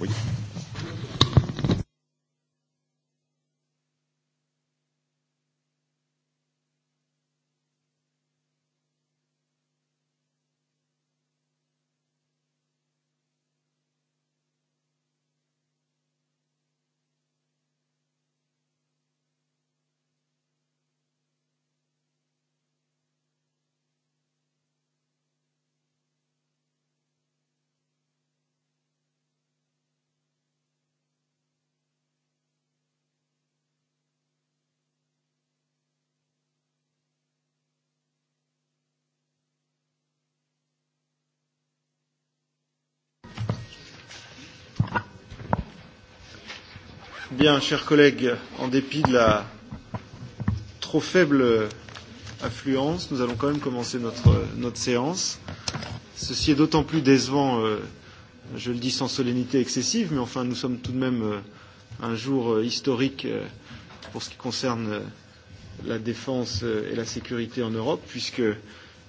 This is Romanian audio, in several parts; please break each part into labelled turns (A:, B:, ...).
A: Oui. Bien, chers collègues, en dépit de la trop faible affluence, nous allons quand même commencer notre, notre séance. Ceci est d'autant plus décevant, euh, je le dis sans solennité excessive, mais enfin nous sommes tout de même euh, un jour euh, historique euh, pour ce qui concerne euh, la défense euh, et la sécurité en Europe, puisque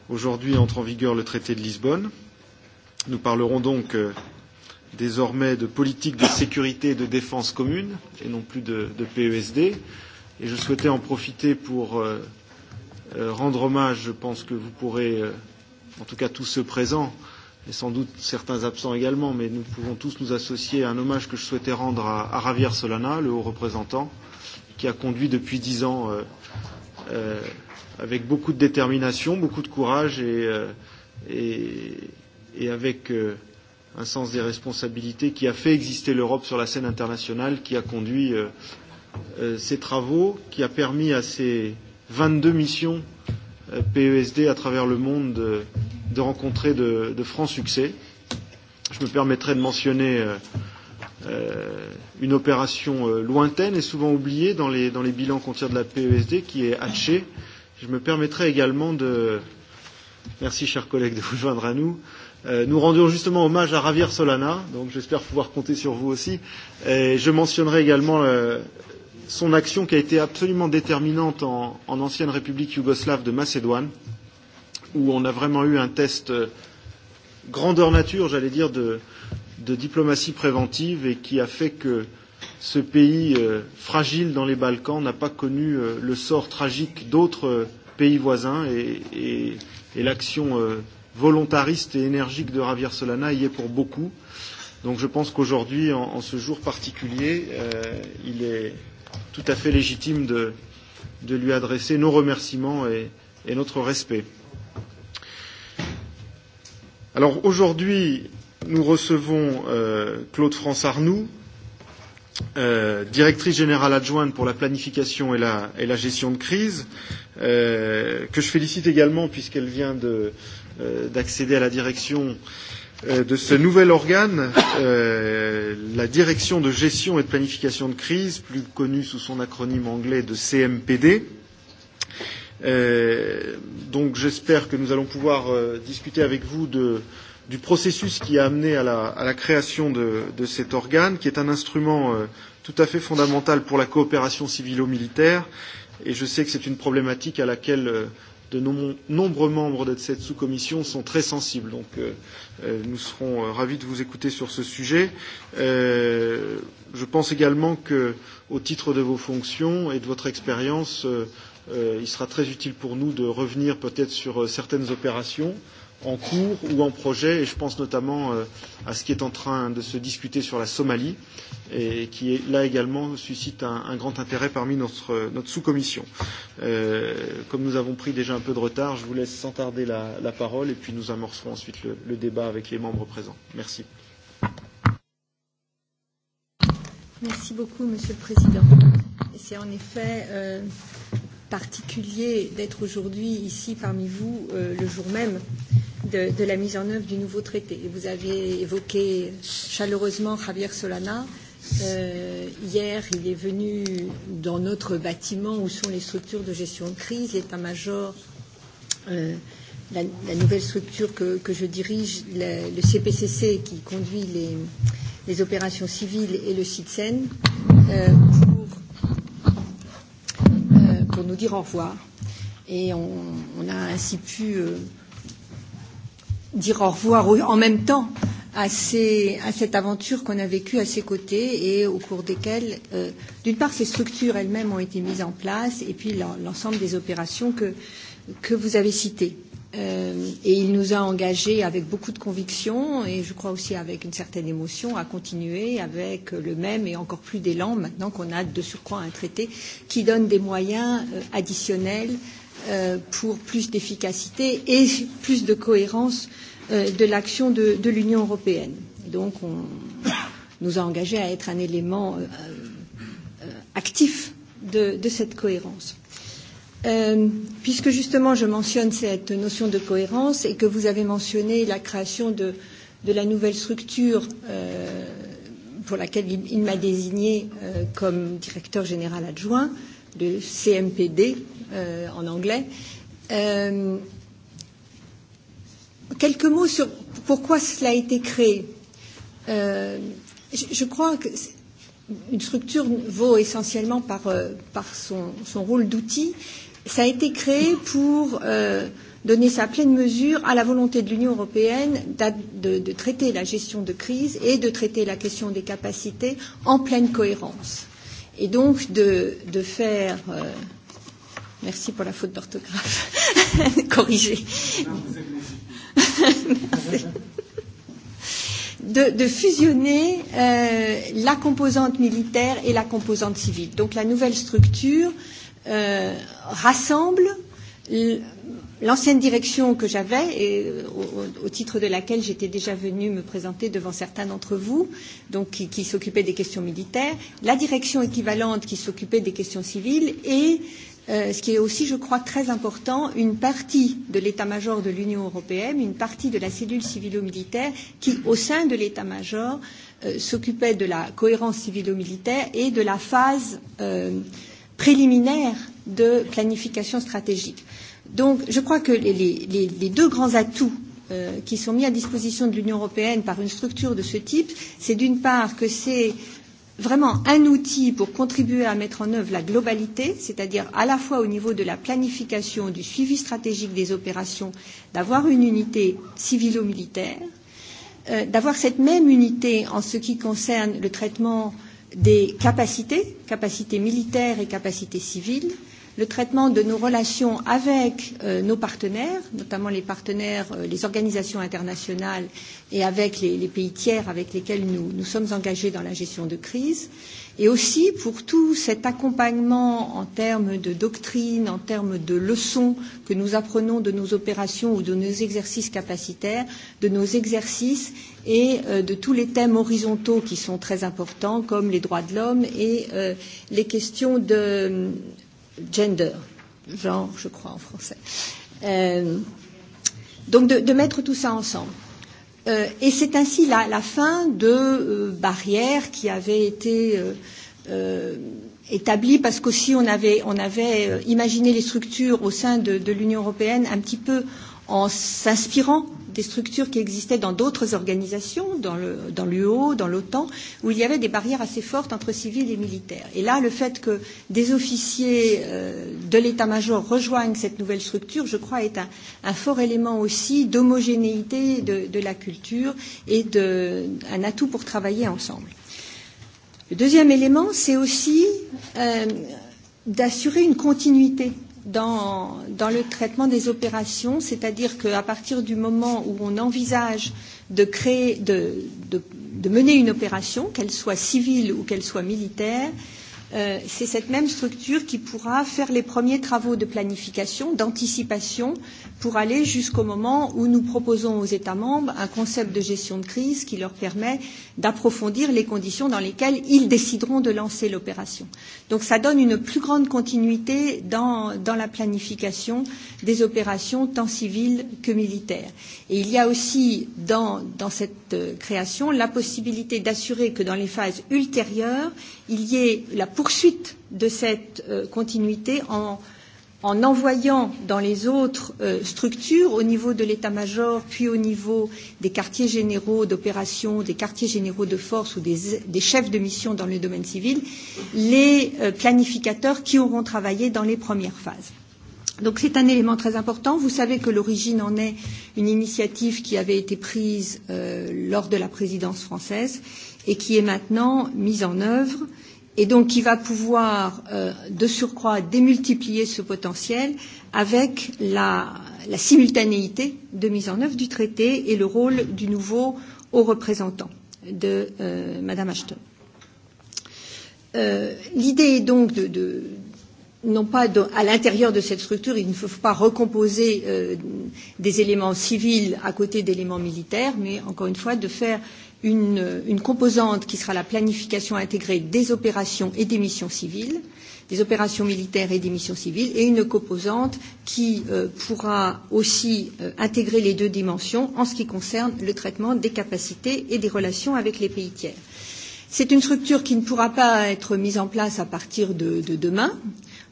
A: aujourd'hui entre en vigueur le traité de Lisbonne. Nous parlerons donc euh, désormais de politique de sécurité et de défense commune et non plus de, de PESD. Et je souhaitais en profiter pour euh, euh, rendre hommage, je pense que vous pourrez, euh, en tout cas tous ceux présents, et sans doute certains absents également, mais nous pouvons tous nous associer à un hommage que je souhaitais rendre à, à Javier Solana, le haut représentant, qui a conduit depuis dix ans euh, euh, avec beaucoup de détermination, beaucoup de courage et, euh, et, et avec euh, un sens des responsabilités qui a fait exister l'Europe sur la scène internationale, qui a conduit euh, euh, ces travaux, qui a permis à ces 22 missions euh, PESD à travers le monde de, de rencontrer de, de francs succès. Je me permettrai de mentionner euh, euh, une opération euh, lointaine et souvent oubliée dans les, dans les bilans qu'on tire de la PESD, qui est Hatché. Je me permettrai également de, merci chers collègues de vous joindre à nous, Euh, Euh, nous rendions justement hommage à Javier Solana, donc j'espère pouvoir compter sur vous aussi. Et je mentionnerai également euh, son action qui a été absolument déterminante en, en ancienne République yougoslave de Macédoine, où on a vraiment eu un test euh, grandeur nature, j'allais dire, de, de diplomatie préventive et qui a fait que ce pays euh, fragile dans les Balkans n'a pas connu euh, le sort tragique d'autres euh, pays voisins et, et, et l'action euh, volontariste et énergique de Javier Solana y est pour beaucoup. Donc je pense qu'aujourd'hui, en, en ce jour particulier, euh, il est tout à fait légitime de, de lui adresser nos remerciements et, et notre respect. Alors aujourd'hui, nous recevons euh, Claude-France Arnoux, euh, directrice générale adjointe pour la planification et la, et la gestion de crise, euh, que je félicite également puisqu'elle vient de, Euh, d'accéder à la direction euh, de ce nouvel organe, euh, la direction de gestion et de planification de crise, plus connue sous son acronyme anglais de CMPD. donc j'espère que nous allons pouvoir discuter avec vous de, du processus qui a amené à la, à la création de, de cet organe, qui est un instrument tout à fait fondamental pour la coopération civilo-militaire. Et je sais que c'est une problématique à laquelle euh, de nombreux membres de cette sous-commission sont très sensibles. Donc euh, euh nous serons euh, ravis de vous écouter sur ce sujet. Euh, je pense également que, au titre de vos fonctions et de votre expérience, euh, euh il sera très utile pour nous de revenir peut-être sur certaines opérations en cours ou en projet, et je pense notamment euh, à ce qui est en train de se discuter sur la Somalie, et qui est, là également suscite un, un grand intérêt parmi notre, notre sous-commission. Euh, comme nous avons pris déjà un peu de retard, je vous laisse sans tarder la, la parole, et puis nous amorcerons ensuite le, le débat avec les membres présents. Merci.
B: Merci beaucoup, Monsieur le Président. C'est en effet euh, particulier d'être aujourd'hui ici parmi vous euh, le jour même de, de la mise en œuvre du nouveau traité. Vous avez évoqué chaleureusement Javier Solana. Euh, hier, il est venu dans notre bâtiment où sont les structures de gestion de crise, l'état-major, euh, la, la nouvelle structure que, que je dirige, la, le CPCC qui conduit les, les opérations civiles et le CITSEN. Euh, pour nous dire au revoir. Et on, on a ainsi pu euh, dire au revoir en même temps à, ces, à cette aventure qu'on a vécue à ses côtés et au cours desquelles, euh, d'une part, ces structures elles-mêmes ont été mises en place et puis l'ensemble des opérations que, que vous avez citées. Euh, et il nous a engagés avec beaucoup de conviction et je crois aussi avec une certaine émotion à continuer avec le même et encore plus d'élan maintenant qu'on a de surcroît un traité qui donne des moyens euh, additionnels euh, pour plus d'efficacité et plus de cohérence euh, de l'action de, de l'Union européenne. Et donc on nous a engagés à être un élément euh, euh, actif de, de cette cohérence. Euh, puisque justement je mentionne cette notion de cohérence et que vous avez mentionné la création de, de la nouvelle structure euh, pour laquelle il, il m'a désigné euh, comme directeur général adjoint, le CMPD euh, en anglais. Euh, quelques mots sur pourquoi cela a été créé. Euh, je, je crois que une structure vaut essentiellement par, euh, par son, son rôle d'outil, ça a été créé pour euh, donner sa pleine mesure à la volonté de l'Union européenne de, d'a-, de, de traiter la gestion de crise et de traiter la question des capacités en pleine cohérence. Et donc de, de faire. Euh, merci pour la faute d'orthographe Corrigé. merci. De, de fusionner euh, la composante militaire et la composante civile. Donc la nouvelle structure euh, euh, rassemble l'ancienne direction que j'avais et au, au titre de laquelle j'étais déjà venue me présenter devant certains d'entre vous, donc qui, qui s'occupait des questions militaires, la direction équivalente qui s'occupait des questions civiles et euh, ce qui est aussi, je crois, très important, une partie de l'état-major de l'Union européenne, une partie de la cellule civilo-militaire qui, au sein de l'état-major, euh, s'occupait de la cohérence civilo-militaire et de la phase euh, préliminaire de planification stratégique. Donc je crois que les, les, les deux grands atouts euh, qui sont mis à disposition de l'Union européenne par une structure de ce type, c'est d'une part que c'est vraiment un outil pour contribuer à mettre en œuvre la globalité, c'est-à-dire à la fois au niveau de la planification, du suivi stratégique des opérations, d'avoir une unité civilo-militaire, euh, d'avoir cette même unité en ce qui concerne le traitement euh, des capacités, capacités militaires et capacités civiles, le traitement de nos relations avec euh, nos partenaires, notamment les partenaires, euh, les organisations internationales et avec les, les pays tiers avec lesquels nous, nous sommes engagés dans la gestion de crise, et aussi pour tout cet accompagnement en termes de doctrine, en termes de leçons que nous apprenons de nos opérations ou de nos exercices capacitaires, de nos exercices et euh, de tous les thèmes horizontaux qui sont très importants, comme les droits de l'homme et euh, les questions de euh, gender, genre, je crois en français. Euh, donc de, de mettre tout ça ensemble. Euh, et c'est ainsi la, la fin de euh, barrières qui avaient été euh, euh, établies parce qu'aussi on avait, on avait euh, imaginé les structures au sein de, de l'Union européenne un petit peu en s'inspirant des structures qui existaient dans d'autres organisations, dans l'UO, dans l'OTAN, où il y avait des barrières assez fortes entre civils et militaires. Et là, le fait que des officiers euh, de l'état-major rejoignent cette nouvelle structure, je crois, est un, un fort élément aussi d'homogénéité de, de la culture et de, un atout pour travailler ensemble. Le deuxième élément, c'est aussi euh, d'assurer une continuité dans, dans le traitement des opérations, c'est-à-dire qu'à partir du moment où on envisage de, créer, de, de, de mener une opération, qu'elle soit civile ou qu'elle soit militaire, euh, Euh, c'est cette même structure qui pourra faire les premiers travaux de planification, d'anticipation, pour aller jusqu'au moment où nous proposons aux États membres un concept de gestion de crise qui leur permet d'approfondir les conditions dans lesquelles ils décideront de lancer l'opération. Donc ça donne une plus grande continuité dans, dans la planification des opérations tant civiles que militaires. Et il y a aussi dans, dans cette euh, création la possibilité d'assurer que dans les phases ultérieures, il y ait la poursuite de cette euh, continuité en, en envoyant dans les autres euh, structures, au niveau de l'état-major, puis au niveau des quartiers généraux d'opération, des quartiers généraux de force ou des, des chefs de mission dans le domaine civil, les euh, planificateurs qui auront travaillé dans les premières phases. Donc c'est un élément très important. Vous savez que l'origine en est une initiative qui avait été prise euh, lors de la présidence française et qui est maintenant mise en œuvre et donc qui va pouvoir euh, de surcroît démultiplier ce potentiel avec la, la simultanéité de mise en œuvre du traité et le rôle du nouveau haut représentant de euh, Madame Ashton. Euh, L'idée est donc de, de non pas de, à l'intérieur de cette structure, il ne faut pas recomposer euh, des éléments civils à côté d'éléments militaires, mais encore une fois de faire euh, une, une composante qui sera la planification intégrée des opérations et des missions civiles, des opérations militaires et des missions civiles, et une composante qui euh, pourra aussi euh, intégrer les deux dimensions en ce qui concerne le traitement des capacités et des relations avec les pays tiers. C'est une structure qui ne pourra pas être mise en place à partir de, de demain,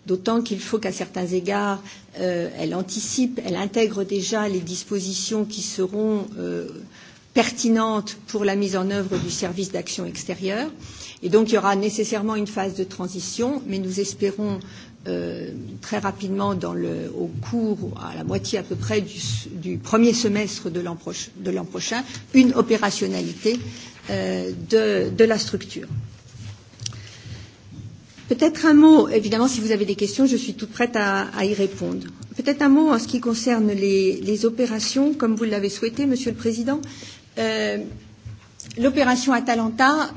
B: d'autant qu'il faut qu'à certains égards, euh, elle anticipe, elle intègre déjà les dispositions qui seront euh, pertinente pour la mise en œuvre du service d'action extérieure. Et donc, il y aura nécessairement une phase de transition, mais nous espérons euh, très rapidement, dans le, au cours, à la moitié à peu près du, du premier semestre de l'an proche, prochain, une opérationnalité euh, de, de la structure. Peut-être un mot, évidemment, si vous avez des questions, je suis toute prête à, à y répondre. Peut-être un mot en ce qui concerne les, les opérations, comme vous l'avez souhaité, Monsieur le Président. Euh, Euh, l'opération Atalanta,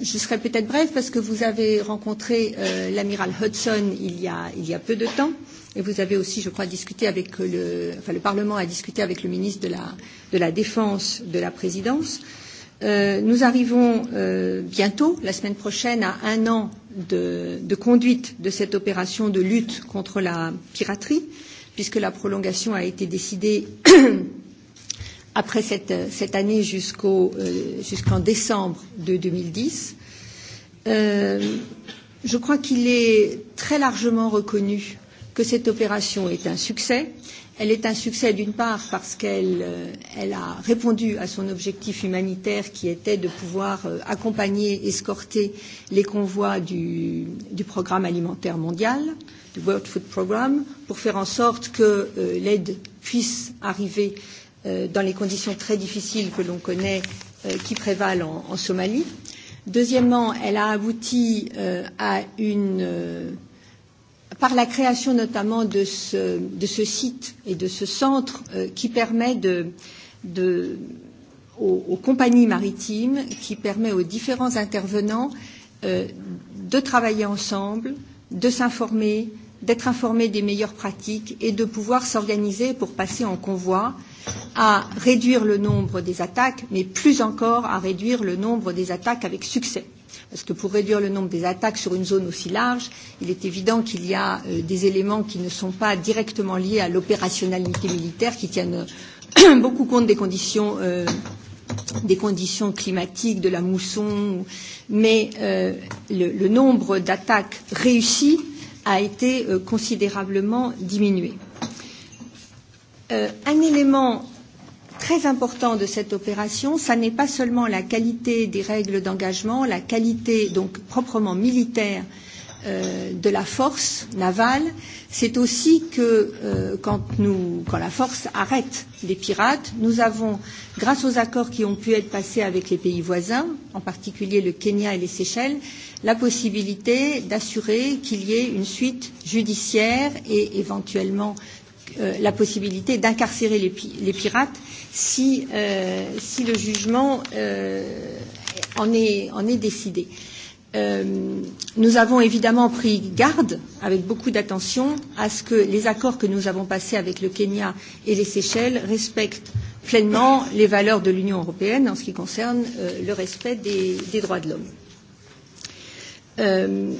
B: je serai peut-être bref parce que vous avez rencontré euh, l'amiral Hudson il y, a, il y a peu de temps et vous avez aussi, je crois, discuté avec le, enfin, le Parlement a discuté avec le ministre de la, de la Défense de la présidence. Euh, nous arrivons euh, bientôt, la semaine prochaine, à un an de, de conduite de cette opération de lutte contre la piraterie, puisque la prolongation a été décidée après cette, euh, cette année jusqu'au, euh, jusqu'en décembre de 2010. Euh, je crois qu'il est très largement reconnu que cette opération est un succès. Elle est un succès d'une part parce qu'elle euh, elle a répondu à son objectif humanitaire qui était de pouvoir euh, accompagner, escorter les convois du, du programme alimentaire mondial, du World Food Programme, pour faire en sorte que euh, l'aide puisse arriver euh, Euh, dans les conditions très difficiles que l'on connaît euh, qui prévalent en, en Somalie. Deuxièmement, elle a abouti euh, à une euh, par la création notamment de ce, de ce site et de ce centre euh, qui permet de, de, aux, aux compagnies maritimes, qui permet aux différents intervenants euh, de travailler ensemble, de s'informer, d'être informés des meilleures pratiques et de pouvoir s'organiser pour passer en convoi à réduire le nombre des attaques, mais plus encore à réduire le nombre des attaques avec succès. Parce que pour réduire le nombre des attaques sur une zone aussi large, il est évident qu'il y a euh, des éléments qui ne sont pas directement liés à l'opérationnalité militaire, qui tiennent euh, beaucoup compte des conditions, euh, des conditions climatiques, de la mousson. Mais euh, le, le nombre d'attaques réussies a été euh, considérablement diminué. Euh, euh, un élément très important de cette opération, ça n'est pas seulement la qualité des règles d'engagement, la qualité donc proprement militaire euh, de la force navale, c'est aussi que euh, quand, nous, quand la force arrête les pirates, nous avons, grâce aux accords qui ont pu être passés avec les pays voisins, en particulier le Kenya et les Seychelles, la possibilité d'assurer qu'il y ait une suite judiciaire et éventuellement Euh, la possibilité d'incarcérer les, les pirates si, euh, si le jugement euh, en, est, en est décidé. Euh, nous avons évidemment pris garde avec beaucoup d'attention à ce que les accords que nous avons passés avec le Kenya et les Seychelles respectent pleinement les valeurs de l'Union européenne en ce qui concerne euh, le respect des, des droits de l'homme. Euh,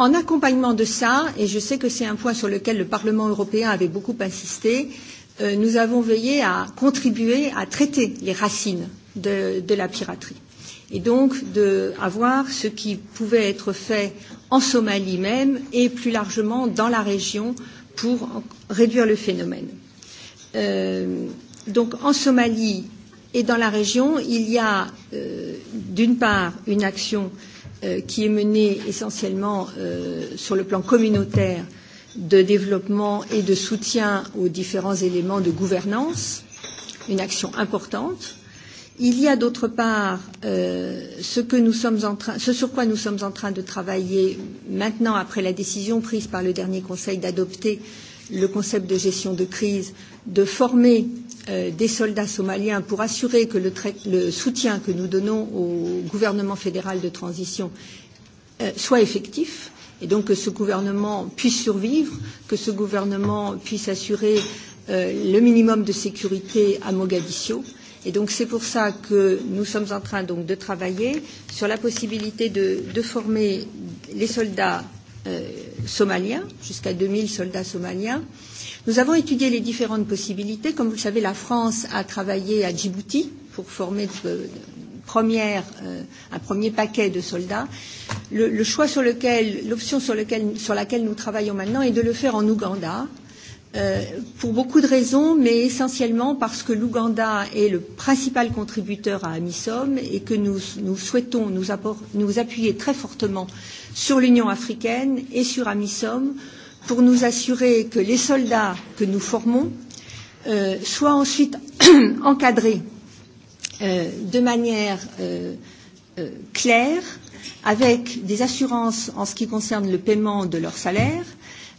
B: En accompagnement de ça, et je sais que c'est un point sur lequel le Parlement européen avait beaucoup insisté, euh, nous avons veillé à contribuer à traiter les racines de, de la piraterie et donc d'avoir ce qui pouvait être fait en Somalie même et plus largement dans la région pour réduire le phénomène. Euh, donc en Somalie et dans la région, il y a euh, d'une part une action Euh, qui est menée essentiellement euh, sur le plan communautaire de développement et de soutien aux différents éléments de gouvernance, une action importante. Il y a d'autre part euh, ce, que nous sommes en train, ce sur quoi nous sommes en train de travailler maintenant après la décision prise par le dernier Conseil d'adopter euh, le concept de gestion de crise, de former euh, des soldats somaliens pour assurer que le, le soutien que nous donnons au gouvernement fédéral de transition euh, soit effectif et donc que ce gouvernement puisse survivre, que ce gouvernement puisse assurer euh, le minimum de sécurité à Mogadiscio. Et donc c'est pour ça que nous sommes en train donc de travailler sur la possibilité de, de former les soldats euh, somaliens, jusqu'à 2000 soldats somaliens. Nous avons étudié les différentes possibilités. Comme vous le savez, la France a travaillé à Djibouti pour former de, de, première, euh, un premier paquet de soldats. Le, le choix sur lequel, l'option sur, lequel, sur laquelle nous travaillons maintenant est de le faire en Ouganda. Euh, pour beaucoup de raisons, mais essentiellement parce que l'Ouganda est le principal contributeur à Amisom et que nous, nous souhaitons nous, apport, nous appuyer très fortement sur l'Union africaine et sur Amisom pour nous assurer que les soldats que nous formons euh, soient ensuite encadrés euh, de manière euh, euh, claire, avec des assurances en ce qui concerne le paiement de leur salaire,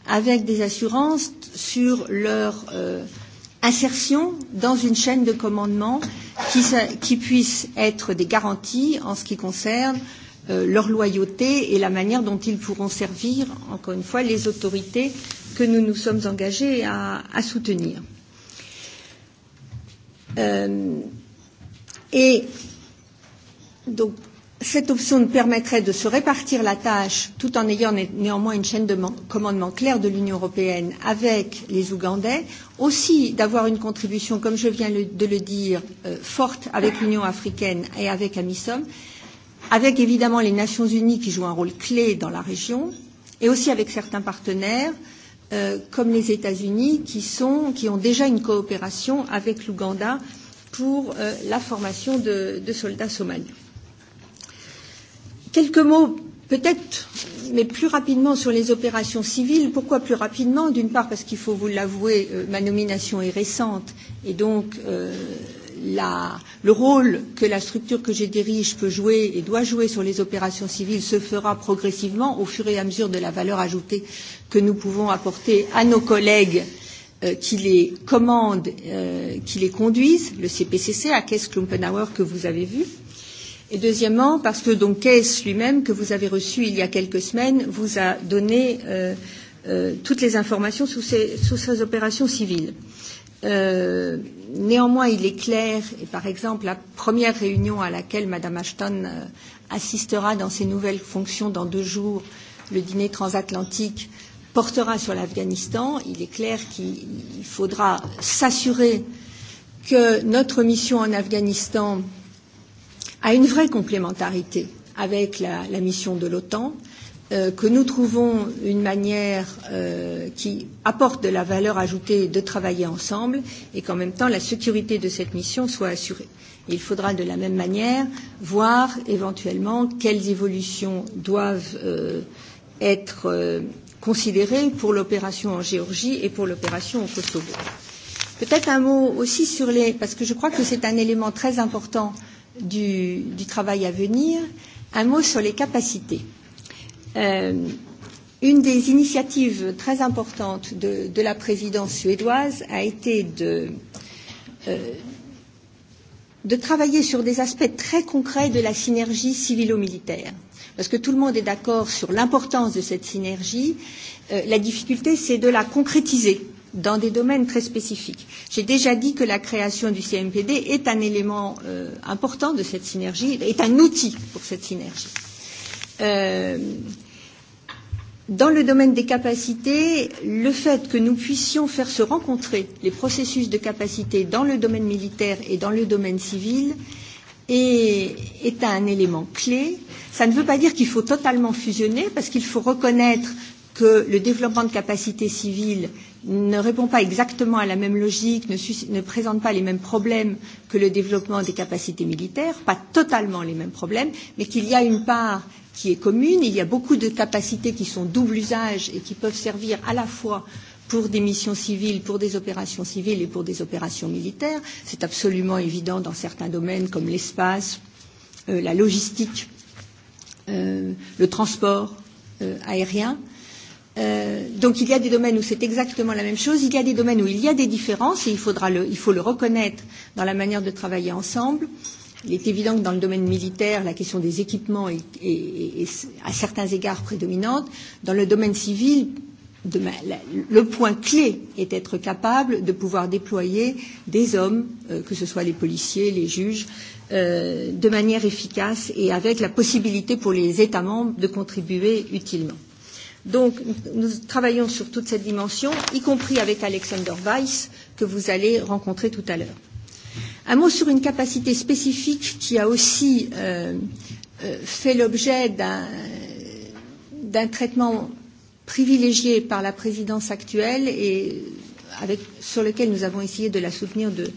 B: avec des assurances sur leur euh, insertion dans une chaîne de commandement qui, qui puisse être des garanties en ce qui concerne euh, Euh, leur loyauté et la manière dont ils pourront servir, encore une fois, les autorités que nous nous sommes engagés à, à soutenir. Euh, et donc, cette option nous permettrait de se répartir la tâche tout en ayant né néanmoins une chaîne de commandement claire de l'Union européenne avec les Ougandais, aussi d'avoir une contribution, comme je viens le, de le dire, euh, forte avec l'Union africaine et avec AMISOM, euh, avec évidemment les Nations Unies qui jouent un rôle clé dans la région, et aussi avec certains partenaires euh, comme les États-Unis qui, qui ont déjà une coopération avec l'Ouganda pour euh, la formation de, de soldats somaliens. Quelques mots peut-être, mais plus rapidement sur les opérations civiles. Pourquoi plus rapidement D'une part parce qu'il faut vous l'avouer, euh, ma nomination est récente et donc euh, la, le rôle que la structure que je dirige peut jouer et doit jouer sur les opérations civiles se fera progressivement au fur et à mesure de la valeur ajoutée que nous pouvons apporter à nos collègues euh, qui les commandent, euh, qui les conduisent, le CPCC, à Kess Klumpenauer que vous avez vu. Et deuxièmement, parce que donc Kess lui-même, que vous avez reçu il y a quelques semaines, vous a donné euh, euh, toutes les informations sur ces, sur ces opérations civiles. Euh, Euh, néanmoins, il est clair, et par exemple, la première réunion à laquelle Mme Ashton euh, assistera dans ses nouvelles fonctions dans deux jours, le dîner transatlantique, portera sur l'Afghanistan. Il est clair qu'il faudra s'assurer que notre mission en Afghanistan a une vraie complémentarité avec la, la mission de l'OTAN. Euh, Euh, que nous trouvons une manière euh, qui apporte de la valeur ajoutée de travailler ensemble et qu'en même temps la sécurité de cette mission soit assurée. Il faudra de la même manière voir éventuellement quelles évolutions doivent euh, être euh, considérées pour l'opération en Géorgie et pour l'opération au Kosovo. Peut-être un mot aussi sur les, parce que je crois que c'est un élément très important du, du travail à venir, un mot sur les capacités. Euh, une des initiatives très importantes de, de la présidence suédoise a été de, euh, de travailler sur des aspects très concrets de la synergie civilo-militaire. Parce que tout le monde est d'accord sur l'importance de cette synergie. Euh, la difficulté, c'est de la concrétiser dans des domaines très spécifiques. J'ai déjà dit que la création du CMPD est un élément euh, important de cette synergie, est un outil pour cette synergie. Euh, Euh, dans le domaine des capacités, le fait que nous puissions faire se rencontrer les processus de capacité dans le domaine militaire et dans le domaine civil est, est un élément clé. Ça ne veut pas dire qu'il faut totalement fusionner, parce qu'il faut reconnaître que le développement de capacités civiles ne répond pas exactement à la même logique, ne, ne présente pas les mêmes problèmes que le développement des capacités militaires, pas totalement les mêmes problèmes, mais qu'il y a une part qui est commune. Il y a beaucoup de capacités qui sont double usage et qui peuvent servir à la fois pour des missions civiles, pour des opérations civiles et pour des opérations militaires. C'est absolument évident dans certains domaines comme l'espace, euh, la logistique, euh, le transport euh, aérien. Euh, donc il y a des domaines où c'est exactement la même chose, il y a des domaines où il y a des différences et il, faudra le, il faut le reconnaître dans la manière de travailler ensemble. Euh, Il est évident que dans le domaine militaire, la question des équipements est, est, est, est à certains égards prédominante. Dans le domaine civil, demain, la, le point clé est d'être capable de pouvoir déployer des hommes, euh, que ce soit les policiers, les juges, euh, de manière efficace et avec la possibilité pour les États membres de contribuer utilement. Donc, nous travaillons sur toute cette dimension, y compris avec Alexander Weiss, que vous allez rencontrer tout à l'heure. Un mot sur une capacité spécifique qui a aussi euh, euh, fait l'objet d'un traitement privilégié par la présidence actuelle et avec, sur lequel nous avons essayé de la soutenir de,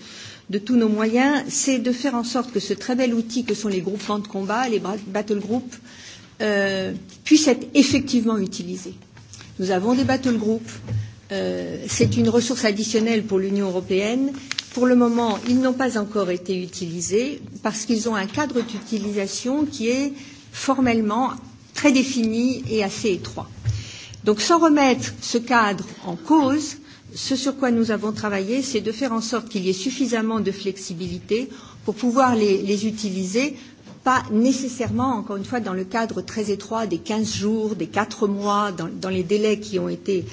B: de tous nos moyens, c'est de faire en sorte que ce très bel outil que sont les groupements de combat, les battle groups, euh, puisse être effectivement utilisé. Nous avons des battle groups, euh, c'est une ressource additionnelle pour l'Union européenne Pour le moment, ils n'ont pas encore été utilisés parce qu'ils ont un cadre d'utilisation qui est formellement très défini et assez étroit. Donc sans remettre ce cadre en cause, ce sur quoi nous avons travaillé, c'est de faire en sorte qu'il y ait suffisamment de flexibilité pour pouvoir les, les utiliser, pas nécessairement, encore une fois, dans le cadre très étroit des 15 jours, des 4 mois, dans, dans les délais qui ont été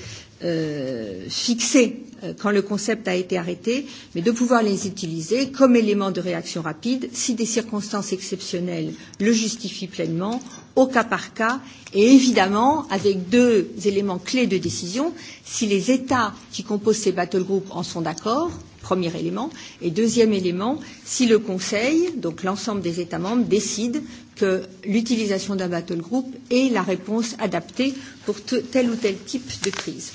B: euh, fixés Euh, quand le concept a été arrêté, mais de pouvoir les utiliser comme élément de réaction rapide si des circonstances exceptionnelles le justifient pleinement, au cas par cas, et évidemment avec deux éléments clés de décision, si les États qui composent ces battle groups en sont d'accord, premier élément, et deuxième élément, si le Conseil, donc l'ensemble des États membres, décide que l'utilisation d'un battle group est la réponse adaptée pour tel ou tel type de crise.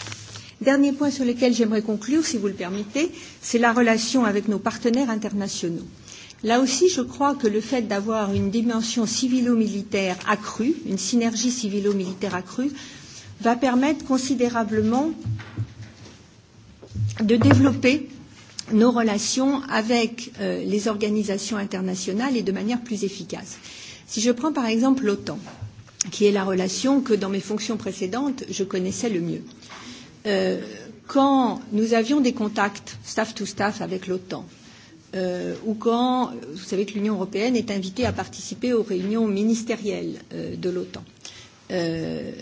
B: Dernier point sur lequel j'aimerais conclure, si vous le permettez, c'est la relation avec nos partenaires internationaux. Là aussi, je crois que le fait d'avoir une dimension civilo-militaire accrue, une synergie civilo-militaire accrue, va permettre considérablement de développer nos relations avec euh, les organisations internationales et de manière plus efficace. Si je prends par exemple l'OTAN, qui est la relation que dans mes fonctions précédentes, je connaissais le mieux. Euh, quand nous avions des contacts staff to staff avec l'OTAN, euh, ou quand vous savez que l'Union européenne est invitée à participer aux réunions ministérielles euh, de l'OTAN. Euh,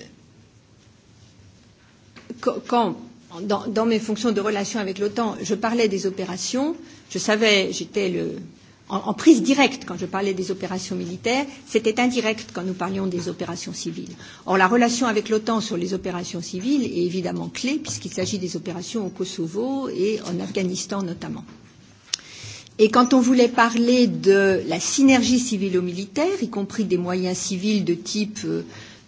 B: quand, dans, dans mes fonctions de relations avec l'OTAN, je parlais des opérations, je savais, j'étais le en, en prise directe quand je parlais des opérations militaires, c'était indirect quand nous parlions des opérations civiles. Or, la relation avec l'OTAN sur les opérations civiles est évidemment clé puisqu'il s'agit des opérations au Kosovo et en Afghanistan notamment. Et quand on voulait parler de la synergie civilo-militaire, y compris des moyens civils de type euh,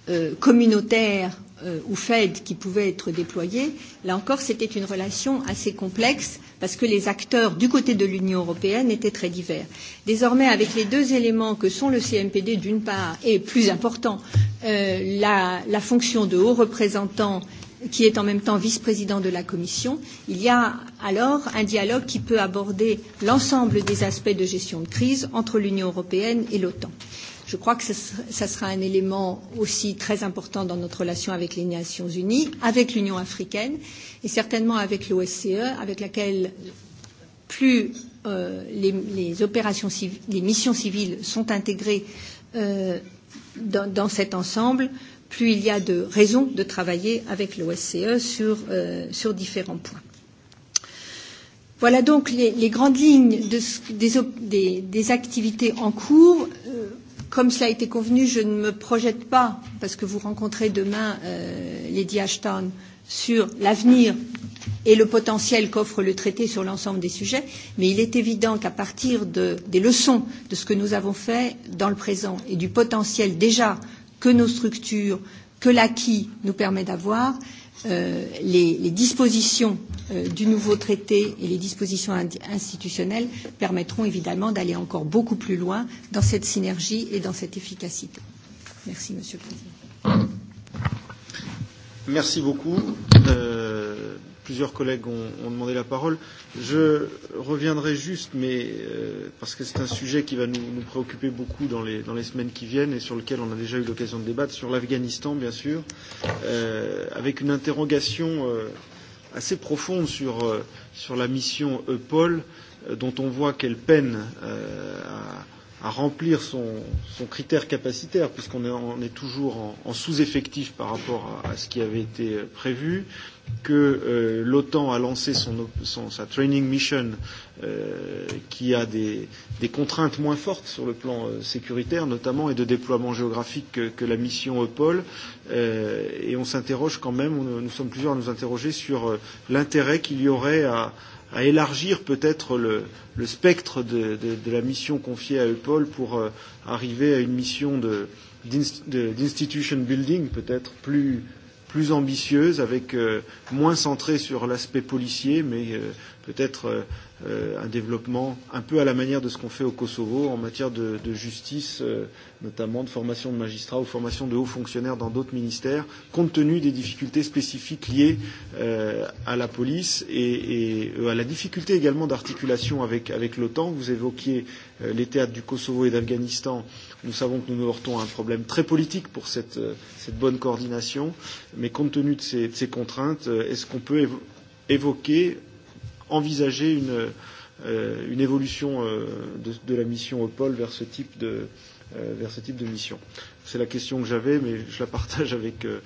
B: euh communautaire euh, ou Fed qui pouvaient être déployés, là encore c'était une relation assez complexe parce que les acteurs du côté de l'Union européenne étaient très divers. Désormais, avec les deux éléments que sont le CMPD d'une part et, plus important, euh, la, la fonction de haut représentant qui est en même temps vice-président de la Commission, il y a alors un dialogue qui peut aborder l'ensemble des aspects de gestion de crise entre l'Union européenne et l'OTAN. Je crois que ce, ça sera un élément aussi très important dans notre relation avec les Nations Unies, avec l'Union africaine et certainement avec l'OSCE, avec laquelle plus euh, les, les opérations civiles, les missions civiles sont intégrées euh, dans, dans cet ensemble, plus il y a de raisons de travailler avec l'OSCE sur, euh, sur différents points. Voilà donc les, les grandes lignes de, des, des, des activités en cours. Euh, Comme cela a été convenu, je ne me projette pas, parce que vous rencontrez demain euh, Lady Ashton, sur l'avenir et le potentiel qu'offre le traité sur l'ensemble des sujets, mais il est évident qu'à partir de, des leçons de ce que nous avons fait dans le présent et du potentiel déjà que nos structures, que l'acquis nous permet d'avoir, euh, euh, les, les dispositions euh, du nouveau traité et les dispositions institutionnelles permettront évidemment d'aller encore beaucoup plus loin dans cette synergie et dans cette efficacité. Merci, Monsieur le Président.
A: Merci beaucoup. Euh plusieurs collègues ont, ont demandé la parole. Je reviendrai juste, mais euh, parce que c'est un sujet qui va nous, nous préoccuper beaucoup dans les, dans les semaines qui viennent et sur lequel on a déjà eu l'occasion de débattre, sur l'Afghanistan, bien sûr, euh, avec une interrogation euh, assez profonde sur, euh, sur la mission EPOL, euh, dont on voit qu'elle peine euh, à à remplir son, son critère capacitaire, puisqu'on est, est toujours en, en sous-effectif par rapport à, à ce qui avait été prévu que euh, l'OTAN a lancé son, son, sa training mission euh, qui a des, des contraintes moins fortes sur le plan euh, sécuritaire notamment et de déploiement géographique que, que la mission EPOL euh, et on s'interroge quand même, nous, nous sommes plusieurs à nous interroger sur euh, l'intérêt qu'il y aurait à, à élargir peut-être le, le spectre de, de, de la mission confiée à EPOL pour euh, arriver à une mission d'institution building peut-être plus plus ambitieuse, avec euh, moins centrée sur l'aspect policier, mais euh, peut-être euh, euh, un développement un peu à la manière de ce qu'on fait au Kosovo en matière de, de justice, euh, notamment de formation de magistrats ou formation de hauts fonctionnaires dans d'autres ministères, compte tenu des difficultés spécifiques liées euh, à la police et, et euh, à la difficulté également d'articulation avec, avec l'OTAN. Vous évoquiez euh, les théâtres du Kosovo et d'Afghanistan. Euh, Nous savons que nous nous heurtons à un problème très politique pour cette, euh, cette bonne coordination, mais compte tenu de ces, de ces contraintes, euh, est-ce qu'on peut évoquer, envisager une, euh, une évolution euh, de, de la mission au pôle vers ce type de, euh, vers ce type de mission C'est la question que j'avais, mais je la partage avec, euh,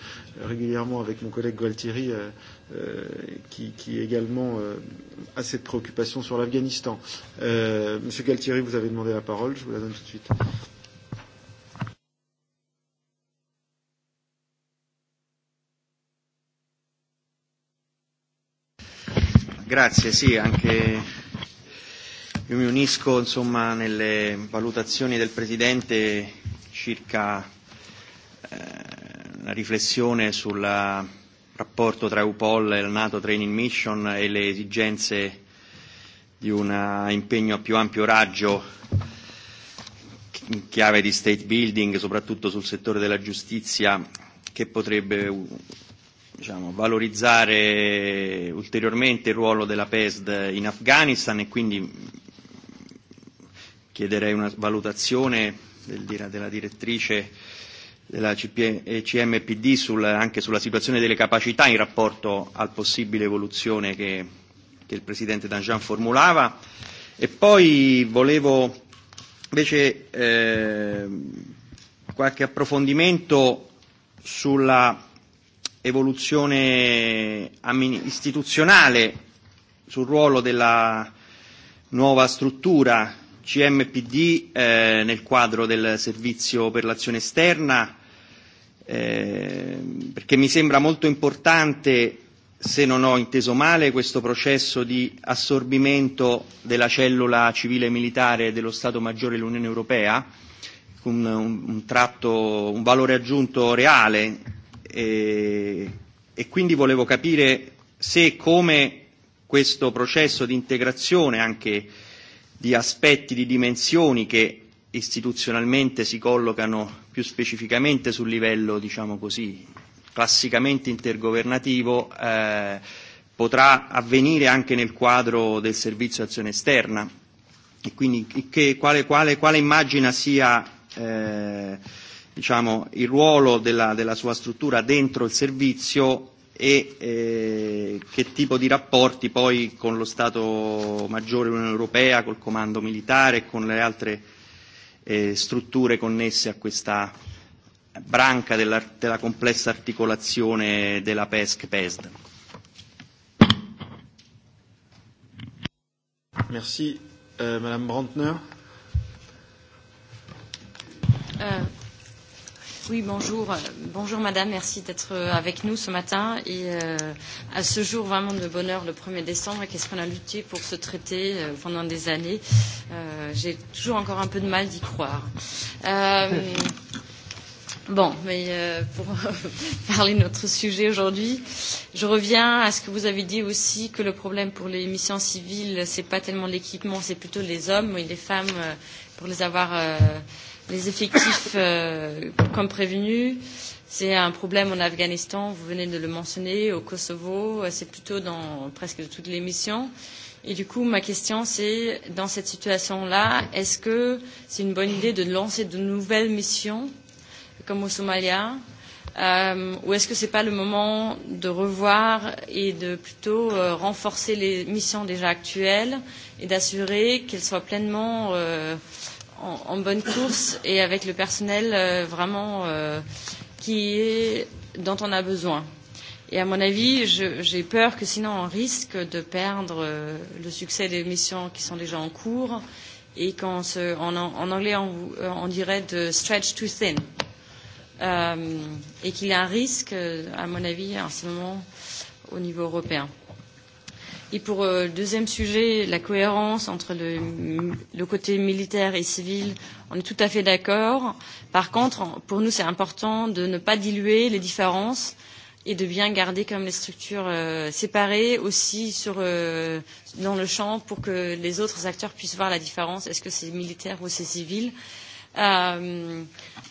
A: régulièrement avec mon collègue Gualtieri, euh, euh, qui, qui également euh, a cette préoccupation sur l'Afghanistan. Euh, Monsieur Gualtieri, vous avez demandé la parole, je vous la donne tout de suite.
C: Grazie, sì, anche io mi unisco insomma, nelle valutazioni del Presidente circa eh, una riflessione sul rapporto tra EUPOL e la NATO Training Mission e le esigenze di un impegno a più ampio raggio in chiave di state building, soprattutto sul settore della giustizia, che potrebbe diciamo, valorizzare ulteriormente il ruolo della PESD in Afghanistan e quindi chiederei una valutazione del, della direttrice della CMPD sul, anche sulla situazione delle capacità in rapporto al possibile evoluzione che, che il Presidente Danjean formulava. E poi volevo invece eh, qualche approfondimento sulla evoluzione istituzionale sul ruolo della nuova struttura CMPD eh, nel quadro del servizio per l'azione esterna, eh, perché mi sembra molto importante, se non ho inteso male, questo processo di assorbimento della cellula civile e militare dello Stato Maggiore dell'Unione Europea, con un, un, tratto, un valore aggiunto reale e, e quindi volevo capire se e come questo processo di integrazione anche di aspetti, di dimensioni che istituzionalmente si collocano più specificamente sul livello, diciamo così, classicamente intergovernativo, eh, potrà avvenire anche nel quadro del servizio azione esterna e quindi che, quale, quale, quale immagina sia eh, diciamo, il ruolo della, della sua struttura dentro il servizio e eh, che tipo di rapporti poi con lo Stato Maggiore Unione Europea, col Comando Militare e con le altre eh, strutture connesse a questa branca della, della complessa articolazione della PESC-PESD.
A: Merci. Euh, Madame Brantner.
D: Uh. Oui, bonjour. Bonjour madame, merci d'être euh, avec nous ce matin et euh, à ce jour vraiment de bonheur, le 1er décembre, et qu'est-ce qu'on a lutté pour ce traité euh, pendant des années. Euh, J'ai toujours encore un peu de mal d'y croire. Euh, Bon, mais euh, pour parler de notre sujet aujourd'hui, je reviens à ce que vous avez dit aussi que le problème pour les missions civiles, c'est pas tellement l'équipement, c'est plutôt les hommes et les femmes euh, pour les avoir euh, Les effectifs, euh, comme prévenu, c'est un problème en Afghanistan, vous venez de le mentionner, au Kosovo, euh, c'est plutôt dans presque toutes les missions. Et du coup, ma question, c'est dans cette situation-là, est-ce que c'est une bonne idée de lancer de nouvelles missions, comme au Somalia, euh, ou est-ce que ce n'est pas le moment de revoir et de plutôt euh, renforcer les missions déjà actuelles et d'assurer qu'elles soient pleinement. Euh, en, en bonne course et avec le personnel euh, vraiment euh, qui est, dont on a besoin. Et à mon avis, j'ai peur que sinon on risque de perdre euh, le succès des missions qui sont déjà en cours et qu'on se, en, en anglais on, euh, on dirait de stretch too thin. Euh, et qu'il y a un risque, euh, à mon avis, en ce moment, au niveau européen. Et pour euh, le euh, deuxième sujet, la cohérence entre le, le côté militaire et civil, on est tout à fait d'accord. Par contre, pour nous, c'est important de ne pas diluer les différences et de bien garder comme les structures euh, séparées aussi sur, euh, dans le champ pour que les autres acteurs puissent voir la différence. Est-ce que c'est militaire ou c'est civil euh,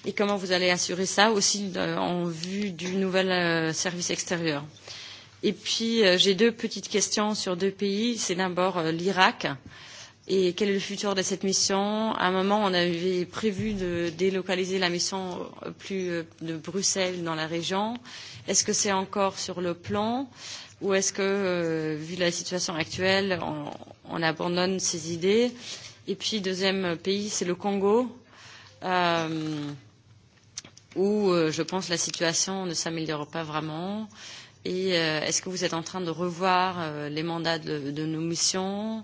D: Et comment vous allez assurer ça aussi euh, en vue du nouvel euh, service extérieur euh, Et puis, euh, j'ai deux petites questions sur deux pays. C'est d'abord euh, l'Irak. Et quel est le futur de cette mission À un moment, on avait prévu de délocaliser la mission euh, plus euh, de Bruxelles dans la région. Est-ce que c'est encore sur le plan ou est-ce que, euh, vu la situation actuelle, on, on abandonne ces idées Et puis, deuxième pays, c'est le Congo, euh, où euh, je pense la situation ne s'améliore pas vraiment. Euh, Et euh, est-ce que vous êtes en train de revoir euh, les mandats de, de nos missions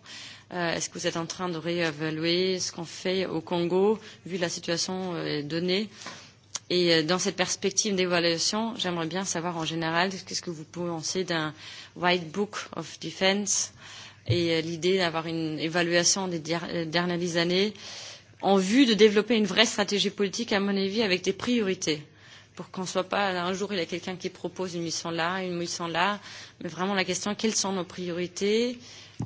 D: euh, Est-ce que vous êtes en train de réévaluer ce qu'on fait au Congo, vu la situation euh, donnée Et euh, dans cette perspective d'évaluation, j'aimerais bien savoir en général qu'est-ce que vous pensez d'un White Book of Defense et euh, l'idée d'avoir une évaluation des euh, dernières années en vue de développer une vraie stratégie politique, à mon avis, avec des priorités pour qu'on ne soit pas un jour il y a quelqu'un qui propose une mission là, une mission là, mais vraiment la question quelles sont nos priorités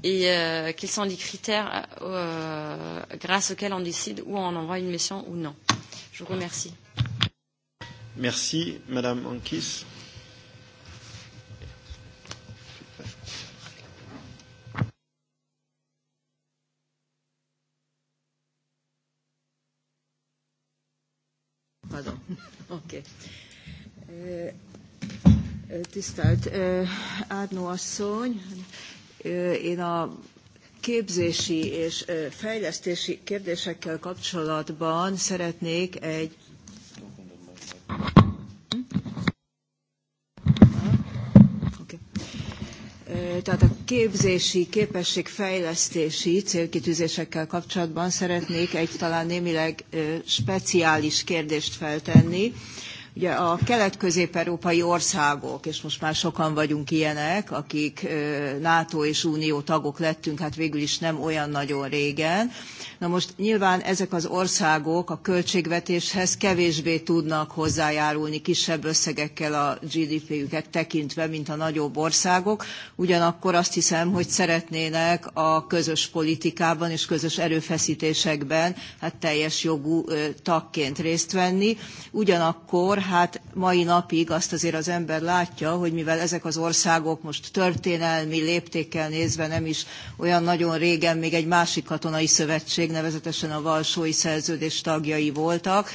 D: et euh, quels sont les critères euh, grâce auxquels on décide où on envoie une mission ou non. Je vous remercie.
A: Merci, Madame Ankis.
E: Pardon. Oké. Okay. Eh, eh, tisztelt eh, Árnó asszony, én a képzési és fejlesztési kérdésekkel kapcsolatban szeretnék egy tehát a képzési, képességfejlesztési célkitűzésekkel kapcsolatban szeretnék egy talán némileg speciális kérdést feltenni Ugye a kelet-közép-európai országok, és most már sokan vagyunk ilyenek, akik NATO és Unió tagok lettünk, hát végül is nem olyan nagyon régen. Na most nyilván ezek az országok a költségvetéshez kevésbé tudnak hozzájárulni kisebb összegekkel a GDP-üket tekintve, mint a nagyobb országok. Ugyanakkor azt hiszem, hogy szeretnének a közös politikában és közös erőfeszítésekben hát teljes jogú tagként részt venni. Ugyanakkor hát mai napig azt azért az ember látja, hogy mivel ezek az országok most történelmi léptékkel nézve nem is olyan nagyon régen még egy másik katonai szövetség, nevezetesen a Valsói Szerződés tagjai voltak,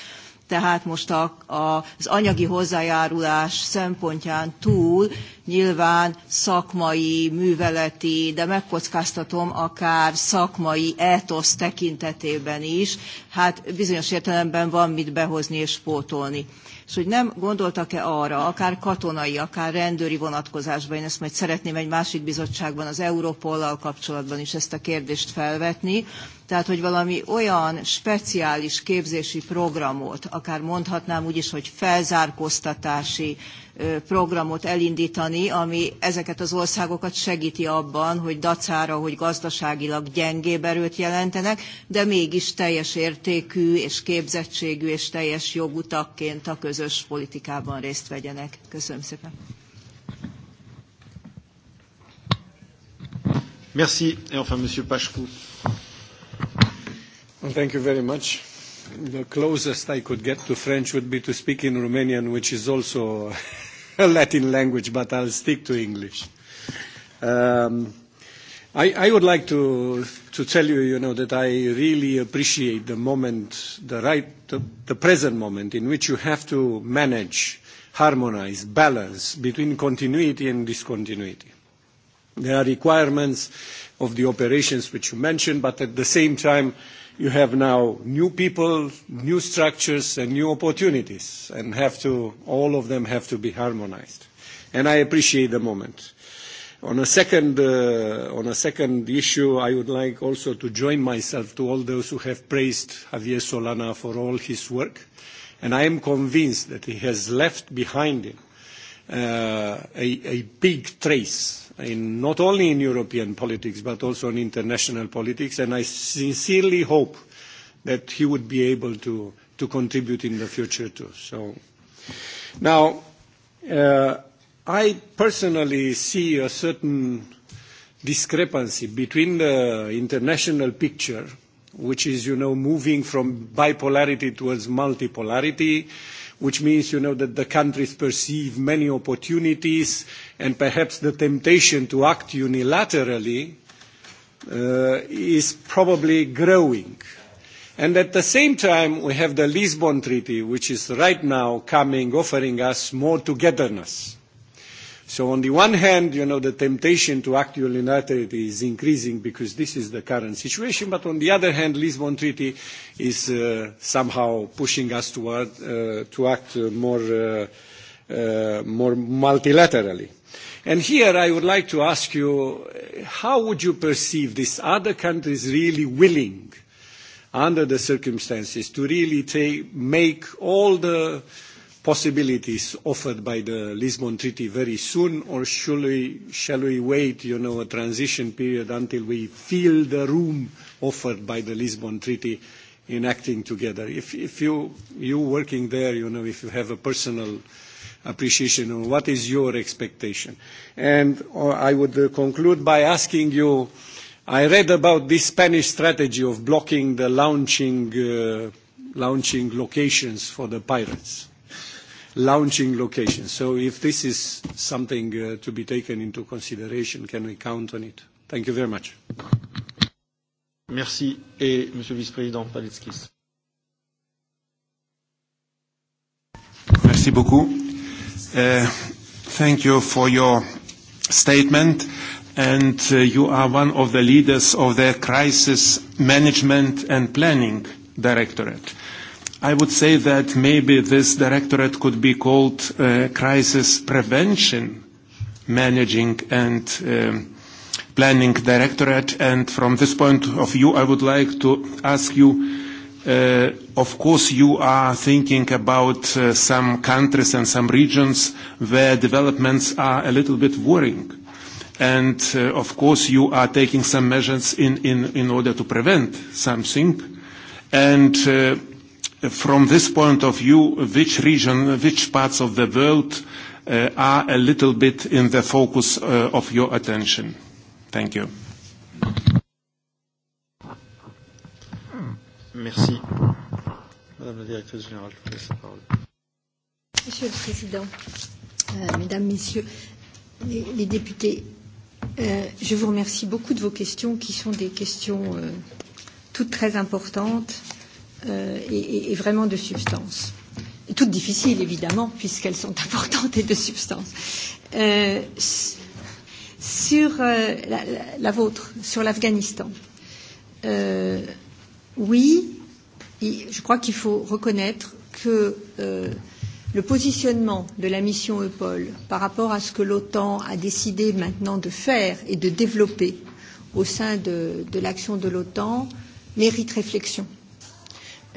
E: tehát most a, a, az anyagi hozzájárulás szempontján túl nyilván szakmai, műveleti, de megkockáztatom akár szakmai etosz tekintetében is, hát bizonyos értelemben van mit behozni és pótolni és hogy nem gondoltak-e arra, akár katonai, akár rendőri vonatkozásban, én ezt majd szeretném egy másik bizottságban, az Európollal kapcsolatban is ezt a kérdést felvetni, Tehát, hogy valami olyan speciális képzési programot, akár mondhatnám úgy is, hogy felzárkóztatási programot elindítani, ami ezeket az országokat segíti abban, hogy dacára, hogy gazdaságilag gyengébb erőt jelentenek, de mégis teljes értékű és képzettségű és teljes jogutakként a közös politikában részt vegyenek. Köszönöm szépen.
F: Merci. Et enfin, Monsieur Pachkou. Well, thank you very much. The closest I could get to French would be to speak in Romanian, which is also a Latin language, but I'll stick to English. Um, I, I would like to, to tell you, you know, that I really appreciate the moment, the right, the, the present moment in which you have to manage, harmonize, balance between continuity and discontinuity. There are requirements of the operations which you mentioned, but at the same time, you have now new people, new structures, and new opportunities, and have to, all of them have to be harmonized. And I appreciate the moment. On a second, uh, on a second issue, I would like also to join myself to all those who have praised Javier Solana for all his work. And I am convinced that he has left behind him uh, a big trace in not only in European politics but also in international politics, and I sincerely hope that he would be able to, to contribute in the future too. So, now, uh, I personally see a certain discrepancy between the international picture, which is, you know, moving from bipolarity towards multipolarity, uh, which means, you know, that the countries perceive many opportunities and perhaps the temptation to act unilaterally uh, is probably growing. And at the same time, we have the Lisbon Treaty, which is right now coming, offering us more togetherness So on the one hand, you know, the temptation to act unilaterally is increasing because this is the current situation, but on the other hand, Lisbon Treaty is uh, somehow pushing us toward, uh, to act uh, more, uh, uh, more multilaterally. And here I would like to ask you, how would you perceive Are other countries really willing under the circumstances to really take, make all the possibilities offered by the Lisbon Treaty very soon, or shall we, shall we wait, you know, a transition period until we feel the room offered by the Lisbon Treaty in acting together? If, if you, you working there, you know, if you have a personal appreciation what is your expectation. And uh, I would uh, conclude by asking you, I read about this Spanish strategy of blocking the launching, uh, launching locations for the pirates launching location. So if this is something uh, to be taken into consideration, can we count on it? Thank you very much. Merci. Et Monsieur le Vice-président Palitskis.
G: Merci beaucoup. Uh, thank you for your statement and uh, you are one of the leaders of the crisis management and planning directorate. I would say that maybe this directorate could be called uh, crisis prevention managing and um, planning directorate. And from this point of view, I would like to ask you, uh, of course, you are thinking about uh, some countries and some regions where developments are a little bit worrying. And uh, of course, you are taking some measures in, in, in order to prevent something. And uh, from this point of view, which region, which parts of the world uh, are a little bit in the focus uh, of your attention? Thank you.
A: Merci. Madame la directrice générale, je vous laisse la parole.
B: Monsieur le Président, euh, Mesdames, Messieurs les, les députés, euh, je vous remercie beaucoup de vos questions qui sont des questions euh, toutes très importantes. Euh, euh, et, et vraiment de substance. Toutes difficiles, évidemment, puisqu'elles sont importantes et de substance. Euh, sur euh, la, la, la vôtre, sur l'Afghanistan, euh, oui, je crois qu'il faut reconnaître que euh, le positionnement de la mission EUPOL par rapport à ce que l'OTAN a décidé maintenant de faire et de développer au sein de l'action de l'OTAN mérite réflexion.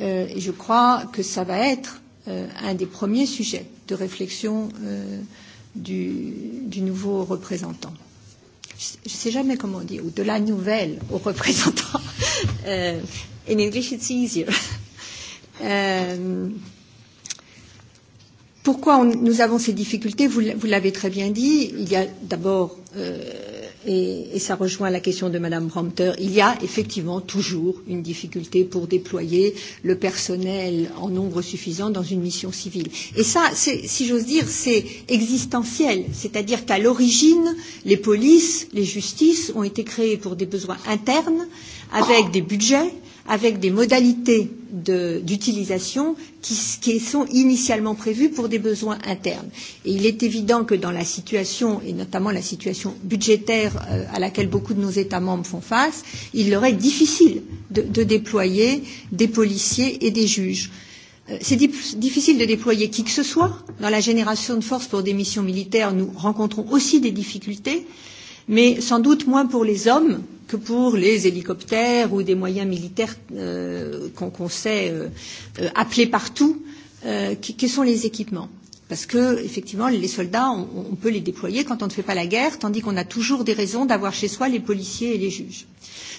B: Euh, et je crois que ça va être euh, un des premiers sujets de réflexion euh, du, du nouveau représentant. Je ne sais jamais comment on dit, ou de la nouvelle au représentant. uh, in English, it's easier. euh, pourquoi on, nous avons ces difficultés Vous l'avez très bien dit. Il y a d'abord euh, et, et ça rejoint la question de Madame Prompter, il y a effectivement toujours une difficulté pour déployer le personnel en nombre suffisant dans une mission civile. Et ça, si j'ose dire, c'est existentiel. C'est-à-dire qu'à l'origine, les polices, les justices ont été créées pour des besoins internes, avec des budgets, avec des modalités d'utilisation de, qui, qui sont initialement prévues pour des besoins internes. Et il est évident que dans la situation, et notamment la situation budgétaire euh, à laquelle beaucoup de nos États membres font face, il leur est difficile de, de déployer des policiers et des juges. Euh, c'est difficile de déployer qui que ce soit. Dans la génération de forces pour des missions militaires, nous rencontrons aussi des difficultés, mais sans doute moins pour les hommes que pour les hélicoptères ou des moyens militaires euh, qu'on qu sait euh, euh, appeler partout, euh, quels sont les équipements parce que effectivement les soldats on, on peut les déployer quand on ne fait pas la guerre, tandis qu'on a toujours des raisons d'avoir chez soi les policiers et les juges.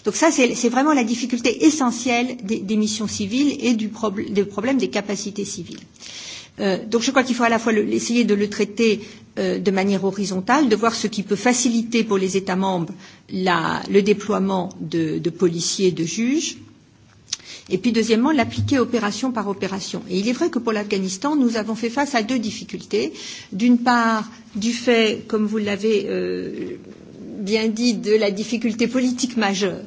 B: Donc ça c'est vraiment la difficulté essentielle des, des missions civiles et du, pro, du problème des capacités civiles. Euh, Euh, donc je crois qu'il faut à la fois le, essayer de le traiter euh, de manière horizontale, de voir ce qui peut faciliter pour les États membres la, le déploiement de, de policiers et de juges, et puis deuxièmement l'appliquer opération par opération. Et il est vrai que pour l'Afghanistan, nous avons fait face à deux difficultés. D'une part, du fait, comme vous l'avez euh, bien dit, de la difficulté politique majeure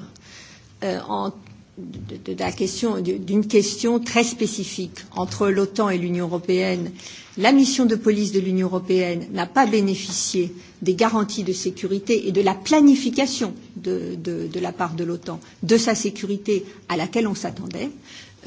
B: euh, en de, de la question, d'une question très spécifique entre l'OTAN et l'Union européenne. La mission de police de l'Union européenne n'a pas bénéficié des garanties de sécurité et de la planification de, de, de la part de l'OTAN de sa sécurité à laquelle on s'attendait.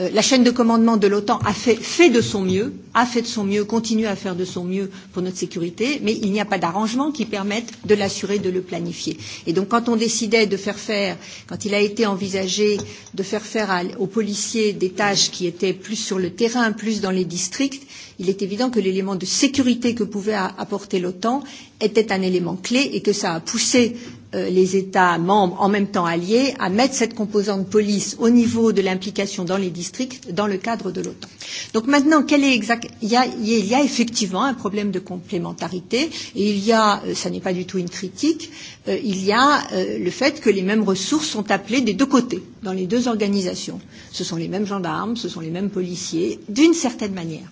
B: Euh, la chaîne de commandement de l'OTAN a fait, fait de son mieux, a fait de son mieux, continue à faire de son mieux pour notre sécurité, mais il n'y a pas d'arrangement qui permette de l'assurer, de le planifier. Et donc, quand on décidait de faire faire, quand il a été envisagé de faire faire à, aux policiers des tâches qui étaient plus sur le terrain, plus dans les districts, il est évident que l'élément de sécurité que pouvait apporter l'OTAN était un élément clé et que ça a poussé euh, les États membres, en même temps alliés, à mettre cette composante police au niveau de l'implication dans les districts dans le cadre de l'OTAN. Donc maintenant, quel est exact... il, y a, il y a effectivement un problème de complémentarité et il y a, euh, ça n'est pas du tout une critique, euh, il y a euh, le fait que les mêmes ressources sont appelées des deux côtés, dans les deux organisations. Ce sont les mêmes gendarmes, ce sont les mêmes policiers, d'une certaine manière.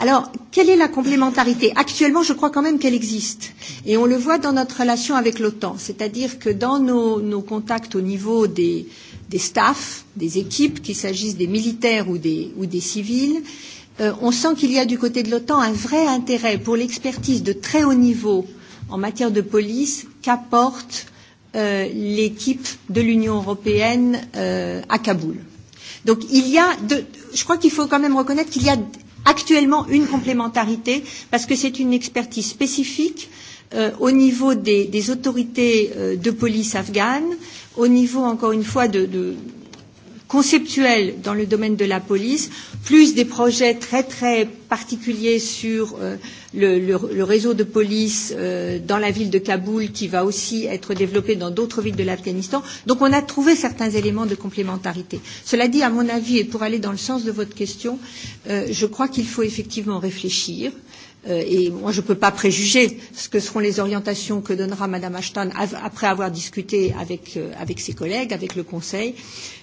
B: Alors, quelle est la complémentarité Actuellement, je crois quand même qu'elle existe. Et on le voit dans notre relation avec l'OTAN. C'est-à-dire que dans nos, nos contacts au niveau des, des staffs, des équipes, qu'il s'agisse des militaires ou des, ou des civils, euh, on sent qu'il y a du côté de l'OTAN un vrai intérêt pour l'expertise de très haut niveau en matière de police qu'apporte euh, l'équipe de l'Union européenne euh, à Kaboul. Donc il y a de, je crois qu'il faut quand même reconnaître qu'il y a actuellement une complémentarité parce que c'est une expertise spécifique euh, au niveau des, des autorités euh, de police afghanes, au niveau encore une fois de, de conceptuels dans le domaine de la police, plus des projets très très particuliers sur euh, le, le, le réseau de police euh, dans la ville de Kaboul qui va aussi être développé dans d'autres villes de l'Afghanistan. Donc on a trouvé certains éléments de complémentarité. Cela dit, à mon avis, et pour aller dans le sens de votre question, euh, je crois qu'il faut effectivement réfléchir euh, Euh, et moi, je ne peux pas préjuger ce que seront les orientations que donnera Madame Ashton av après avoir discuté avec, euh, avec ses collègues, avec le Conseil.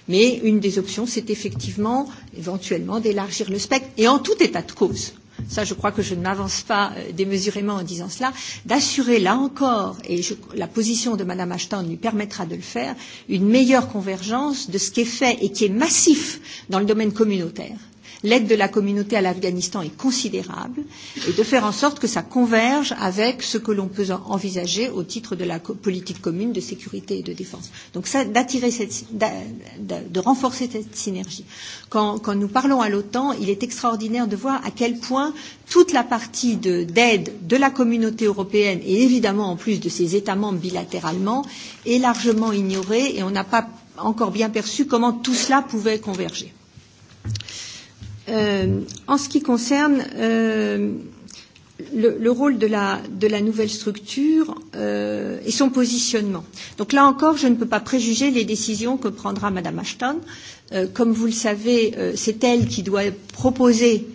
B: Mais une des options, c'est effectivement, éventuellement, d'élargir le spectre. Et en tout état de cause, ça je crois que je ne m'avance pas euh, démesurément en disant cela, d'assurer là encore, et je, la position de Mme Ashton lui permettra de le faire, une meilleure convergence de ce qui est fait et qui est massif dans le domaine communautaire l'aide de la communauté à l'Afghanistan est considérable et de faire en sorte que ça converge avec ce que l'on peut envisager au titre de la politique commune de sécurité et de défense. Donc ça, d'attirer cette, de, d'a, d'a, de renforcer cette synergie. Quand, quand nous parlons à l'OTAN, il est extraordinaire de voir à quel point toute la partie d'aide de, de la communauté européenne et évidemment en plus de ses États membres bilatéralement est largement ignorée et on n'a pas encore bien perçu comment tout cela pouvait converger. Euh, en ce qui concerne euh, le, le rôle de la, de la nouvelle structure euh, et son positionnement. Donc là encore, je ne peux pas préjuger les décisions que prendra Madame Ashton. Euh, comme vous le savez, euh, c'est elle qui doit proposer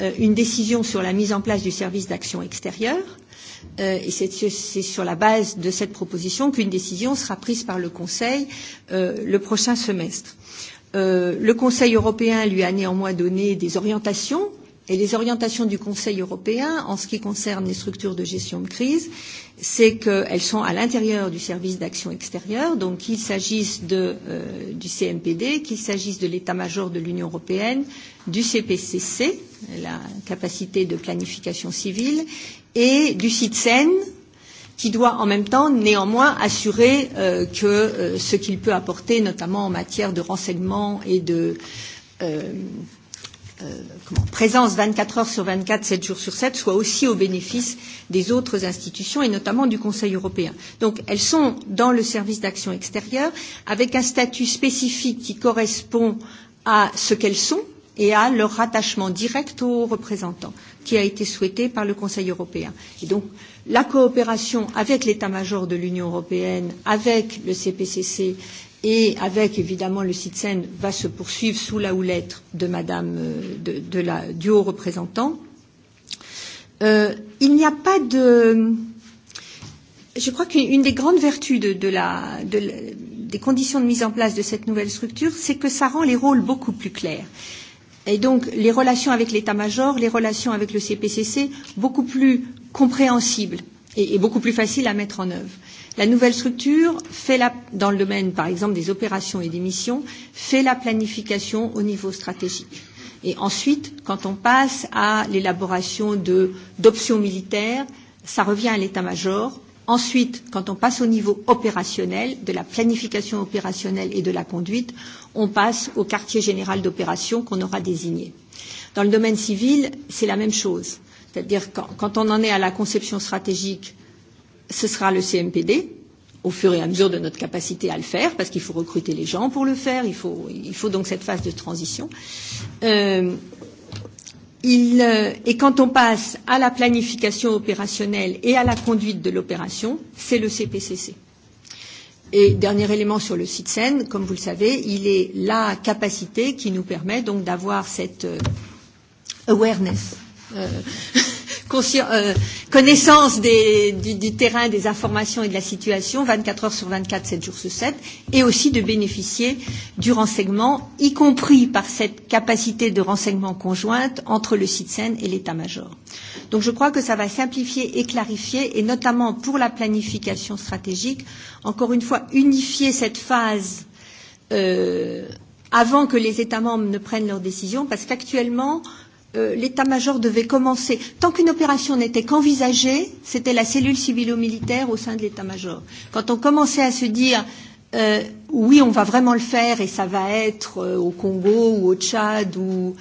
B: euh, une décision sur la mise en place du service d'action extérieure. Euh, et c'est, c'est sur la base de cette proposition qu'une décision sera prise par le Conseil euh, le prochain semestre. Euh, Euh, le Conseil européen lui a néanmoins donné des orientations et les orientations du Conseil européen en ce qui concerne les structures de gestion de crise, c'est qu'elles sont à l'intérieur du service d'action extérieure, donc qu'il s'agisse de, euh, du CMPD, qu'il s'agisse de l'état-major de l'Union européenne, du CPCC, la capacité de planification civile, et du CITSEN, qui doit en même temps néanmoins assurer euh, que euh, ce qu'il peut apporter, notamment en matière de renseignement et de euh, euh, comment, présence 24 heures sur 24, 7 jours sur 7, soit aussi au bénéfice des autres institutions et notamment du Conseil européen. Donc elles sont dans le service d'action extérieure avec un statut spécifique qui correspond à ce qu'elles sont et à leur rattachement direct aux représentants qui a été souhaité par le Conseil européen. Et donc, la coopération avec l'état-major de l'Union européenne, avec le CPCC et avec évidemment le CITSEN va se poursuivre sous la houlette de Madame euh, de, de la, du haut représentant. Euh, il n'y a pas de. Je crois qu'une des grandes vertus de, de la, de la, des conditions de mise en place de cette nouvelle structure, c'est que ça rend les rôles beaucoup plus clairs. Et donc, les relations avec l'état-major, les relations avec le CPCC, beaucoup plus compréhensibles et, et beaucoup plus faciles à mettre en œuvre. La nouvelle structure fait la, dans le domaine, par exemple, des opérations et des missions, fait la planification au niveau stratégique. Et ensuite, quand on passe à l'élaboration d'options militaires, ça revient à l'état-major. Ensuite, quand on passe au niveau opérationnel, de la planification opérationnelle et de la conduite, on passe au quartier général d'opération qu'on aura désigné. Dans le domaine civil, c'est la même chose. C'est-à-dire quand, quand on en est à la conception stratégique, ce sera le CMPD, au fur et à mesure de notre capacité à le faire, parce qu'il faut recruter les gens pour le faire, il faut, il faut donc cette phase de transition. Euh, il, euh, et quand on passe à la planification opérationnelle et à la conduite de l'opération, c'est le CPCC. Et dernier élément sur le site SEN, comme vous le savez, il est la capacité qui nous permet donc d'avoir cette euh, awareness. Euh, euh, connaissance des, du, du terrain, des informations et de la situation 24 heures sur 24, 7 jours sur 7, et aussi de bénéficier du renseignement, y compris par cette capacité de renseignement conjointe entre le CITSEN et l'état-major. Donc je crois que ça va simplifier et clarifier, et notamment pour la planification stratégique, encore une fois, unifier cette phase euh, avant que les États membres ne prennent leurs décisions, parce qu'actuellement, euh, Euh, l'état-major devait commencer. Tant qu'une opération n'était qu'envisagée, c'était la cellule civilo-militaire au sein de l'état-major. Quand on commençait à se dire euh, oui, on va vraiment le faire et ça va être euh, au Congo ou au Tchad ou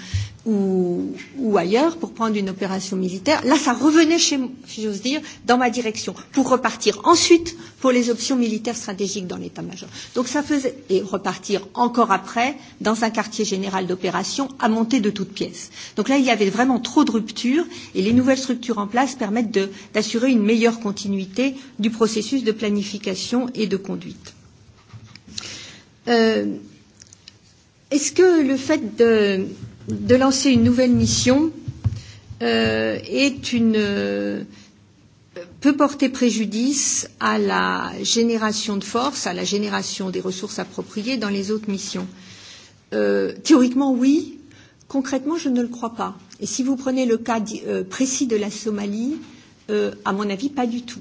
B: ou, ou ailleurs pour prendre une opération militaire. Là, ça revenait chez, si j'ose dire, dans ma direction pour repartir ensuite pour les options militaires stratégiques dans l'état-major. Donc ça faisait et repartir encore après dans un quartier général d'opération à monter de toutes pièces. Donc là, il y avait vraiment trop de ruptures et les nouvelles structures en place permettent d'assurer une meilleure continuité du processus de planification et de conduite. Euh, Est-ce que le fait de de lancer une nouvelle mission euh, est une, euh, peut porter préjudice à la génération de force, à la génération des ressources appropriées dans les autres missions. Euh, théoriquement, oui. Concrètement, je ne le crois pas. Et si vous prenez le cas euh, précis de la Somalie, euh, à mon avis, pas du tout.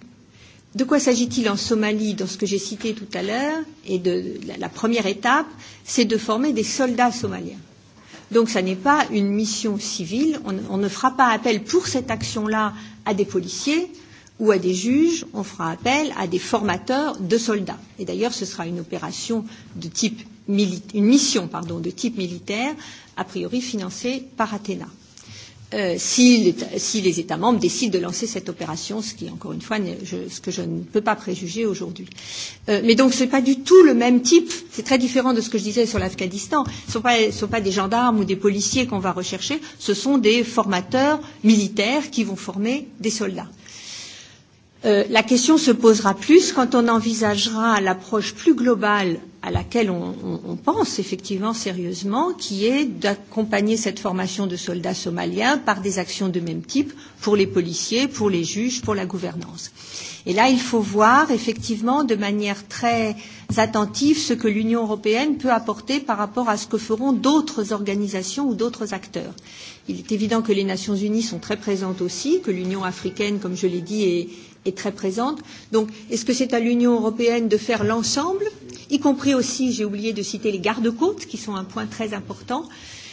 B: De quoi s'agit-il en Somalie dans ce que j'ai cité tout à l'heure Et de, la première étape, c'est de former des soldats somaliens. Donc ça n'est pas une mission civile. On, on ne fera pas appel pour cette action-là à des policiers ou à des juges. On fera appel à des formateurs de soldats. Et d'ailleurs, ce sera une opération de type une mission pardon, de type militaire, a priori financée par Athéna. Euh, si, les, États membres décident de lancer cette opération, ce qui, encore une fois, je, ce que je ne peux pas préjuger aujourd'hui. Euh, mais donc, ce n'est pas du tout le même type. C'est très différent de ce que je disais sur l'Afghanistan. Ce ne sont, sont pas des gendarmes ou des policiers qu'on va rechercher. Ce sont des formateurs militaires qui vont former des soldats. Euh, la question se posera plus quand on envisagera l'approche plus globale à laquelle on, on, on pense effectivement sérieusement, qui est d'accompagner cette formation de soldats somaliens par des actions de même type pour les policiers, pour les juges, pour la gouvernance. Et là, il faut voir effectivement de manière très attentive ce que l'Union européenne peut apporter par rapport à ce que feront d'autres organisations ou d'autres acteurs. Il est évident que les Nations unies sont très présentes aussi, que l'Union africaine, comme je l'ai dit, est, est très présente. Donc, est-ce que c'est à l'Union européenne de faire l'ensemble, y compris aussi, j'ai oublié de citer les gardes-côtes, qui sont un point très important.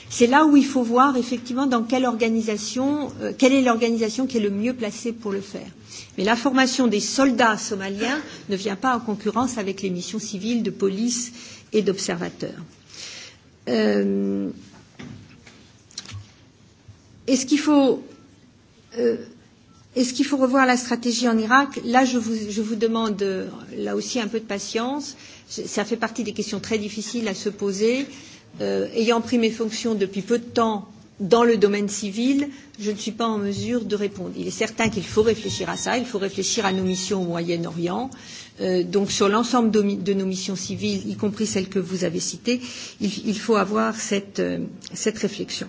B: C'est là où il faut voir effectivement dans quelle organisation, euh, quelle est l'organisation qui est le mieux placée pour le faire. Mais la formation des soldats somaliens ne vient pas en concurrence avec les missions civiles de police et d'observateurs. Euh, est-ce qu'il faut euh, Est-ce qu'il faut revoir la stratégie en Irak Là, je vous, je vous demande euh, là aussi un peu de patience. Ça fait partie des questions très difficiles à se poser. Euh, ayant pris mes fonctions depuis peu de temps dans le domaine civil, je ne suis pas en mesure de répondre. Il est certain qu'il faut réfléchir à ça, il faut réfléchir à nos missions au Moyen-Orient. Euh, donc sur l'ensemble de, nos missions civiles, y compris celles que vous avez citées, il, il faut avoir cette, euh, cette réflexion.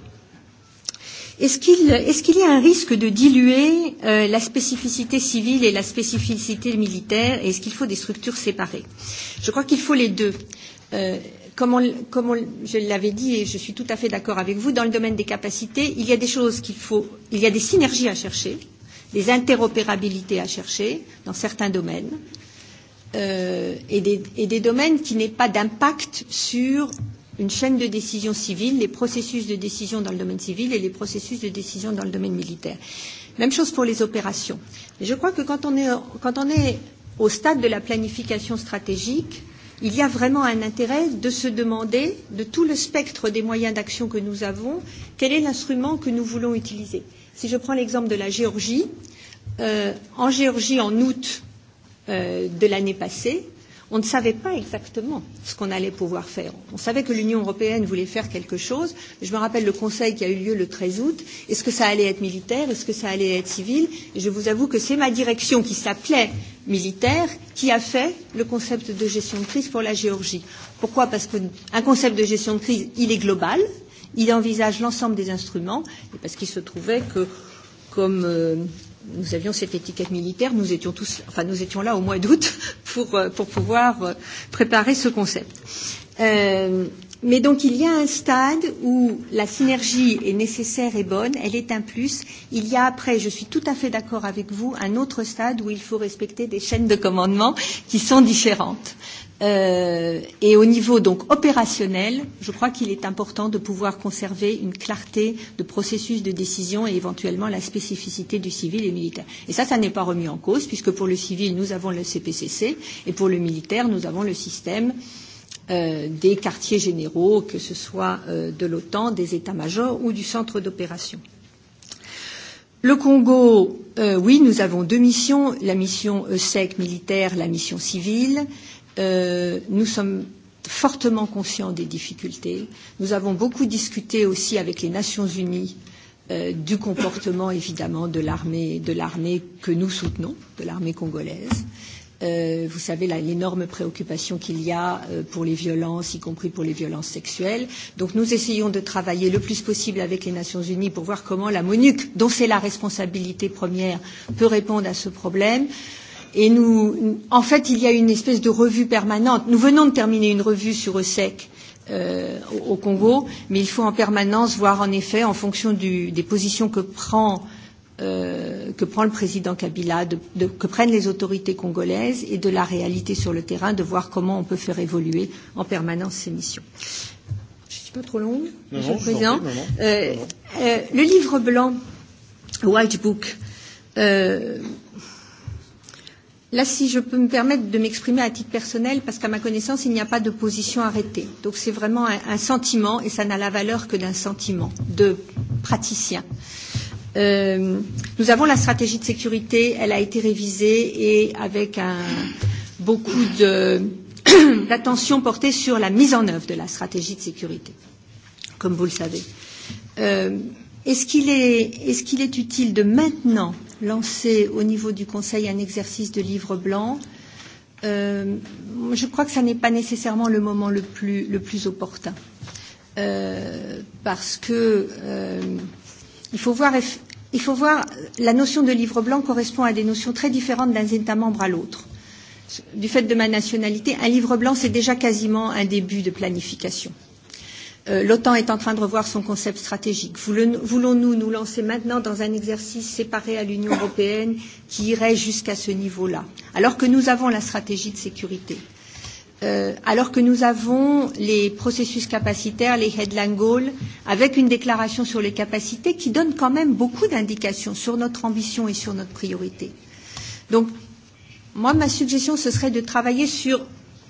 B: Est-ce qu'il est, qu qu y a un risque de diluer euh, la spécificité civile et la spécificité militaire Est-ce qu'il faut des structures séparées Je crois qu'il faut les deux. Euh, comme, on, comme on, je l'avais dit et je suis tout à fait d'accord avec vous, dans le domaine des capacités, il y a des choses qu'il faut, il y a des synergies à chercher, des interopérabilités à chercher dans certains domaines euh, et, des, et des domaines qui n'aient pas d'impact sur une chaîne de décision civile, les processus de décision dans le domaine civil et les processus de décision dans le domaine militaire. Même chose pour les opérations. Et je crois que quand on, est, quand on est au stade de la planification stratégique, il y a vraiment un intérêt de se demander, de tout le spectre des moyens d'action que nous avons, quel est l'instrument que nous voulons utiliser. Si je prends l'exemple de la Géorgie, euh, en Géorgie, en août euh, de l'année passée, on ne savait pas exactement ce qu'on allait pouvoir faire. On savait que l'Union européenne voulait faire quelque chose. Je me rappelle le Conseil qui a eu lieu le 13 août. Est-ce que ça allait être militaire Est-ce que ça allait être civil Et je vous avoue que c'est ma direction qui s'appelait militaire qui a fait le concept de gestion de crise pour la Géorgie. Pourquoi Parce qu'un concept de gestion de crise, il est global, il envisage l'ensemble des instruments, et parce qu'il se trouvait que, comme euh, nous avions cette étiquette militaire, nous étions tous, enfin nous étions là au mois d'août pour, euh, pour pouvoir euh, préparer ce concept. Euh, mais donc il y a un stade où la synergie est nécessaire et bonne, elle est un plus. Il y a après, je suis tout à fait d'accord avec vous, un autre stade où il faut respecter des chaînes de commandement qui sont différentes. Euh, et au niveau donc opérationnel, je crois qu'il est important de pouvoir conserver une clarté de processus de décision et éventuellement la spécificité du civil et militaire. Et ça, ça n'est pas remis en cause puisque pour le civil, nous avons le CPCC et pour le militaire, nous avons le système euh, des quartiers généraux, que ce soit euh, de l'OTAN, des états-majors ou du centre d'opération. Le Congo, euh, oui, nous avons deux missions, la mission ESSEC militaire, la mission civile. Euh, euh, nous sommes fortement conscients des difficultés. Nous avons beaucoup discuté aussi avec les Nations Unies euh, du comportement évidemment de l'armée, de l'armée que nous soutenons, de l'armée congolaise. Euh, vous savez l'énorme préoccupation qu'il y a euh, pour les violences, y compris pour les violences sexuelles. Donc nous essayons de travailler le plus possible avec les Nations Unies pour voir comment la MONUC, dont c'est la responsabilité première, peut répondre à ce problème. Euh, et nous, en fait, il y a une espèce de revue permanente. Nous venons de terminer une revue sur ESSEC euh, au, Congo, mais il faut en permanence voir, en effet, en fonction du, des positions que prend, euh, que prend le président Kabila, de, de, que prennent les autorités congolaises et de la réalité sur le terrain, de voir comment on peut faire évoluer en permanence ces missions. Je ne suis pas trop longue,
D: Monsieur le Président. Non, non, non.
B: Euh, euh, le livre blanc, White Book, euh, Là, si je peux me permettre de m'exprimer à titre personnel, parce qu'à ma connaissance, il n'y a pas de position arrêtée. Donc c'est vraiment un, un sentiment, et ça n'a la valeur que d'un sentiment de praticien. Euh, nous avons la stratégie de sécurité, elle a été révisée et avec un, beaucoup d'attention portée sur la mise en œuvre de la stratégie de sécurité, comme vous le savez. Euh, est-ce qu'il est, est, qu est utile de maintenant lancer au niveau du Conseil un exercice de livre blanc. Euh, je crois que ça n'est pas nécessairement le moment le plus, le plus opportun, euh, parce que euh, il faut voir il faut voir la notion de livre blanc correspond à des notions très différentes d'un État membre à l'autre. Du fait de ma nationalité, un livre blanc c'est déjà quasiment un début de planification. Euh, Euh, L'OTAN est en train de revoir son concept stratégique. Voulons-nous nous lancer maintenant dans un exercice séparé à l'Union européenne qui irait jusqu'à ce niveau-là, alors que nous avons la stratégie de sécurité, euh, alors que nous avons les processus capacitaires, les headline goals, avec une déclaration sur les capacités qui donne quand même beaucoup d'indications sur notre ambition et sur notre priorité. Donc, moi, ma suggestion, ce serait de travailler sur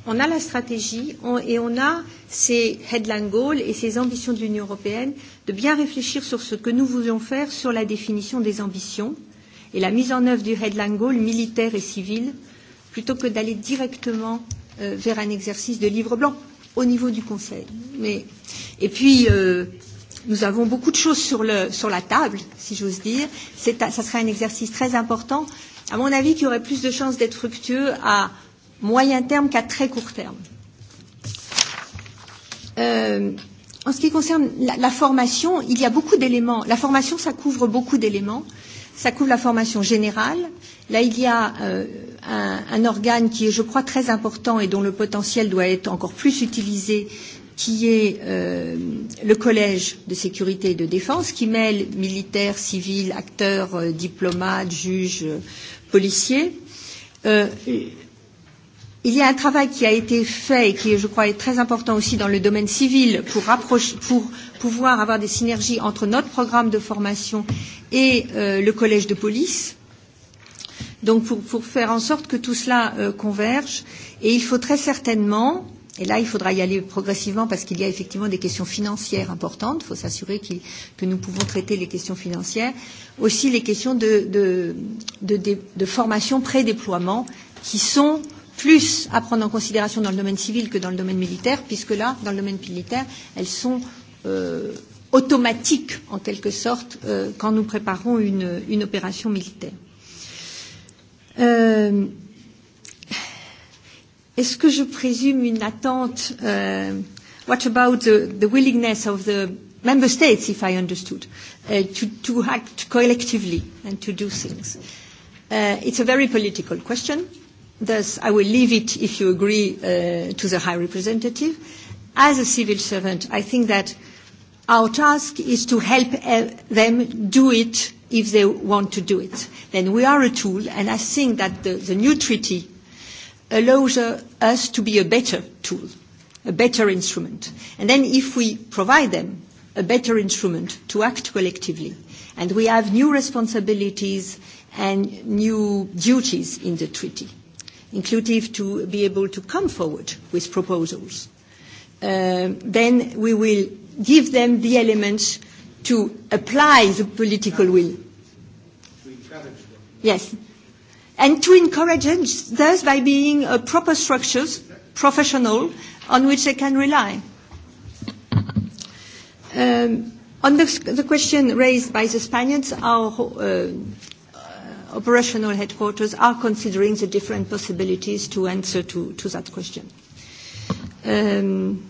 B: on a la stratégie on, et on a ces headline goals et ces ambitions de l'Union européenne de bien réfléchir sur ce que nous voulons faire sur la définition des ambitions et la mise en œuvre du headline goal militaire et civil plutôt que d'aller directement euh, vers un exercice de livre blanc au niveau du Conseil. Mais, et puis, euh, nous avons beaucoup de choses sur, le, sur la table, si j'ose dire. C'est, ça serait un exercice très important, à mon avis, qui aurait plus de chances d'être fructueux à moyen terme qu'à très court terme. Euh, en ce qui concerne la, la formation, il y a beaucoup d'éléments. La formation, ça couvre beaucoup d'éléments. Ça couvre la formation générale. Là, il y a euh, un, un organe qui est, je crois, très important et dont le potentiel doit être encore plus utilisé, qui est euh, le Collège de sécurité et de défense, qui mêle militaires, civils, acteurs, euh, diplomates, juges, euh, policiers. Euh, Il y a un travail qui a été fait et qui, je crois, est très important aussi dans le domaine civil pour, rapprocher, pour pouvoir avoir des synergies entre notre programme de formation et euh, le collège de police. Donc, pour, pour faire en sorte que tout cela euh, converge, et il faut très certainement, et là il faudra y aller progressivement parce qu'il y a effectivement des questions financières importantes, il faut s'assurer qu que nous pouvons traiter les questions financières, aussi les questions de, de, de, de, de formation pré-déploiement qui sont euh, plus à prendre en considération dans le domaine civil que dans le domaine militaire, puisque là, dans le domaine militaire, elles sont euh, automatiques, en quelque sorte, euh, quand nous préparons une, une opération militaire. Euh, Est-ce que je présume une attente euh, What about the, the willingness of the member states, if I understood, uh, to, to act collectively and to do things? Uh, it's a very political question. Thus, I will leave it, if you agree, uh, to the High Representative. As a civil servant, I think that our task is to help uh, them do it if they want to do it. Then we are a tool, and I think that the, the new treaty allows us to be a better tool, a better instrument. And then if we provide them a better instrument to act collectively, and we have new responsibilities and new duties in the treaty inclusive to be able to come forward with proposals. Uh, then we will give them the elements to apply the political will. Yes. And to encourage them, thus by being a proper structures, professional, on which they can rely. Um, on the, the question raised by the Spaniards, our uh, operational headquarters are considering the different possibilities to answer to, to that question. Um,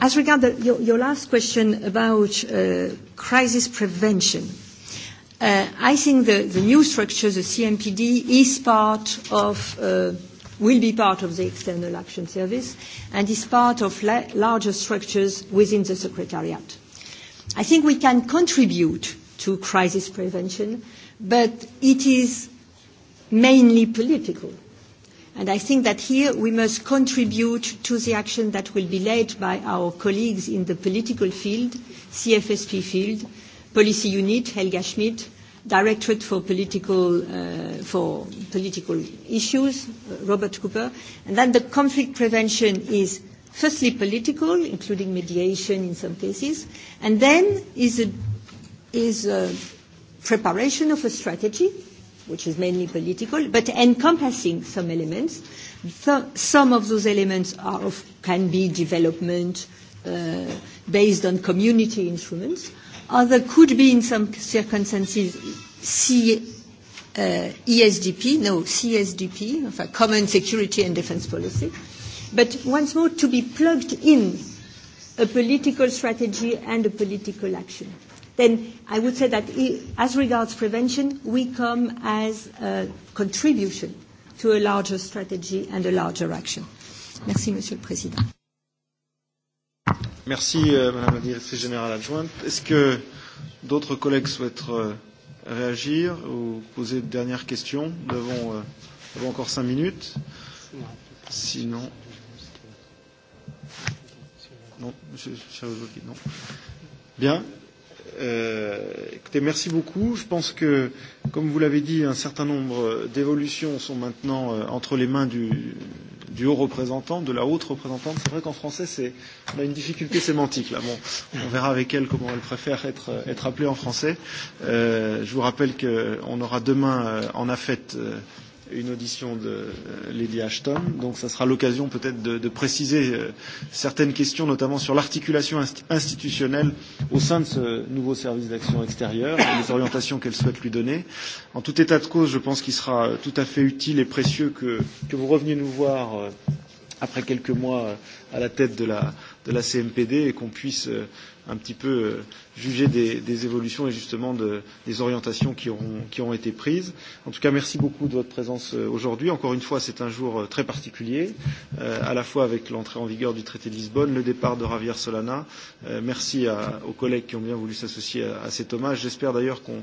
B: as regards your, your last question about uh, crisis prevention, uh, I think the, the new structure, the CMPD, is part of, uh, will be part of the External Action Service and is part of la- larger structures within the Secretariat. I think we can contribute to crisis prevention but it is mainly political. And I think that here we must contribute to the action that will be led by our colleagues in the political field, CFSP field, policy unit, Helga Schmidt, Directorate for Political, uh, for political Issues, uh, Robert Cooper. And then the conflict prevention is firstly political, including mediation in some cases, and then is a, is a preparation of a strategy, which is mainly political, but encompassing some elements. So, some of those elements are of, can be development uh, based on community instruments. Other could be, in some circumstances, C, uh, ESDP, no, CSDP, of a common security and defense policy. But once more, to be plugged in a political strategy and a political action. Then I would say that as regards prevention, we come as a contribution to a larger strategy and a larger action. Merci, Monsieur le Président.
A: Merci, euh, Madame la Directrice Générale Adjointe. Est-ce que d'autres collègues souhaitent euh, réagir ou poser de dernières questions Nous avons, euh, nous avons encore cinq minutes. Sinon... Non, Monsieur Chirurgi, non. Bien. Euh, écoutez, merci beaucoup. Je pense que, comme vous l'avez dit, un certain nombre d'évolutions sont maintenant euh, entre les mains du, du haut représentant, de la haute représentante. C'est vrai qu'en français, c'est, on a une difficulté sémantique. Là. Bon, on verra avec elle comment elle préfère être, être appelée en français. Euh, je vous rappelle qu'on aura demain euh, en affaite. Euh, une audition de euh, Lady Ashton. Donc ça sera l'occasion peut-être de, de préciser euh, certaines questions, notamment sur l'articulation institutionnelle au sein de ce nouveau service d'action extérieure et les orientations qu'elle souhaite lui donner. En tout état de cause, je pense qu'il sera euh, tout à fait utile et précieux que, que vous reveniez nous voir après quelques mois à la tête de la, de la CMPD et qu'on puisse euh, un petit peu euh, juger des, des évolutions et justement de, des orientations qui auront, qui auront été prises. En tout cas, merci beaucoup de votre présence euh, aujourd'hui. Encore une fois, c'est un jour euh, très particulier, euh, à la fois avec l'entrée en vigueur du traité de Lisbonne, le départ de Javier Solana. Euh, merci à, aux collègues qui ont bien voulu s'associer à, à cet hommage. J'espère d'ailleurs qu'on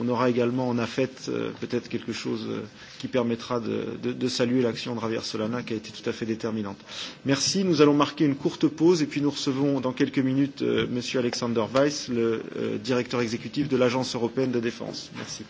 A: on aura également en AFET euh, peut-être quelque chose euh, qui permettra de, de, de saluer l'action de Javier Solana qui a été tout à fait déterminante. Merci. Nous allons marquer une courte pause et puis nous recevons dans quelques minutes euh, Monsieur Alexander Weiss, le euh, directeur exécutif de l'Agence européenne de défense. Merci.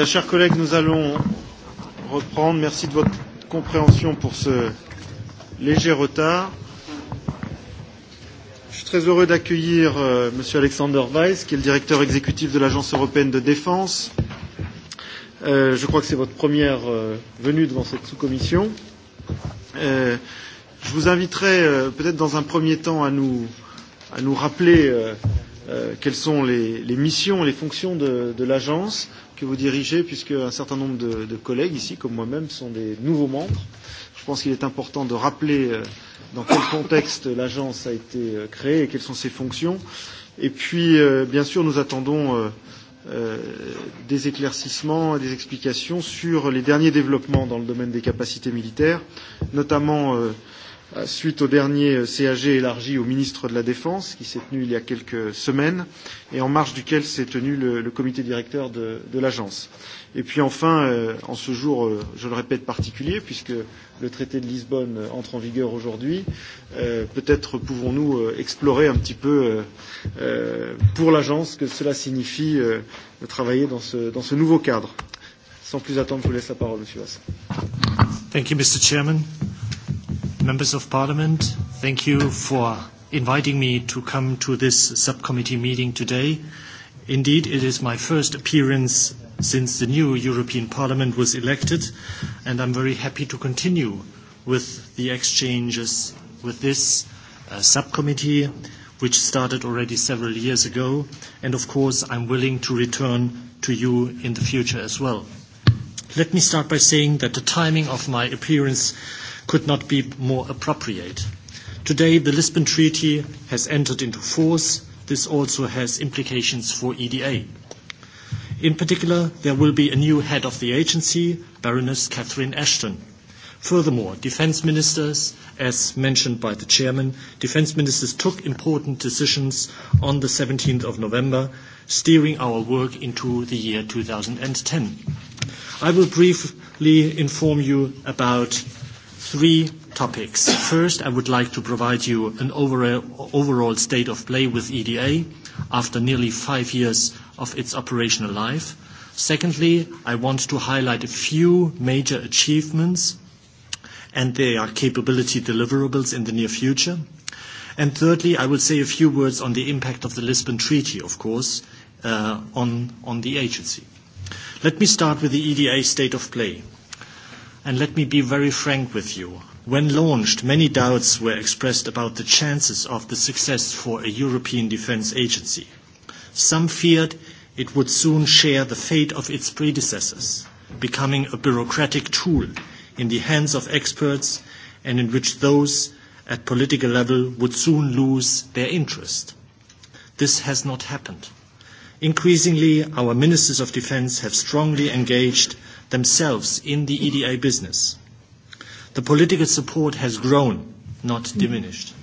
A: Bien, chers collègues, nous allons reprendre. Merci de votre compréhension pour ce léger retard. Je suis très heureux d'accueillir euh, M. Alexander Weiss, qui est le directeur exécutif de l'Agence européenne de défense. Euh, je crois que c'est votre première euh, venue devant cette sous-commission. Euh, je vous inviterai euh, peut-être dans un premier temps à nous, à nous rappeler euh, Euh, quelles sont les, les missions et les fonctions de, de l'agence que vous dirigez, puisque un certain nombre de, de collègues ici, comme moi-même, sont des nouveaux membres. Je pense qu'il est important de rappeler euh, dans quel contexte l'agence a été euh, créée et quelles sont ses fonctions. Et puis, bien sûr, nous attendons des éclaircissements et des explications sur les derniers développements dans le domaine des capacités militaires, notamment euh, Euh, suite au dernier euh, CAG élargi aux ministres de la Défense qui s'est tenu il y a quelques semaines et en marge duquel s'est tenu le, le comité directeur de, de l'agence. Et puis enfin, euh, en ce jour, euh, je le répète, particulier, puisque le traité de Lisbonne euh, entre en vigueur aujourd'hui, euh, peut-être pouvons-nous euh, explorer un petit peu euh, pour l'agence ce que cela signifie euh, de travailler dans ce, dans ce nouveau cadre. Sans plus attendre, je vous laisse la parole, Monsieur Vass.
H: Thank you, Mr. Chairman members of parliament. Thank you for inviting me to come to this subcommittee meeting today. Indeed, it is my first appearance since the new European Parliament was elected, and I'm very happy to continue with the exchanges with this uh, subcommittee, which started already several years ago, and of course I'm willing to return to you in the future as well. Let me start by saying that the timing of my appearance could not be more appropriate. Today, the Lisbon Treaty has entered into force. This also has implications for EDA. In particular, there will be a new head of the agency, Baroness Catherine Ashton. Furthermore, defense ministers, as mentioned by the chairman, defense ministers took important decisions on the 17th of November, steering our work into the year 2010. I will briefly inform you about three topics. First, I would like to provide you an overall, state of play with EDA after nearly five years of its operational life. Secondly, I want to highlight a few major achievements and their capability deliverables in the near future. And thirdly, I will say a few words on the impact of the Lisbon Treaty, of course, uh, on, on the agency. Let me start with the EDA state of play. And let me be very frank with you. When launched, many doubts were expressed about the chances of the success for a European Defence Agency. Some feared it would soon share the fate of its predecessors, becoming a bureaucratic tool in the hands of experts and in which those at political level would soon lose their interest. This has not happened. Increasingly, our ministers of defence have strongly engaged themselves in the EDA business. The political support has grown, not diminished.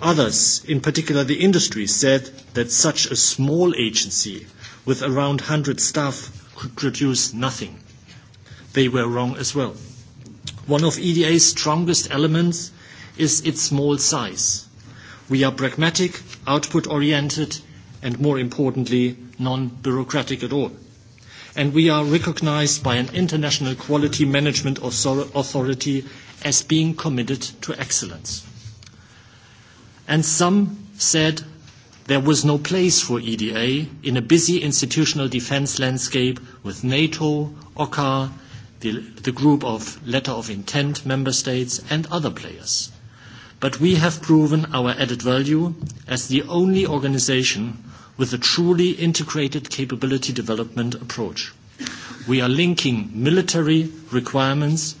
H: Others, in particular the industry, said that such a small agency with around 100 staff could produce nothing. They were wrong as well. One of EDA's strongest elements is its small size. We are pragmatic, output-oriented, and more importantly, non-bureaucratic at all and we are recognized by an international quality management authority as being committed to excellence. And some said there was no place for EDA in a busy institutional defense landscape with NATO, OCCAR, the, the group of letter of intent member states and other players. But we have proven our added value as the only organization with a truly integrated capability development approach. We are linking military requirements,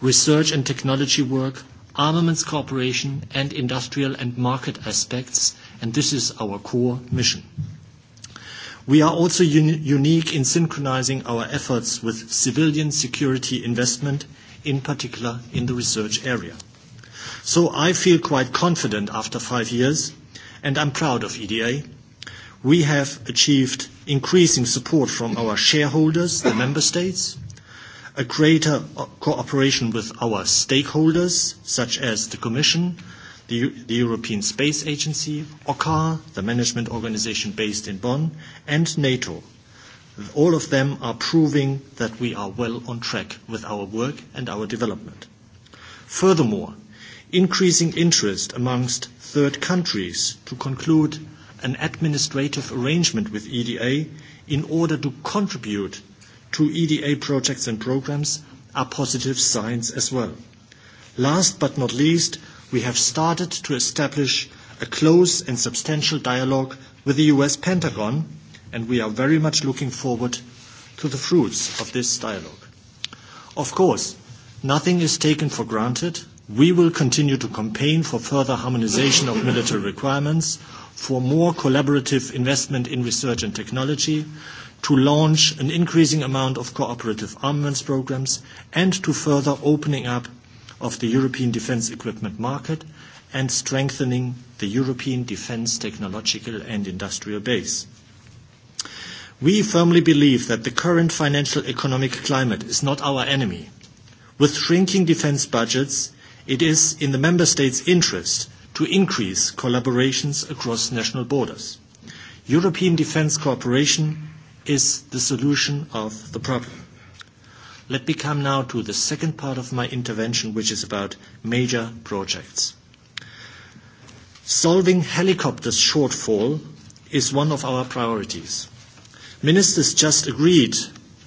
H: research and technology work, armaments cooperation, and industrial and market aspects, and this is our core mission. We are also un unique in synchronizing our efforts with civilian security investment, in particular in the research area. So I feel quite confident after five years, and I'm proud of EDA we have achieved increasing support from our shareholders, the member states, a greater cooperation with our stakeholders, such as the Commission, the, the European Space Agency, OCCAR, the management organization based in Bonn, and NATO. All of them are proving that we are well on track with our work and our development. Furthermore, increasing interest amongst third countries to conclude an administrative arrangement with EDA in order to contribute to EDA projects and programs are positive signs as well. Last but not least, we have started to establish a close and substantial dialogue with the US Pentagon, and we are very much looking forward to the fruits of this dialogue. Of course, nothing is taken for granted. We will continue to campaign for further harmonization of military requirements for more collaborative investment in research and technology, to launch an increasing amount of cooperative armaments programs, and to further opening up of the European defence equipment market and strengthening the European defence technological and industrial base. We firmly believe that the current financial economic climate is not our enemy. With shrinking defence budgets, it is in the member states' interest to increase collaborations across national borders. European defence cooperation is the solution of the problem. Let me come now to the second part of my intervention, which is about major projects. Solving helicopters' shortfall is one of our priorities. Ministers just agreed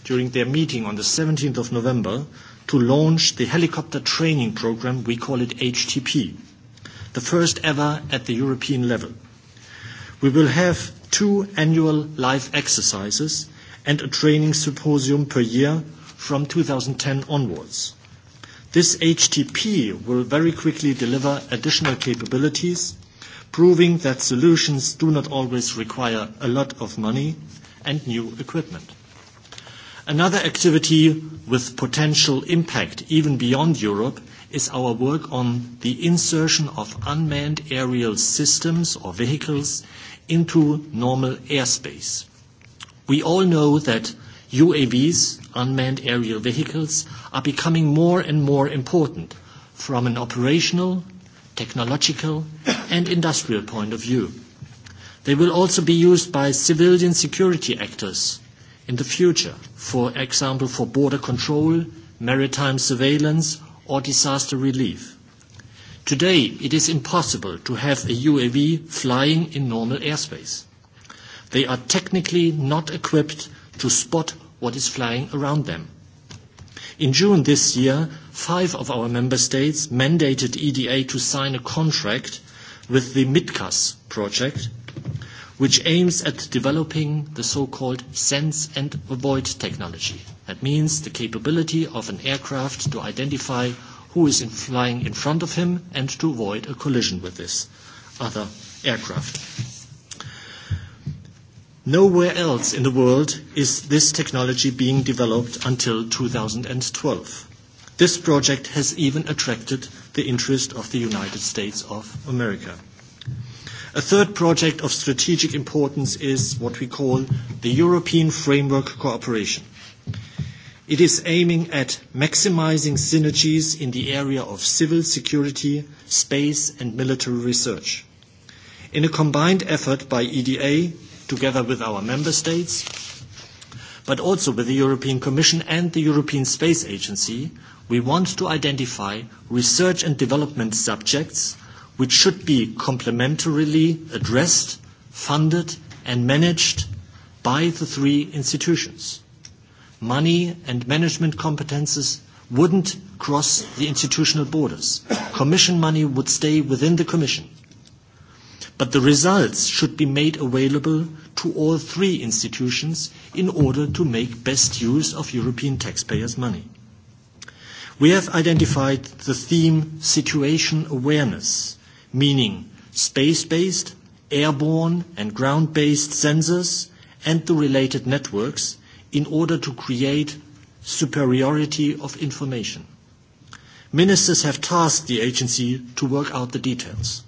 H: during their meeting on the 17th of November to launch the helicopter training program, we call it HTP, the first ever at the European level. We will have two annual live exercises and a training symposium per year from 2010 onwards. This HTP will very quickly deliver additional capabilities, proving that solutions do not always require a lot of money and new equipment. Another activity with potential impact even beyond Europe is our work on the insertion of unmanned aerial systems or vehicles into normal airspace. We all know that UAVs, unmanned aerial vehicles, are becoming more and more important from an operational, technological, and industrial point of view. They will also be used by civilian security actors in the future, for example, for border control, maritime surveillance, or disaster relief. Today, it is impossible to have a UAV flying in normal airspace. They are technically not equipped to spot what is flying around them. In June this year, five of our member states mandated EDA to sign a contract with the MITCAS project which aims at developing the so-called sense and avoid technology. That means the capability of an aircraft to identify who is in flying in front of him and to avoid a collision with this other aircraft. Nowhere else in the world is this technology being developed until 2012. This project has even attracted the interest of the United States of America. A third project of strategic importance is what we call the European Framework Cooperation. It is aiming at maximizing synergies in the area of civil security, space and military research. In a combined effort by EDA, together with our member states, but also with the European Commission and the European Space Agency, we want to identify research and development subjects which should be complementarily addressed, funded and managed by the three institutions. Money and management competences wouldn't cross the institutional borders. Commission money would stay within the Commission. But the results should be made available to all three institutions in order to make best use of European taxpayers' money. We have identified the theme situation awareness meaning space-based, airborne and ground-based sensors and the related networks in order to create superiority of information. Ministers have tasked the agency to work out the details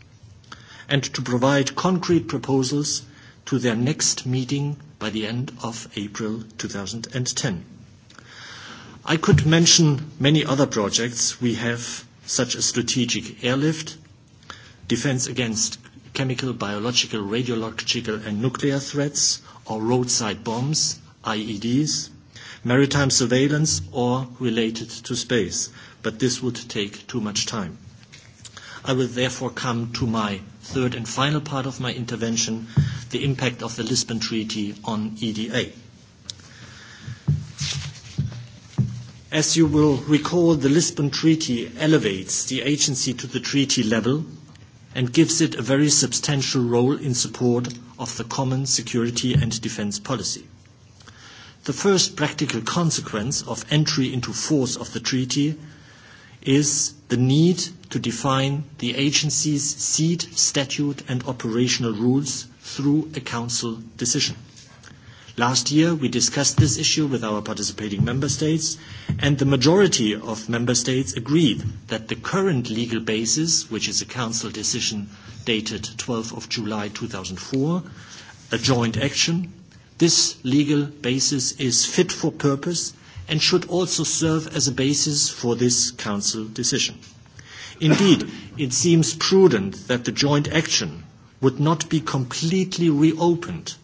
H: and to provide concrete proposals to their next meeting by the end of April 2010. I could mention many other projects we have, such as strategic airlift, defense against chemical, biological, radiological, and nuclear threats, or roadside bombs, IEDs, maritime surveillance, or related to space. But this would take too much time. I will therefore come to my third and final part of my intervention, the impact of the Lisbon Treaty on EDA. As you will recall, the Lisbon Treaty elevates the agency to the treaty level and gives it a very substantial role in support of the common security and defence policy. The first practical consequence of entry into force of the treaty is the need to define the agency's seat, statute and operational rules through a council decision. Last year, we discussed this issue with our participating member states, and the majority of member states agreed that the current legal basis, which is a council decision dated 12th of July 2004, a joint action, this legal basis is fit for purpose and should also serve as a basis for this council decision. Indeed, it seems prudent that the joint action would not be completely reopened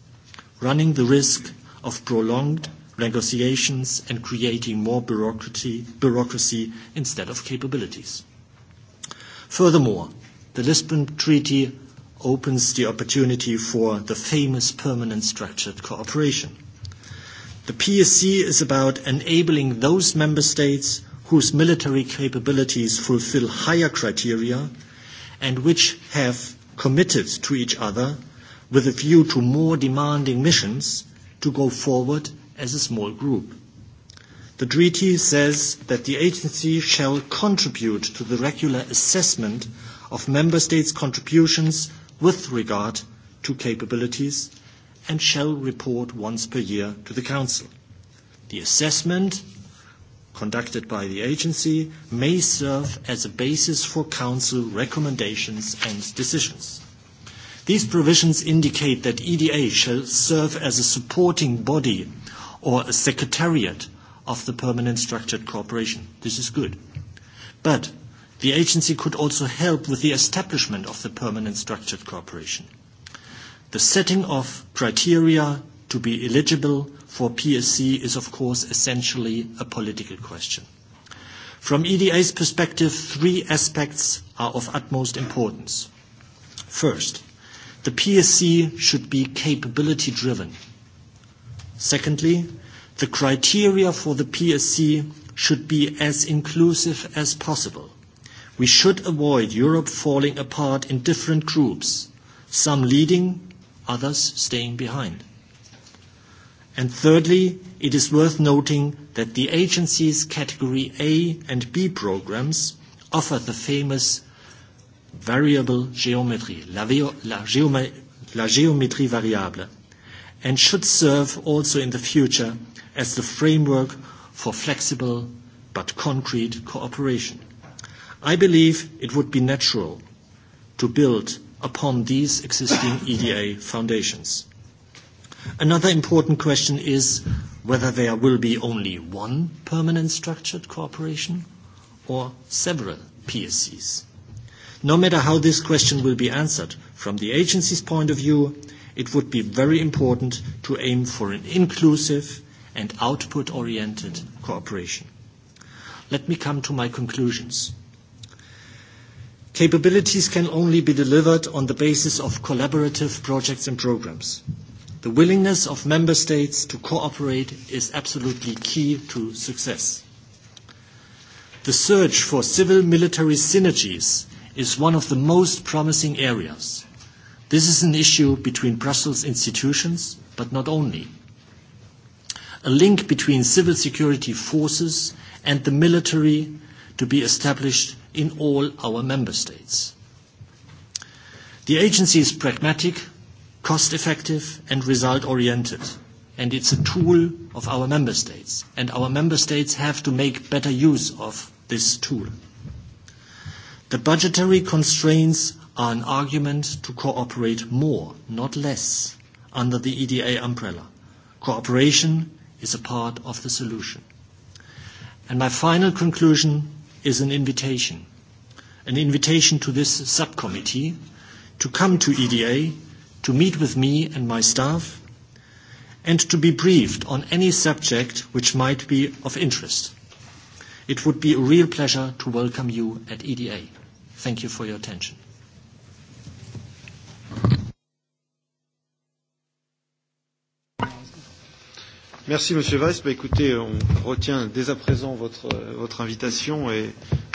H: running the risk of prolonged negotiations and creating more bureaucracy, bureaucracy instead of capabilities. Furthermore, the Lisbon Treaty opens the opportunity for the famous permanent structured cooperation. The PSC is about enabling those member states whose military capabilities fulfill higher criteria and which have committed to each other with a view to more demanding missions to go forward as a small group. The treaty says that the agency shall contribute to the regular assessment of member states' contributions with regard to capabilities and shall report once per year to the Council. The assessment conducted by the agency may serve as a basis for Council recommendations and decisions. These provisions indicate that EDA shall serve as a supporting body or a secretariat of the Permanent Structured Cooperation. This is good. But the agency could also help with the establishment of the Permanent Structured Cooperation. The setting of criteria to be eligible for PSC is of course essentially a political question. From EDA's perspective, three aspects are of utmost importance. First, The PSC should be capability driven. Secondly, the criteria for the PSC should be as inclusive as possible. We should avoid Europe falling apart in different groups, some leading, others staying behind. And thirdly, it is worth noting that the agency's Category A and B programs offer the famous variable geometry, la, la, geome la géométrie variable, and should serve also in the future as the framework for flexible but concrete cooperation. I believe it would be natural to build upon these existing EDA foundations. Another important question is whether there will be only one permanent structured cooperation or several PSCs. No matter how this question will be answered, from the agency's point of view, it would be very important to aim for an inclusive and output-oriented cooperation. Let me come to my conclusions. Capabilities can only be delivered on the basis of collaborative projects and programs. The willingness of member states to cooperate is absolutely key to success. The search for civil-military synergies is one of the most promising areas. This is an issue between Brussels institutions, but not only. A link between civil security forces and the military to be established in all our member states. The agency is pragmatic, cost-effective and result-oriented, and it's a tool of our member states, and our member states have to make better use of this tool. The budgetary constraints are an argument to cooperate more, not less, under the EDA umbrella. Cooperation is a part of the solution. And my final conclusion is an invitation, an invitation to this subcommittee to come to EDA, to meet with me and my staff, and to be briefed on any subject which might be of interest. It would be a real pleasure to welcome you at EDA. Thank you for your attention.
A: Merci Monsieur Weiss. Bah, écoutez, on retient dès à présent votre, votre invitation et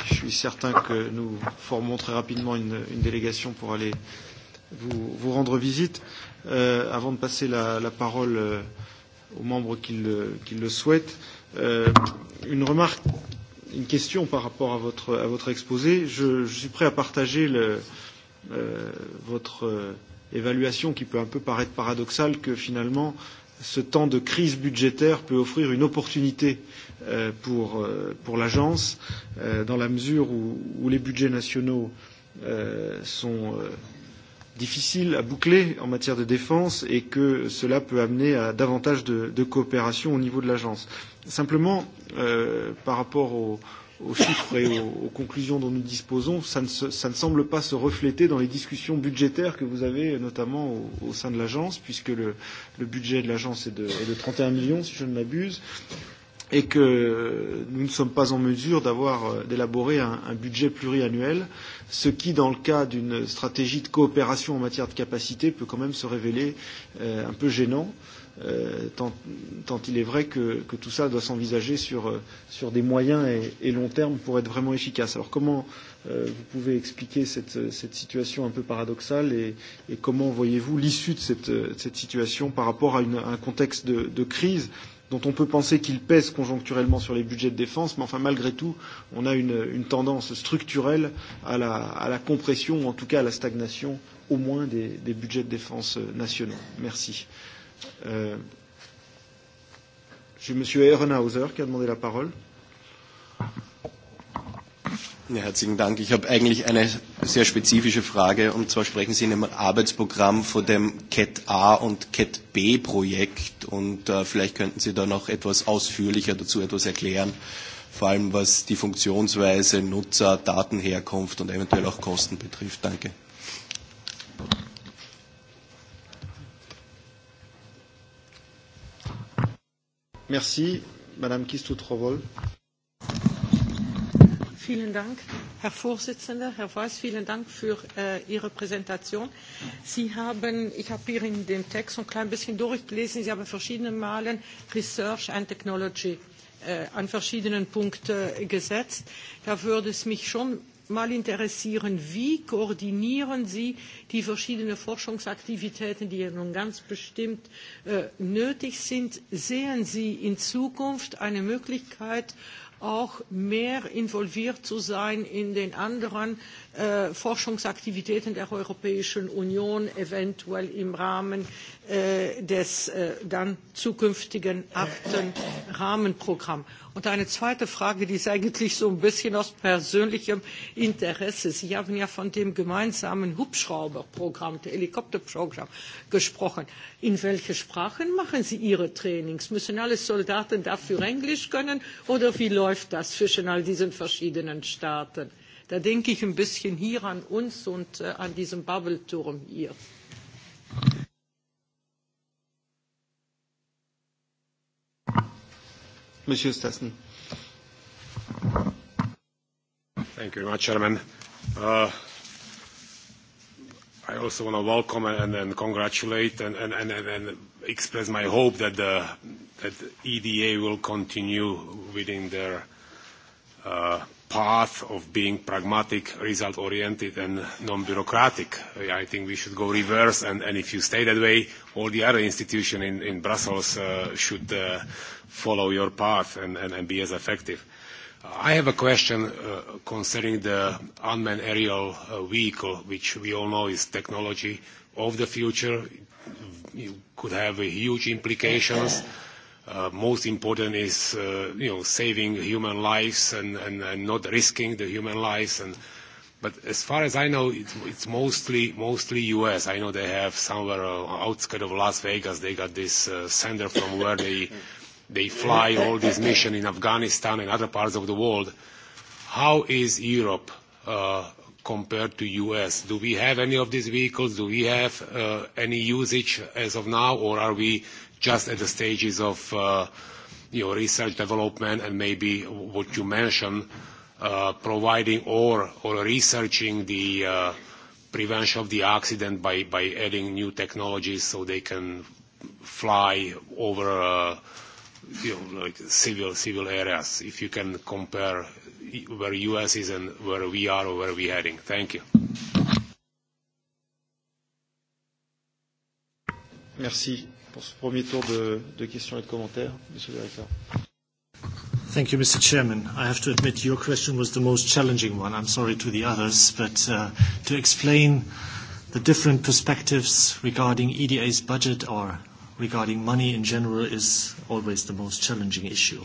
A: je suis certain que nous formons très rapidement une, une délégation pour aller vous, vous rendre visite. Euh, avant de passer la, la parole euh, aux membres qui le, qui le souhaitent, euh, une remarque une question par rapport à votre, à votre exposé. Je, je suis prêt à partager le, euh, votre euh, évaluation qui peut un peu paraître paradoxale que finalement ce temps de crise budgétaire peut offrir une opportunité euh, pour, euh, pour l'agence euh, dans la mesure où, où les budgets nationaux euh, sont. Euh, difficile à boucler en matière de défense et que cela peut amener à davantage de, de coopération au niveau de l'agence. Simplement, euh, par rapport aux, aux chiffres et aux, aux conclusions dont nous disposons, ça ne, se, ça ne semble pas se refléter dans les discussions budgétaires que vous avez notamment au, au sein de l'agence, puisque le, le budget de l'agence est de, est de 31 millions, si je ne m'abuse et que nous ne sommes pas en mesure d'avoir euh, d'élaborer un, un budget pluriannuel, ce qui, dans le cas d'une stratégie de coopération en matière de capacité, peut quand même se révéler euh, un peu gênant. Euh, tant, tant il est vrai que, que tout ça doit s'envisager sur, euh, sur des moyens et, et long terme pour être vraiment efficace. Alors comment euh, vous pouvez expliquer cette, cette situation un peu paradoxale et, et comment voyez-vous l'issue de cette, cette situation par rapport à, une, à un contexte de, de crise dont on peut penser qu'il pèse conjoncturellement sur les budgets de défense, mais enfin malgré tout, on a une, une tendance structurelle à la, à la compression, ou en tout cas à la stagnation, au moins des, des budgets de défense euh, nationaux. Merci. Euh, J'ai M. Ehrenhauser qui a demandé la parole.
I: Ja, herzlichen Dank. Ich habe eigentlich eine sehr spezifische Frage. Und zwar sprechen Sie in einem Arbeitsprogramm von dem CAT A und CAT B Projekt. Und äh, vielleicht könnten Sie da noch etwas ausführlicher dazu etwas erklären. Vor allem was die Funktionsweise, Nutzer, Datenherkunft und eventuell auch Kosten betrifft. Danke.
A: Merci. Madame Kistou-Trovol.
J: Vielen Dank, Herr Vorsitzender, Herr Weiß, vielen Dank für äh, Ihre Präsentation. Sie haben, ich habe hier in dem Text ein klein bisschen durchgelesen, Sie haben verschiedene Malen Research and Technology äh, an verschiedenen Punkten äh, gesetzt. Da würde es mich schon mal interessieren, wie koordinieren Sie die verschiedenen Forschungsaktivitäten, die ja nun ganz bestimmt äh, nötig sind? Sehen Sie in Zukunft eine Möglichkeit, auch mehr involviert zu sein in den anderen Äh, Forschungsaktivitäten der Europäischen Union eventuell im Rahmen äh, des äh, dann zukünftigen achten Rahmenprogramms. Und eine zweite Frage, die ist eigentlich so ein bisschen aus persönlichem Interesse. Sie haben ja von dem gemeinsamen Hubschrauberprogramm, dem Helikopterprogramm gesprochen. In welche Sprachen machen Sie Ihre Trainings? Müssen alle Soldaten dafür Englisch können? Oder wie läuft das zwischen all diesen verschiedenen Staaten? Da denke ich ein bisschen hier an uns und äh, an diesen Babelturm hier.
I: Monsieur Stassen.
G: Thank you very much, Chairman. Uh, I also want to welcome and, and congratulate and, and, and, and express my hope that the that EDA will continue within their uh, path of being pragmatic, result-oriented, and non-bureaucratic. I think we should go reverse, and, and if you stay that way, all the other institutions in, in Brussels uh, should uh, follow your path and, and, and be as effective. Uh, I have a question uh, concerning the unmanned aerial uh, vehicle, which we all know is technology of the future. You could have huge implications. Uh, most important is uh, you know saving human lives and, and, and, not risking the human lives and but as far as I know it's, it's mostly mostly US I know they have somewhere uh, outskirts of Las Vegas they got this uh, center from where they they fly all these missions in Afghanistan and other parts of the world how is Europe uh, compared to US do we have any of these vehicles do we have uh, any usage as of now or are we just at the stages of uh, your research development and maybe what you mentioned, uh, providing or, or researching the uh, prevention of the accident by, by adding new technologies so they can fly over you know, like civil, civil areas, if you can compare where U.S. is and where we are or where we're heading. Thank you.
A: Merci pour ce premier tour de, de questions et de commentaires. Monsieur le directeur.
H: Thank you, Mr. Chairman. I have to admit your question was the most challenging one. I'm sorry to the others, but uh, to explain the different perspectives regarding EDA's budget or regarding money in general is always the most challenging issue.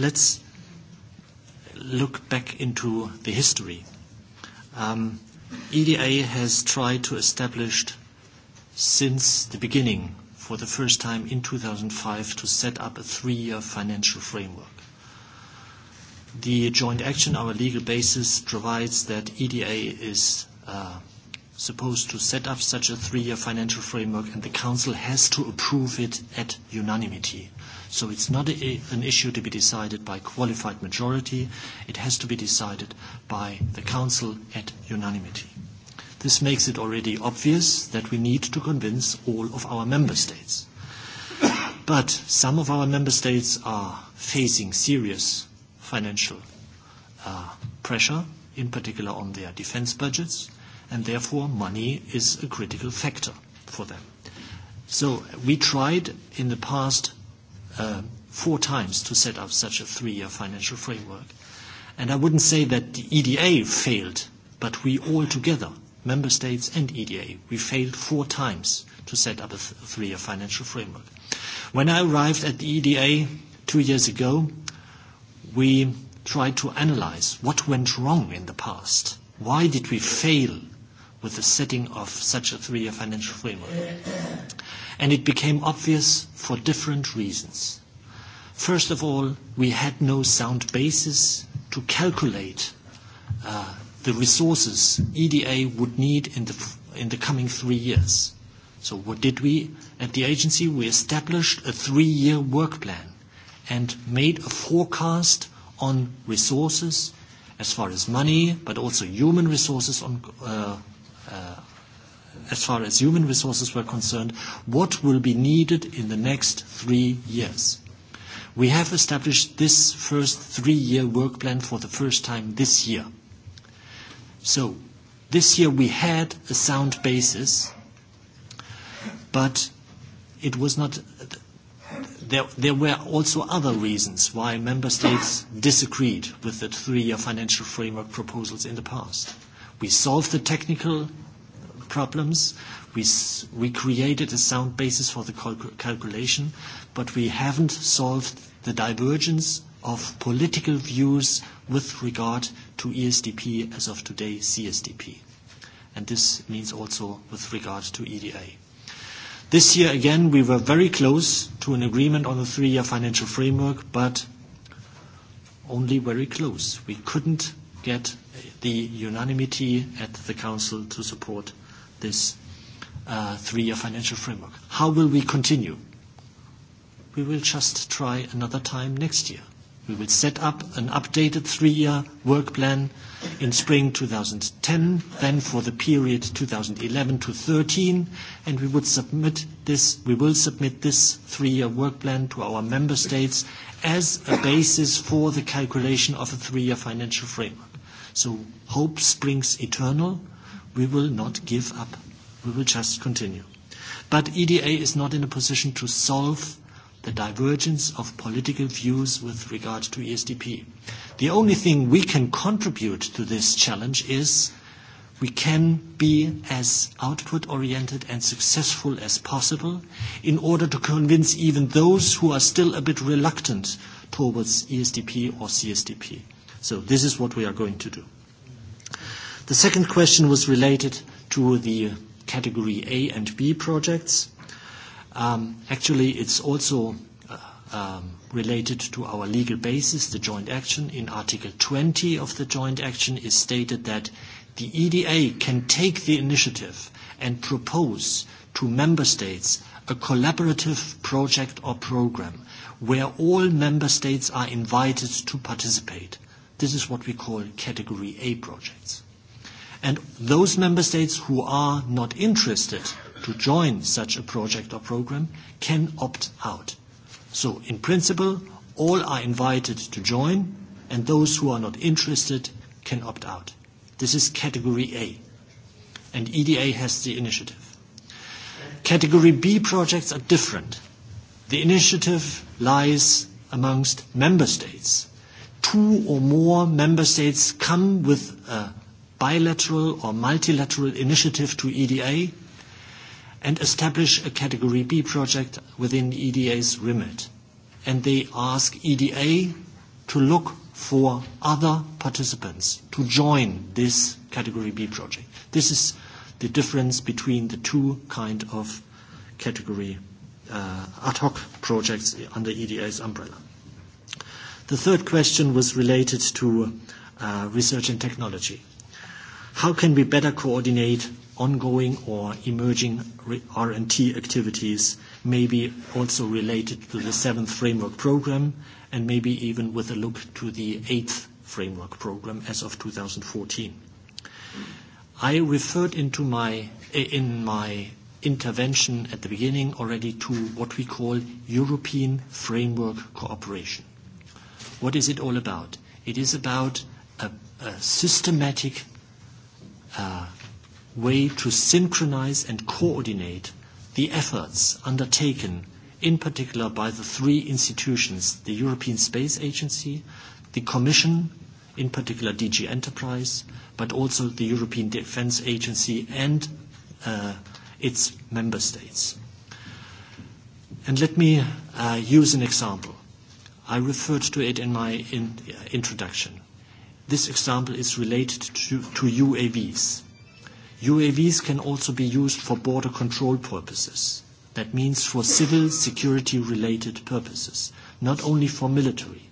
H: Let's look back into the history. Um, EDA has tried to establish since the beginning for the first time in 2005 to set up a three-year financial framework. The joint action, our legal basis, provides that EDA is uh, supposed to set up such a three-year financial framework and the Council has to approve it at unanimity. So it's not a, an issue to be decided by qualified majority. It has to be decided by the Council at unanimity. This makes it already obvious that we need to convince all of our member states. But some of our member states are facing serious financial uh, pressure, in particular on their defense budgets, and therefore money is a critical factor for them. So we tried in the past uh, four times to set up such a three-year financial framework. And I wouldn't say that the EDA failed, but we all together – member states and EDA. We failed four times to set up a three-year financial framework. When I arrived at the EDA two years ago, we tried to analyze what went wrong in the past. Why did we fail with the setting of such a three-year financial framework? And it became obvious for different reasons. First of all, we had no sound basis to calculate uh, the resources EDA would need in the, coming three years. So what did we at the agency? We established a three-year work plan and made a forecast on resources as far as money, but also human resources on, uh, uh, as far as human resources were concerned, what will be needed in the next three years. We have established this first three-year work plan for the first time this year. So this year we had a sound basis, but it was not. There, there were also other reasons why member states disagreed with the three-year financial framework proposals in the past. We solved the technical problems. We, we created a sound basis for the cal calculation, but we haven't solved the divergence of political views with regard to ESDP as of today CSDP. And this means also with regard to EDA. This year again we were very close to an agreement on the three-year financial framework, but only very close. We couldn't get the unanimity at the Council to support this uh, three-year financial framework. How will we continue? We will just try another time next year. We will set up an updated three-year work plan in spring 2010, then for the period 2011 to 13, and we would submit this, we will submit this three-year work plan to our member states as a basis for the calculation of a three-year financial framework. So hope springs eternal. We will not give up. We will just continue. But EDA is not in a position to solve the divergence of political views with regard to ESDP. The only thing we can contribute to this challenge is we can be as output-oriented and successful as possible in order to convince even those who are still a bit reluctant towards ESDP or CSDP. So this is what we are going to do. The second question was related to the category A and B projects. Um, actually, it's also uh, um, related to our legal basis, the joint action. In Article 20 of the joint action is stated that the EDA can take the initiative and propose to member states a collaborative project or program where all member states are invited to participate. This is what we call category A projects. And those member states who are not interested to join such a project or program can opt out. So in principle, all are invited to join and those who are not interested can opt out. This is category A and EDA has the initiative. Category B projects are different. The initiative lies amongst member states. Two or more member states come with a bilateral or multilateral initiative to EDA and establish a Category B project within EDA's remit. And they ask EDA to look for other participants to join this Category B project. This is the difference between the two kind of category uh, ad hoc projects under EDA's umbrella. The third question was related to uh, research and technology. How can we better coordinate ongoing or emerging R&T activities, maybe also related to the seventh framework program, and maybe even with a look to the eighth framework program as of 2014. I referred into my, in my intervention at the beginning already to what we call European framework cooperation. What is it all about? It is about a, systematic uh, way to synchronize and coordinate the efforts undertaken, in particular by the three institutions, the European Space Agency, the Commission, in particular DG Enterprise, but also the European Defence Agency and uh, its member states. And let me uh, use an example. I referred to it in my in, uh, introduction. This example is related to, to UAVs. UAVs can also be used for border control purposes. That means for civil security related purposes, not only for military.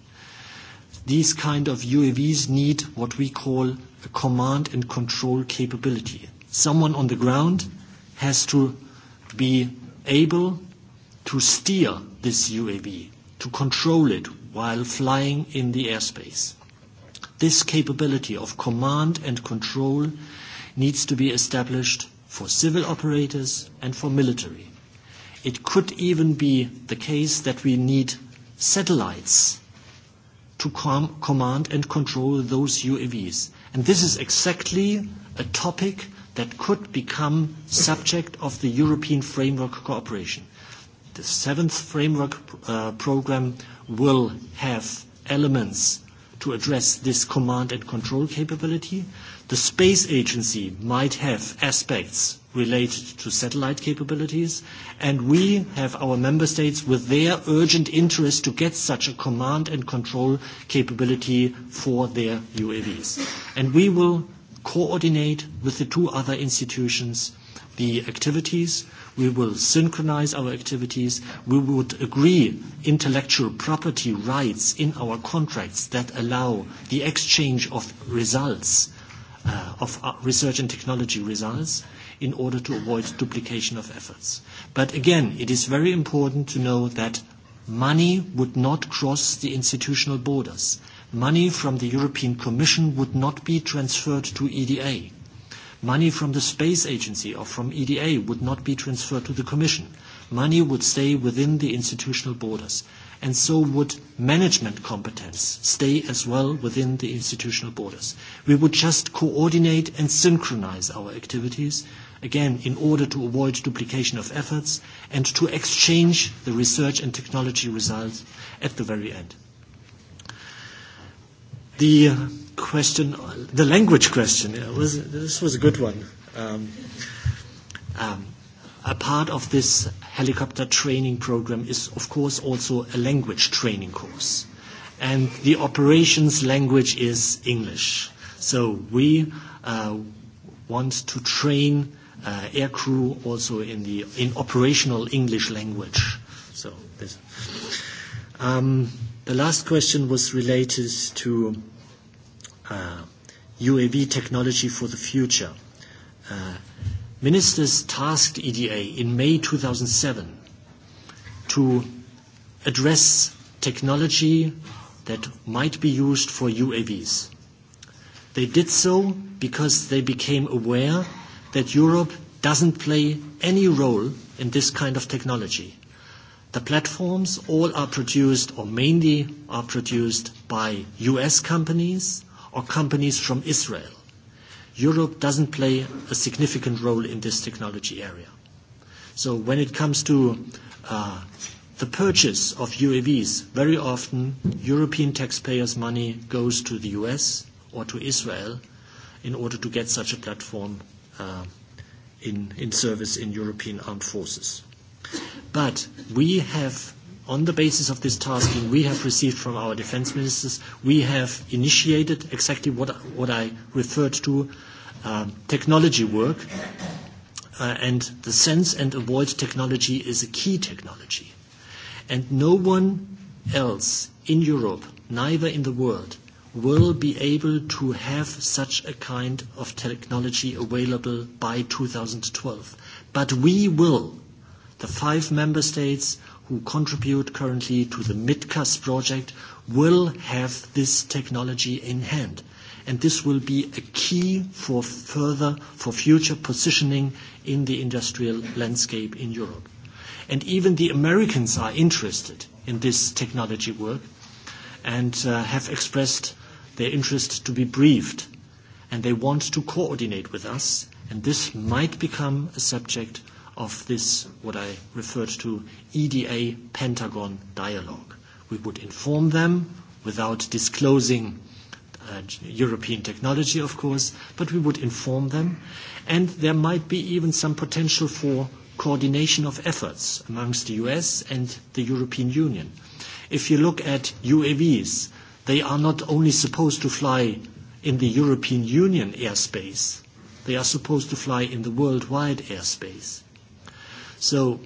H: These kind of UAVs need what we call a command and control capability. Someone on the ground has to be able to steer this UAV, to control it while flying in the airspace. This capability of command and control needs to be established for civil operators and for military. It could even be the case that we need satellites to com command and control those UAVs. And this is exactly a topic that could become subject of the European Framework Cooperation. The seventh framework uh, program will have elements to address this command and control capability, The space agency might have aspects related to satellite capabilities, and we have our member states with their urgent interest to get such a command and control capability for their UAVs. And we will coordinate with the two other institutions the activities. We will synchronize our activities. We would agree intellectual property rights in our contracts that allow the exchange of results uh, of uh, research and technology results in order to avoid duplication of efforts. But again, it is very important to know that money would not cross the institutional borders. Money from the European Commission would not be transferred to EDA. Money from the Space Agency or from EDA would not be transferred to the Commission. Money would stay within the institutional borders and so would management competence stay as well within the institutional borders. We would just coordinate and synchronize our activities, again, in order to avoid duplication of efforts and to exchange the research and technology results at the very end. The question, the language question, yeah, was, this was a good one. Um, um, a part of this helicopter training program is, of course, also a language training course. And the operations language is English. So we uh, want to train uh, aircrew also in the in operational English language. So this. Um, the last question was related to uh, UAV technology for the future. Uh, ministers tasked EDA in May 2007 to address technology that might be used for UAVs. They did so because they became aware that Europe doesn't play any role in this kind of technology. The platforms all are produced or mainly are produced by US companies or companies from Israel. Europe doesn't play a significant role in this technology area. So when it comes to uh, the purchase of UAVs, very often European taxpayers' money goes to the US or to Israel in order to get such a platform uh, in, in service in European armed forces. But we have on the basis of this tasking we have received from our defense ministers, we have initiated exactly what, what I referred to, uh, technology work. Uh, and the sense and avoid technology is a key technology. And no one else in Europe, neither in the world, will be able to have such a kind of technology available by 2012. But we will, the five member states who contribute currently to the MidCas project will have this technology in hand. And this will be a key for further, for future positioning in the industrial landscape in Europe. And even the Americans are interested in this technology work and uh, have expressed their interest to be briefed. And they want to coordinate with us. And this might become a subject of this, what I referred to, EDA Pentagon dialogue. We would inform them without disclosing uh, European technology, of course, but we would inform them. And there might be even some potential for coordination of efforts amongst the US and the European Union. If you look at UAVs, they are not only supposed to fly in the European Union airspace, they are supposed to fly in the worldwide airspace. So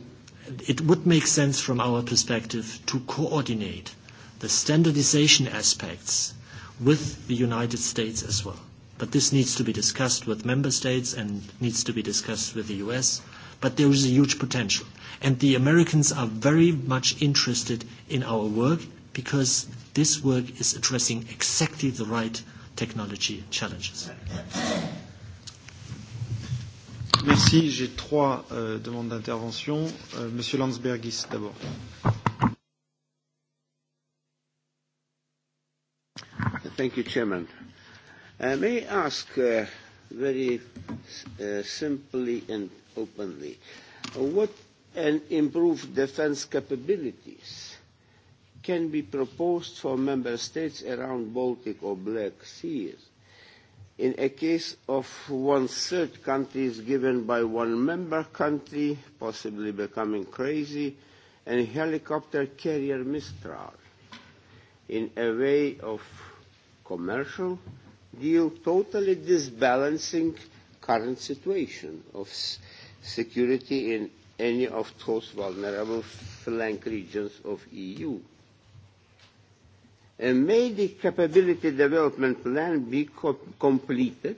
H: it would make sense from our perspective to coordinate the standardization aspects with the United States as well. But this needs to be discussed with member states and needs to be discussed with the US. But there is a huge potential. And the Americans are very much interested in our work because this work is addressing exactly the right technology challenges.
A: Merci. J'ai trois euh, demandes d'intervention. Euh, Monsieur Landsbergis, d'abord.
K: Thank you, Chairman. Uh, may I ask uh, very uh, simply and openly, uh, what an improved defense capabilities can be proposed for member states around Baltic or Black Seas? In a case of one-third countries given by one member country, possibly becoming crazy, and helicopter carrier Mistral, in a way of commercial deal totally disbalancing current situation of security in any of those vulnerable flank regions of EU may the capability development plan be co completed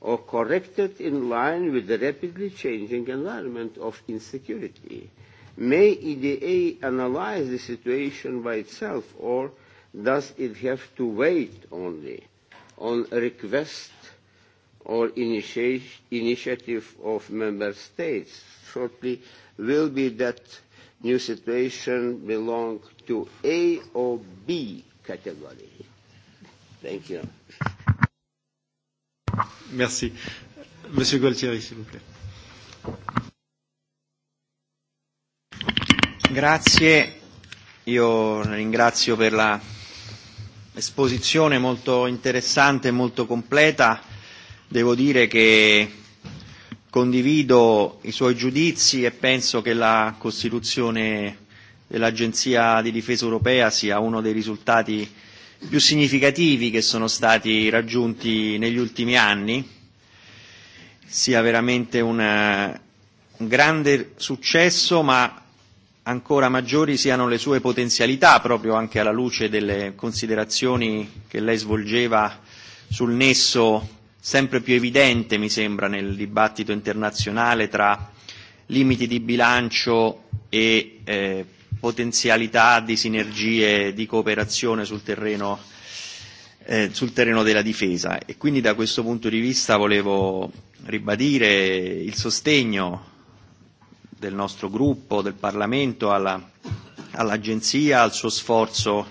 K: or corrected in line with the rapidly changing environment of insecurity? May EDA analyze the situation by itself or does it have to wait only on a request or initi initiative of member states? Shortly, will be that new situation belong to A or B category. Thank you.
C: Merci. Monsieur Gualtieri, s'il vous plaît. Grazie, io ringrazio per la esposizione molto interessante e molto completa. Devo dire che condivido i suoi giudizi e penso che la Costituzione dell'Agenzia di difesa europea sia uno dei risultati più significativi che sono stati raggiunti negli ultimi anni, sia veramente una, un grande successo, ma ancora maggiori siano le sue potenzialità, proprio anche alla luce delle considerazioni che lei svolgeva sul nesso sempre più evidente, mi sembra, nel dibattito internazionale tra limiti di bilancio e eh, potenzialità di sinergie di cooperazione sul terreno, eh, sul terreno della difesa e quindi da questo punto di vista volevo ribadire il sostegno del nostro gruppo, del Parlamento, all'Agenzia, all al suo sforzo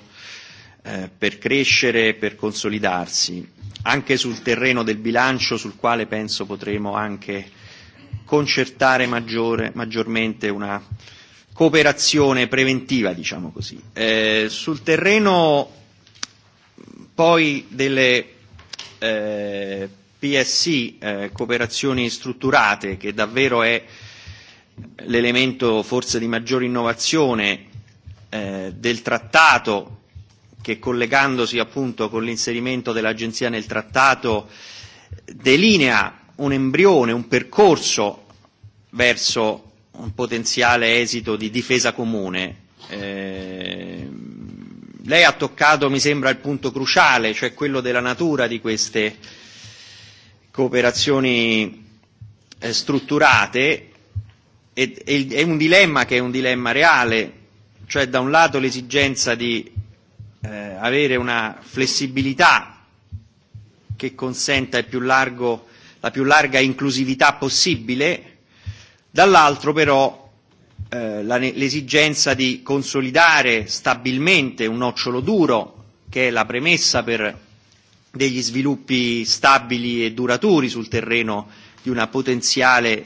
C: eh, per crescere e per consolidarsi, anche sul terreno del bilancio sul quale penso potremo anche concertare maggiore, maggiormente una cooperazione preventiva, diciamo così. Eh, sul terreno poi delle eh, PSC, eh, cooperazioni strutturate, che davvero è l'elemento forse di maggiore innovazione eh, del trattato, che collegandosi appunto con l'inserimento dell'agenzia nel trattato delinea un embrione, un percorso verso un potenziale esito di difesa comune. Eh, lei ha toccato, mi sembra, il punto cruciale, cioè quello della natura di queste cooperazioni eh, strutturate. E, e, è un dilemma che è un dilemma reale, cioè da un lato l'esigenza di eh, avere una flessibilità che consenta il più largo, la più larga inclusività possibile, dall'altro però eh, l'esigenza di consolidare stabilmente un nocciolo duro, che è la premessa per degli sviluppi stabili e duraturi sul terreno di una potenziale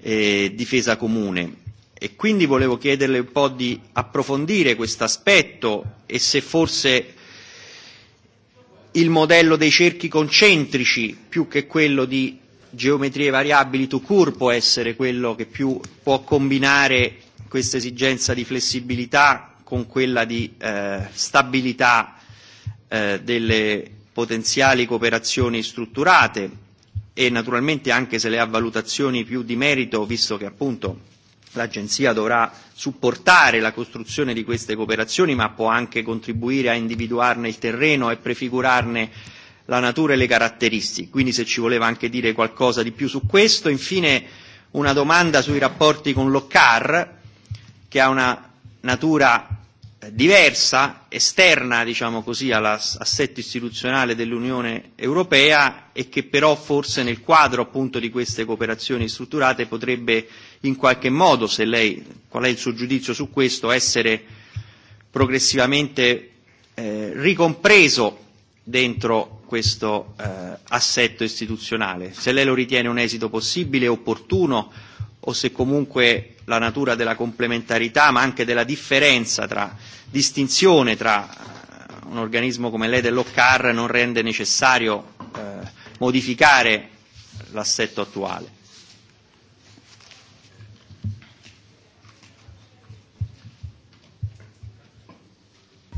C: eh, difesa comune. E quindi volevo chiederle un po' di approfondire questo aspetto e se forse il modello dei cerchi concentrici più che quello di geometrie variabili to cure può essere quello che più può combinare questa esigenza di flessibilità con quella di eh, stabilità eh, delle potenziali cooperazioni strutturate e naturalmente anche se le ha valutazioni più di merito, visto che appunto l'Agenzia dovrà supportare la costruzione di queste cooperazioni, ma può anche contribuire a individuarne il terreno e prefigurarne eh, la natura e le caratteristiche, quindi se ci voleva anche dire qualcosa di più su questo. Infine una domanda sui rapporti con l'OCCAR, che ha una natura eh, diversa, esterna diciamo così all'assetto istituzionale dell'Unione Europea e che però forse nel quadro appunto di queste cooperazioni strutturate potrebbe in qualche modo, se lei, qual è il suo giudizio su questo, essere progressivamente eh, ricompreso dentro questo eh, assetto istituzionale, se lei lo ritiene un esito possibile, opportuno o se comunque la natura della complementarità ma anche della differenza tra distinzione tra eh, un organismo come lei dell'OCCAR non rende necessario eh, modificare l'assetto attuale.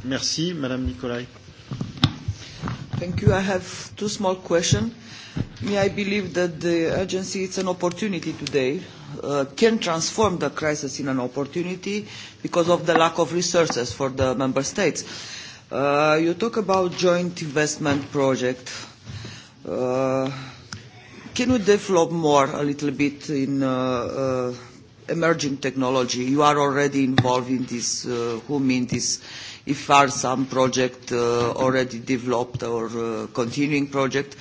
L: Merci, Madame Nicolai. Thank you. I have two small questions. Yeah, I believe that the agency, it's an opportunity today, uh, can transform the crisis in an opportunity because of the lack of resources for the member states. Uh, you talk about joint investment project. Uh, can you develop more a little bit in uh, uh, emerging technology? You are already involved in this, uh, whom in this if are some project uh, already developed or uh, continuing project.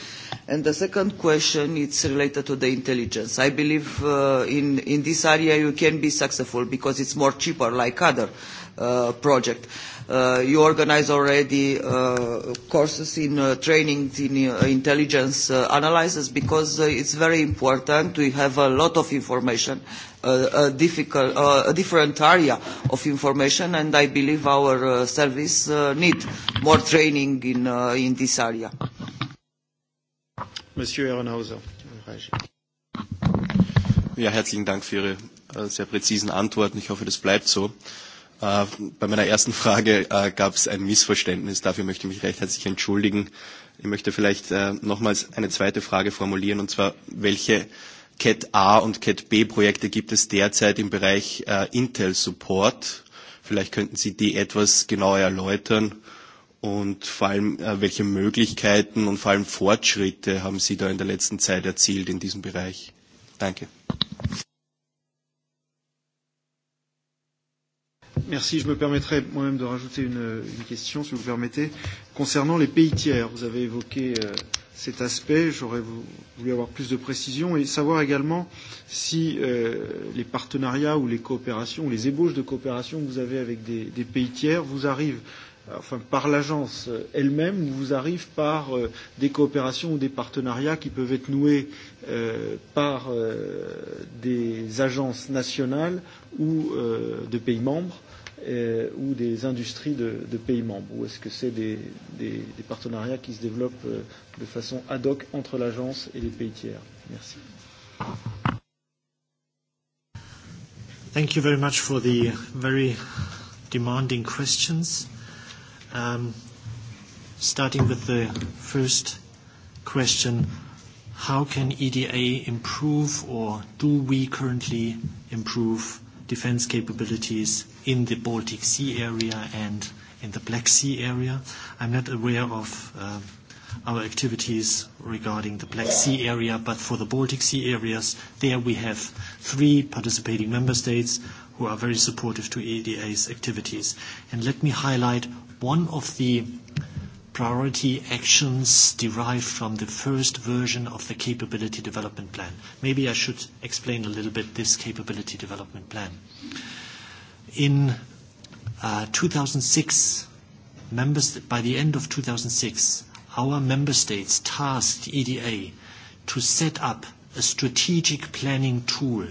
L: And the second question, it's related to the intelligence. I believe uh, in, in this area you can be successful because it's more cheaper like other Uh, project. Uh, you organize already uh, courses in uh, training in uh, intelligence uh, analysis because uh, it's very important. We have a lot of information, uh, a, difficult, uh, a different area of information, and I believe our uh, service uh, need more training in, uh, in this area. Monsieur Ehrenhauser.
I: Ja, herzlichen Dank für Ihre äh, sehr präzisen Antworten. Ich hoffe, das bleibt so. Äh, bei meiner ersten Frage äh, gab es ein Missverständnis. Dafür möchte ich mich recht herzlich entschuldigen. Ich möchte vielleicht äh, nochmals eine zweite Frage formulieren, und zwar, welche Cat A und Cat B Projekte gibt es derzeit im Bereich Intel Support? Vielleicht könnten Sie die etwas genauer erläutern und vor allem, welche Möglichkeiten und vor allem Fortschritte haben Sie da in der letzten Zeit erzielt in diesem Bereich? Danke.
A: Merci. Je me permettrai moi-même de rajouter une, une question, si vous le permettez. Concernant les pays tiers, vous avez évoqué euh, cet aspect. J'aurais voulu avoir plus de précision et savoir également si euh, les partenariats ou les coopérations ou les ébauches de coopération que vous avez avec des, des pays tiers vous arrivent enfin par l'agence euh, elle-même ou vous arrivent par euh, des coopérations ou des partenariats qui peuvent être noués euh, par euh, des agences nationales ou euh, de pays membres euh, ou des industries de, de pays membres Ou est-ce que c'est des, des, des partenariats qui se développent euh, de façon ad hoc entre l'agence et les pays tiers Merci.
H: Thank you very much for the very demanding questions. Um, starting with the first question, how can EDA improve or do we currently improve defense capabilities in the Baltic Sea area and in the Black Sea area. I'm not aware of uh, our activities regarding the Black Sea area, but for the Baltic Sea areas, there we have three participating member states who are very supportive to EDA's activities. And let me highlight one of the priority actions derived from the first version of the capability development plan. Maybe I should explain a little bit this capability development plan. Uh, in uh, 2006, members, by the end of 2006, our member states tasked EDA to set up a strategic planning tool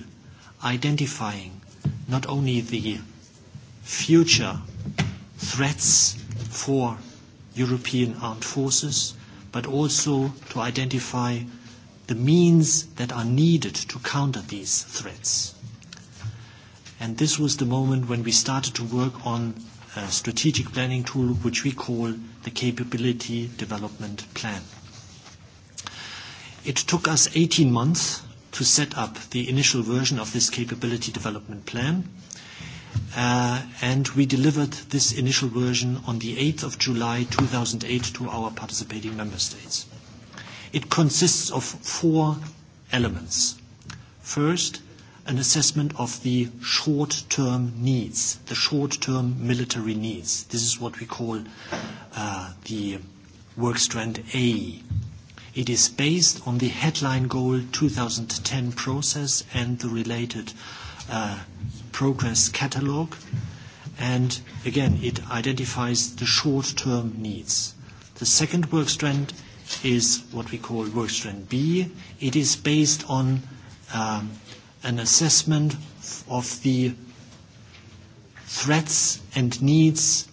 H: identifying not only the future threats for European armed forces, but also to identify the means that are needed to counter these threats. And this was the moment when we started to work on a strategic planning tool, which we call the Capability Development Plan. It took us 18 months to set up the initial version of this Capability Development Plan. Uh, and we delivered this initial version on the 8th of July 2008 to our participating member states. It consists of four elements. First, an assessment of the short-term needs, the short-term military needs. This is what we call uh, the work strand A. It is based on the headline goal 2010 process and the related uh, progress catalog. And again, it identifies the short-term needs. The second work strand is what we call work strand B. It is based on um, an assessment of the threats and needs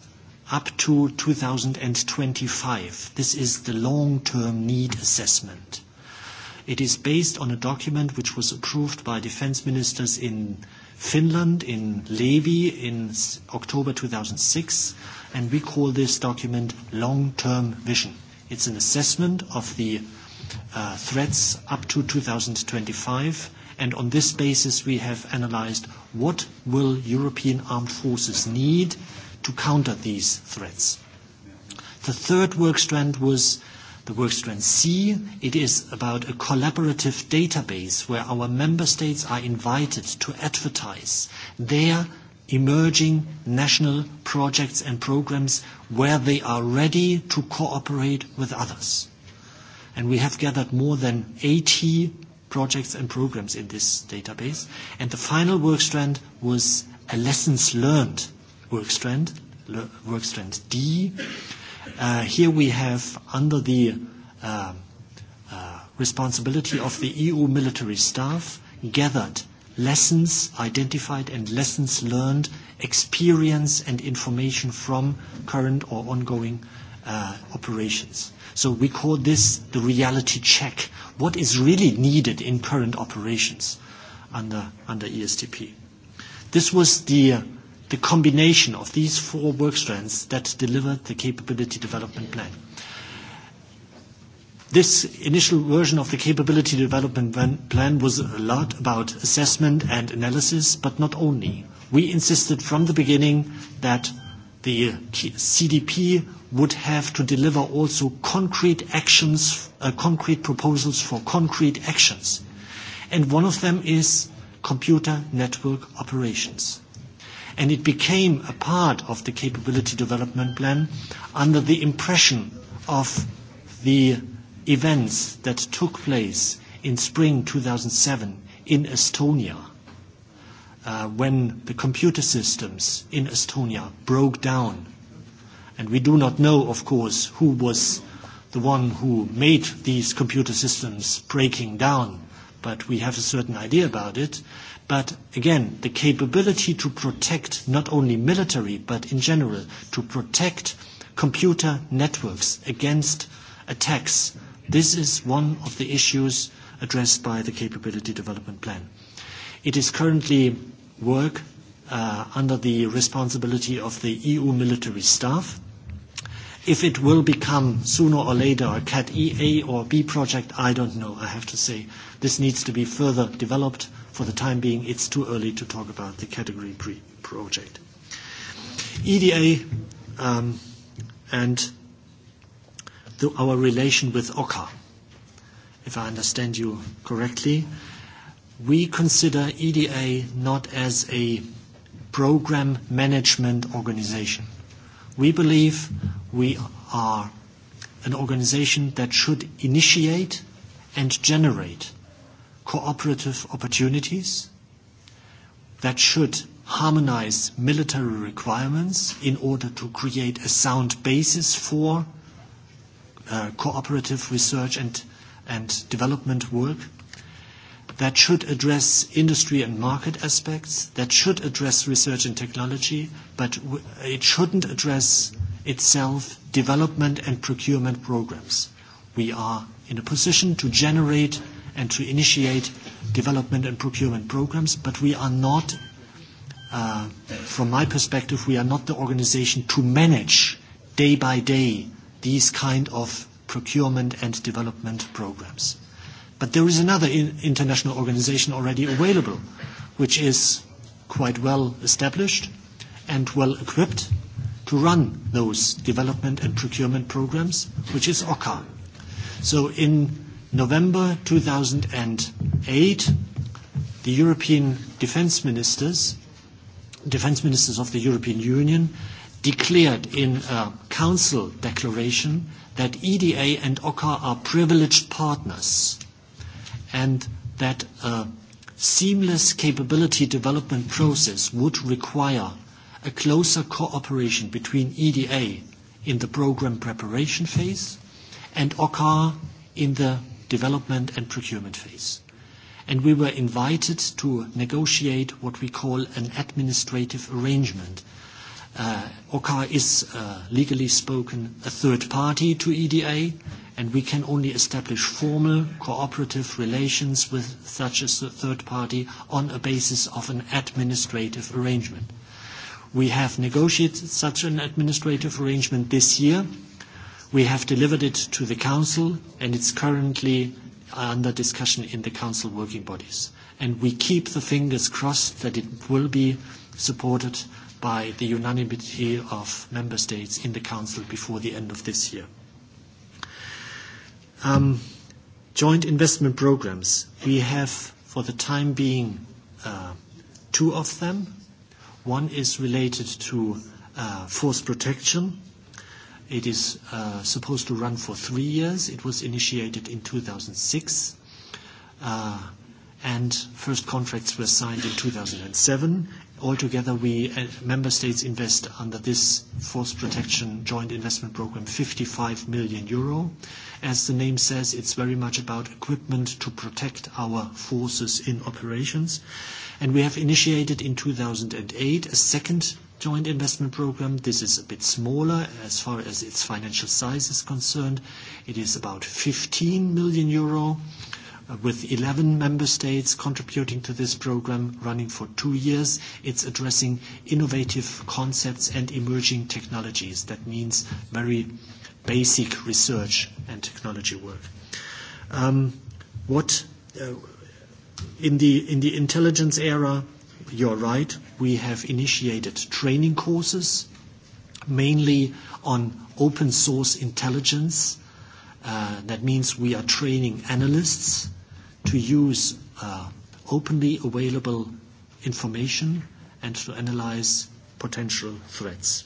H: up to 2025. This is the long-term need assessment. It is based on a document which was approved by defense ministers in Finland, in Levy, in October 2006, and we call this document long-term vision. It's an assessment of the uh, threats up to 2025 and on this basis we have analysed what will European armed forces need to counter these threats. The third work strand was the work strand C. It is about a collaborative database where our member states are invited to advertise their emerging national projects and programs where they are ready to cooperate with others. And we have gathered more than 80 projects and programs in this database. And the final work strand was a lessons learned work strand, le work strand D. Uh, here we have under the uh, uh, responsibility of the EU military staff gathered lessons identified and lessons learned, experience and information from current or ongoing uh, operations. So we call this the reality check. What is really needed in current operations under, under ESTP? This was the, uh, the combination of these four work strands that delivered the capability development plan. This initial version of the capability development plan was a lot about assessment and analysis, but not only. We insisted from the beginning that the CDP would have to deliver also concrete actions, uh, concrete proposals for concrete actions. And one of them is computer network operations. And it became a part of the capability development plan under the impression of the events that took place in spring 2007 in Estonia uh, when the computer systems in Estonia broke down. And we do not know, of course, who was the one who made these computer systems breaking down, but we have a certain idea about it. But again, the capability to protect not only military, but in general, to protect computer networks against attacks. This is one of the issues addressed by the Capability Development Plan. It is currently work uh, under the responsibility of the EU military staff. If it will become sooner or later a CAT EA or B project, I don't know, I have to say. This needs to be further developed. For the time being, it's too early to talk about the category pre project. EDA um, and the, our relation with OCA, if I understand you correctly we consider EDA not as a program management organization. We believe we are an organization that should initiate and generate cooperative opportunities, that should harmonize military requirements in order to create a sound basis for uh, cooperative research and, and development work, that should address industry and market aspects, that should address research and technology, but it shouldn't address itself development and procurement programs. We are in a position to generate and to initiate development and procurement programs, but we are not, uh, from my perspective, we are not the organization to manage day by day these kind of procurement and development programs. But there is another in international organization already available, which is quite well established and well equipped to run those development and procurement programs, which is OCA. So in November 2008, the European defense ministers, defense ministers of the European Union, declared in a council declaration that EDA and OCA are privileged partners and that a seamless capability development process would require a closer cooperation between EDA in the program preparation phase and OCCAR in the development and procurement phase. And we were invited to negotiate what we call an administrative arrangement. Uh, OCCAR is, uh, legally spoken, a third party to EDA, and we can only establish formal cooperative relations with such a third party on a basis of an administrative arrangement. We have negotiated such an administrative arrangement this year. We have delivered it to the Council, and it's currently under discussion in the Council working bodies. And we keep the fingers crossed that it will be supported by the unanimity of member states in the Council before the end of this year. Um, joint investment programs. We have, for the time being, uh, two of them. One is related to uh, force protection. It is uh, supposed to run for three years. It was initiated in 2006, and first contracts were signed in 2007, Altogether, we, uh, member states invest under this force protection joint investment program 55 million euro. As the name says, it's very much about equipment to protect our forces in operations. And we have initiated in 2008 a second joint investment program. This is a bit smaller as far as its financial size is concerned. It is about 15 million euro. Uh, with 11 member states contributing to this program running for two years. It's addressing innovative concepts and emerging technologies. That means very basic research and technology work. Um, what uh, in the in the intelligence era, you're right. We have initiated training courses, mainly on open source intelligence Uh, that means we are training analysts to use uh, openly available information and to analyze potential threats.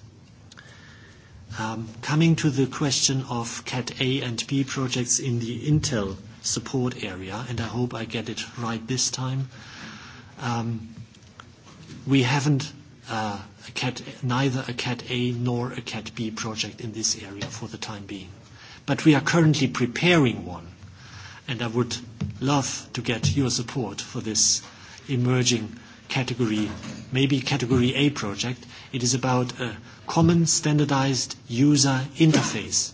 H: Um, coming to the question of CAT A and B projects in the Intel support area, and I hope I get it right this time. Um, we haven't uh, a CAT, neither a CAT A nor a CAT B project in this area for the time being but we are currently preparing one, and I would love to get your support for this emerging category, maybe category A project. It is about a common standardized user interface.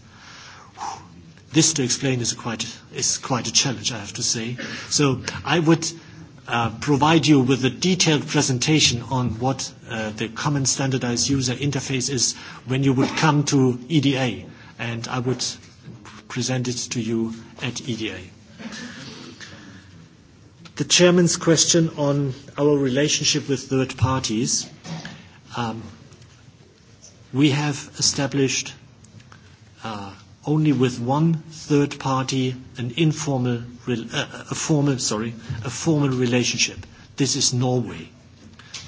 H: This to explain is quite, is quite a challenge, I have to say. So I would uh, provide you with a detailed presentation on what uh, the common standardized user interface is when you would come to EDA. And I would presented to you at EDA. The chairman's question on our relationship with third parties. Um, we have established uh, only with one third party an informal, uh, uh, a formal, sorry, a formal relationship. This is Norway.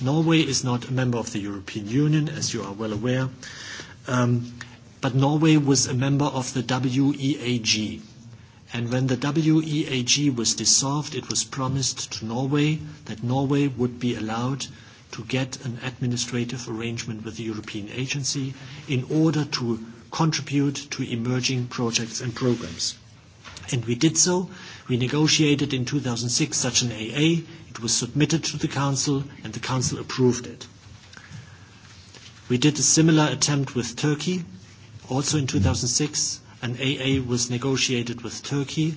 H: Norway is not a member of the European Union, as you are well aware. Um, But Norway was a member of the WEAG. And when the WEAG was dissolved, it was promised to Norway that Norway would be allowed to get an administrative arrangement with the European Agency in order to contribute to emerging projects and programs. And we did so. We negotiated in 2006 such an AA. It was submitted to the Council, and the Council approved it. We did a similar attempt with Turkey Also in 2006, an AA was negotiated with Turkey,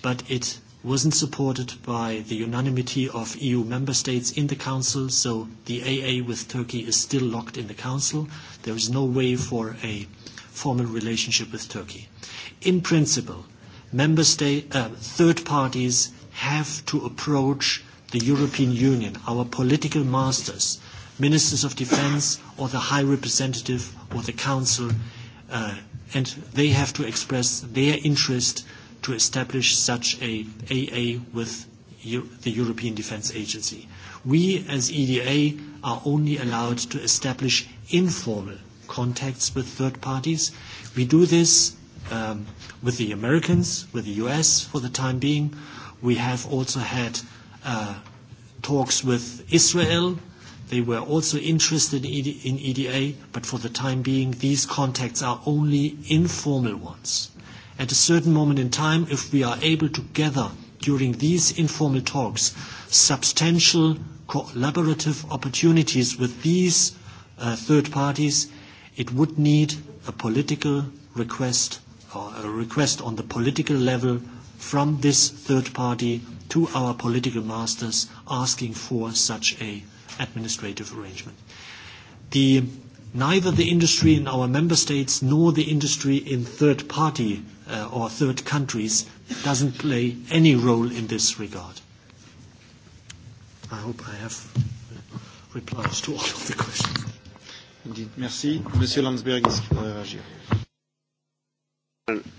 H: but it wasn't supported by the unanimity of EU member states in the Council, so the AA with Turkey is still locked in the Council. There is no way for a formal relationship with Turkey. In principle, member state, uh, third parties have to approach the European Union, our political masters, ministers of defense, or the High Representative or the Council uh, and they have to express their interest to establish such a AA with Euro the European Defence Agency. We as EDA are only allowed to establish informal contacts with third parties. We do this um, with the Americans, with the US for the time being. We have also had uh, talks with Israel They were also interested in EDA, but for the time being, these contacts are only informal ones. At a certain moment in time, if we are able to gather during these informal talks substantial collaborative opportunities with these uh, third parties, it would need a political request or a request on the political level from this third party to our political masters asking for such a administrative arrangement. The, neither the industry in our member states nor the industry in third party uh, or third countries doesn't play any role in this regard. I hope I have uh,
A: replies to all of the questions. Indeed. Merci. Monsieur Landsberg is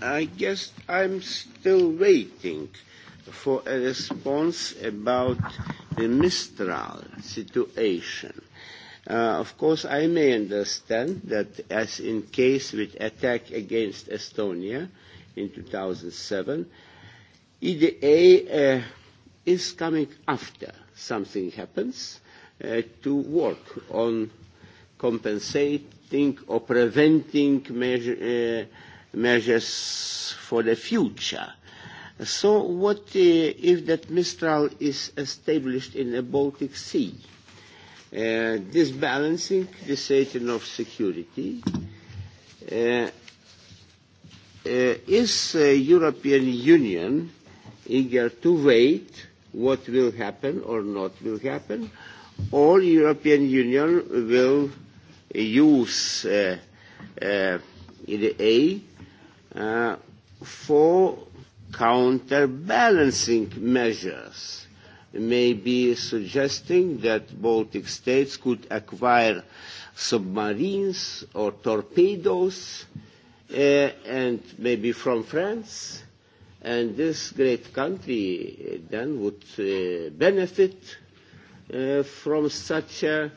K: I guess I'm still waiting for a response about the Mistral situation. Uh, of course, I may understand that as in case with attack against Estonia in 2007, EDA uh, is coming after something happens uh, to work on compensating or preventing measure, uh, measures for the future So what uh, if that Mistral is established in the Baltic Sea? Uh, this balancing the Satan of security uh, uh, is uh, European Union eager to wait what will happen or not will happen or European Union will use uh, uh, A uh, for counterbalancing measures, maybe suggesting that Baltic states could acquire submarines or torpedoes, uh, and maybe from France, and this great country eh, then would uh, benefit uh, from such a,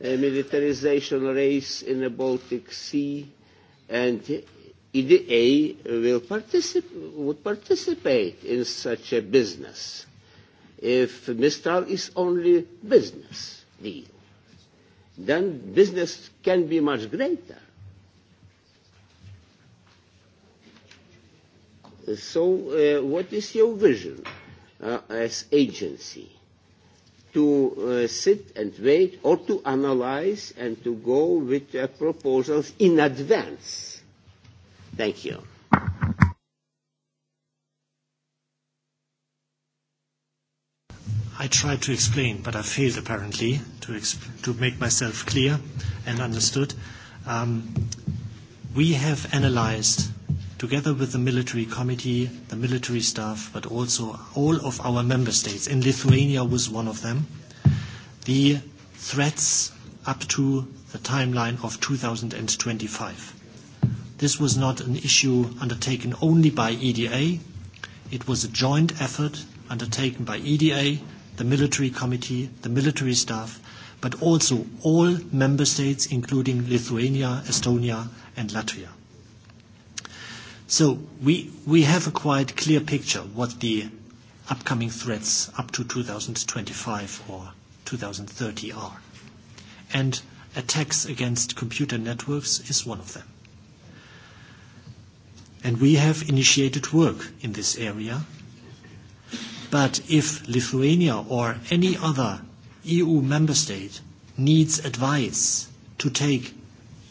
K: a militarization race in the Baltic Sea, and EDA will particip- would participate in such a business if Mistral is only business deal. Then business can be much greater. So uh, what is your vision uh, as agency? To uh, sit and wait or to analyze and to go with uh, proposals in advance Thank you.
H: I tried to explain, but I failed apparently to, exp- to make myself clear and understood. Um, we have analyzed, together with the military committee, the military staff, but also all of our member states, and Lithuania was one of them, the threats up to the timeline of 2025 This was not an issue undertaken only by EDA. It was a joint effort undertaken by EDA, the military committee, the military staff, but also all member states, including Lithuania, Estonia, and Latvia. So we, we have a quite clear picture what the upcoming threats up to 2025 or 2030 are. And attacks against computer networks is one of them. And we have initiated work in this area. But if Lithuania or any other EU member state needs advice to take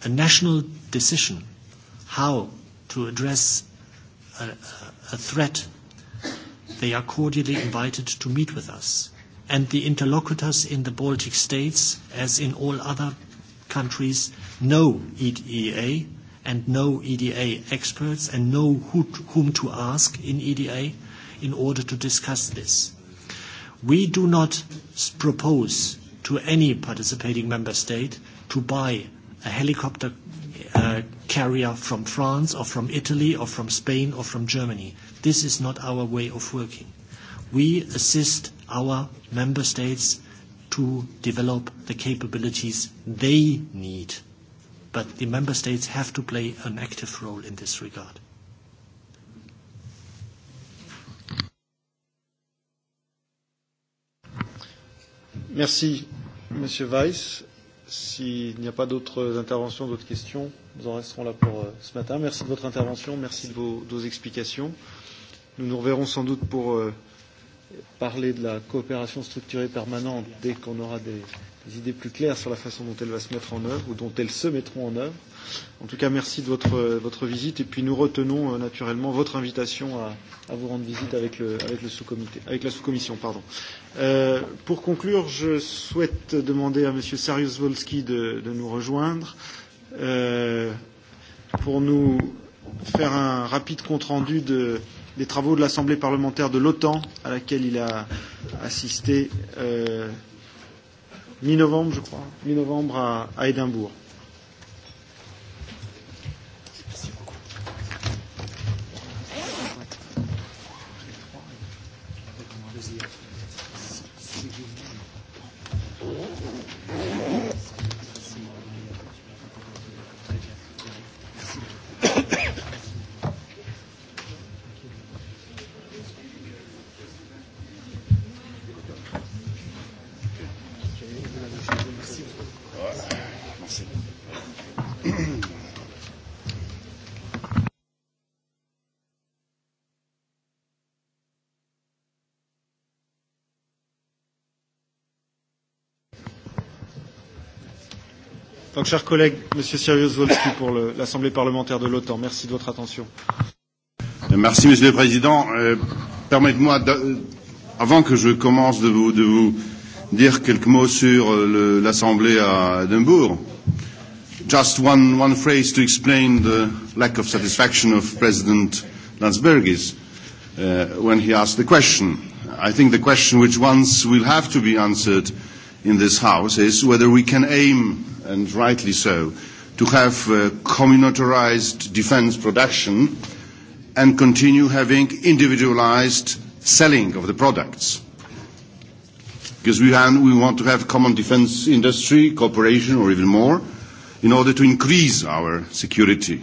H: a national decision how to address a, a threat, they are cordially invited to meet with us. And the interlocutors in the Baltic states, as in all other countries, know EEA and know EDA experts and know who, whom to ask in EDA in order to discuss this. We do not propose to any participating member state to buy a helicopter uh, carrier from France or from Italy or from Spain or from Germany. This is not our way of working. We assist our member states to develop the capabilities they need but the member states have to play an active role in this regard.
A: Merci, Monsieur Weiss. S'il n'y a pas d'autres interventions, d'autres questions, nous en resterons là pour euh, ce matin. Merci de votre intervention, merci de vos, de vos explications. Nous nous reverrons sans doute pour euh, parler de la coopération structurée permanente dès qu'on aura des, des idées plus claires sur la façon dont elle va se mettre en œuvre ou dont elles se mettront en œuvre. En tout cas, merci de votre, votre visite et puis nous retenons euh, naturellement votre invitation à, à vous rendre visite avec, le, avec, le sous-comité, avec la sous-commission. Euh, pour conclure, je souhaite demander à M. Sarius Wolski de, de nous rejoindre euh, pour nous faire un rapide compte-rendu de des travaux de l'Assemblée parlementaire de l'OTAN, à laquelle il a assisté euh, mi-novembre, je crois, mi-novembre à, à Édimbourg. donc, chers collègues, Monsieur Sirius Volsky pour l'Assemblée parlementaire de l'OTAN. Merci de votre attention.
M: Euh, merci, Monsieur le Président. Euh, Permettez-moi, euh, avant que je commence, de vous, de vous dire quelques mots sur euh, l'Assemblée à Edinburgh. Just one, one phrase to explain the lack of satisfaction of President Landsbergis uh, when he asked the question. I think the question which once will have to be answered in this House is whether we can aim, and rightly so, to have uh, communitarized defense production and continue having individualized selling of the products. Because we, have, we want to have common defense industry, cooperation, or even more, in order to increase our security.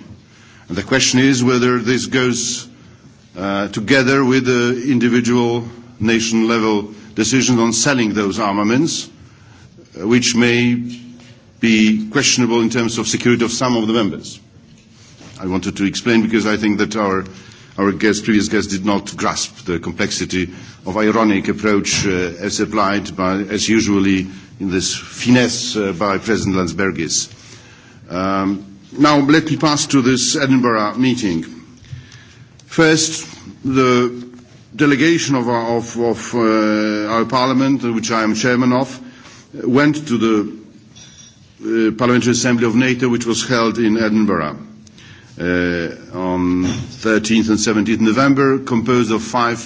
M: And the question is whether this goes uh, together with the individual nation level decisions on selling those armaments Uh, which may be questionable in terms of security of some of the members. I wanted to explain because I think that our, our guest, previous guest did not grasp the complexity of ironic approach uh, as applied by, as usually in this finesse uh, by President Landsbergis. Um, now let me pass to this Edinburgh meeting. First, the delegation of our, of, of, uh, our parliament, which I am chairman of, went to the uh, Parliamentary Assembly of NATO, which was held in Edinburgh uh, on 13th and 17th November, composed of five,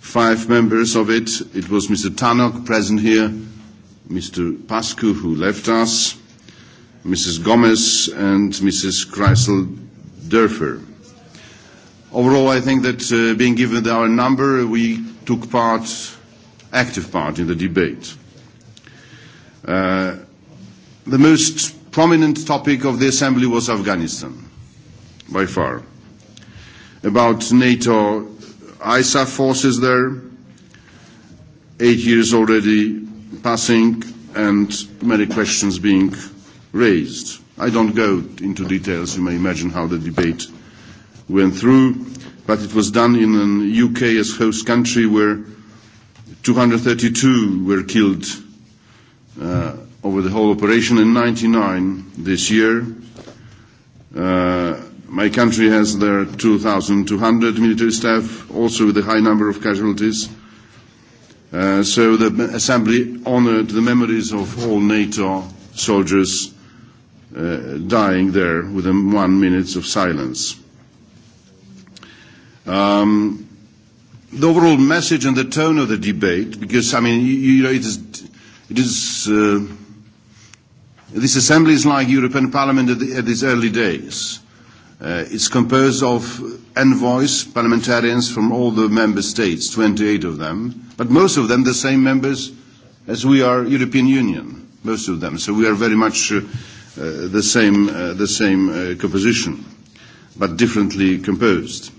M: five members of it. It was Mr. Tannock, present here, Mr. Pascu, who left us, Mrs. Gomez, and Mrs. Kreisel Dörfer. Overall, I think that uh, being given our number, we took part, active part in the debate. Uh, the most prominent topic of the assembly was Afghanistan, by far. About NATO ISAF forces there, eight years already passing, and many questions being raised. I don't go into details. You may imagine how the debate went through, but it was done in the UK as host country where 232 were killed uh, over the whole operation. In 99 this year, uh, my country has there 2,200 military staff, also with a high number of casualties. Uh, so the assembly honoured the memories of all NATO soldiers uh, dying there with a one minute of silence. Um, the overall message and the tone of the debate, because I mean, you, you know, it is It is, uh, this assembly is like European Parliament at, the, at its early days. Uh, it's composed of envoys, parliamentarians from all the member states, 28 of them, but most of them the same members as we are European Union, most of them. So we are very much uh, uh, the same, uh, the same uh, composition, but differently composed.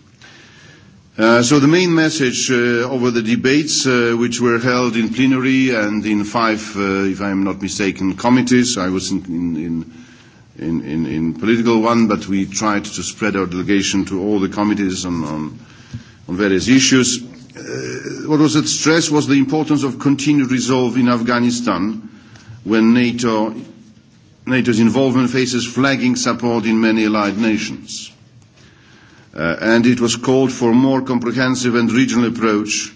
M: Uh, so the main message uh, over the debates uh, which were held in plenary and in five, uh, if I am not mistaken, committees, I was in, in, in, in, in political one, but we tried to spread our delegation to all the committees on, on, on various issues. Uh, what was at stress was the importance of continued resolve in Afghanistan when NATO, NATO's involvement faces flagging support in many allied nations. Uh, and it was called for a more comprehensive and regional approach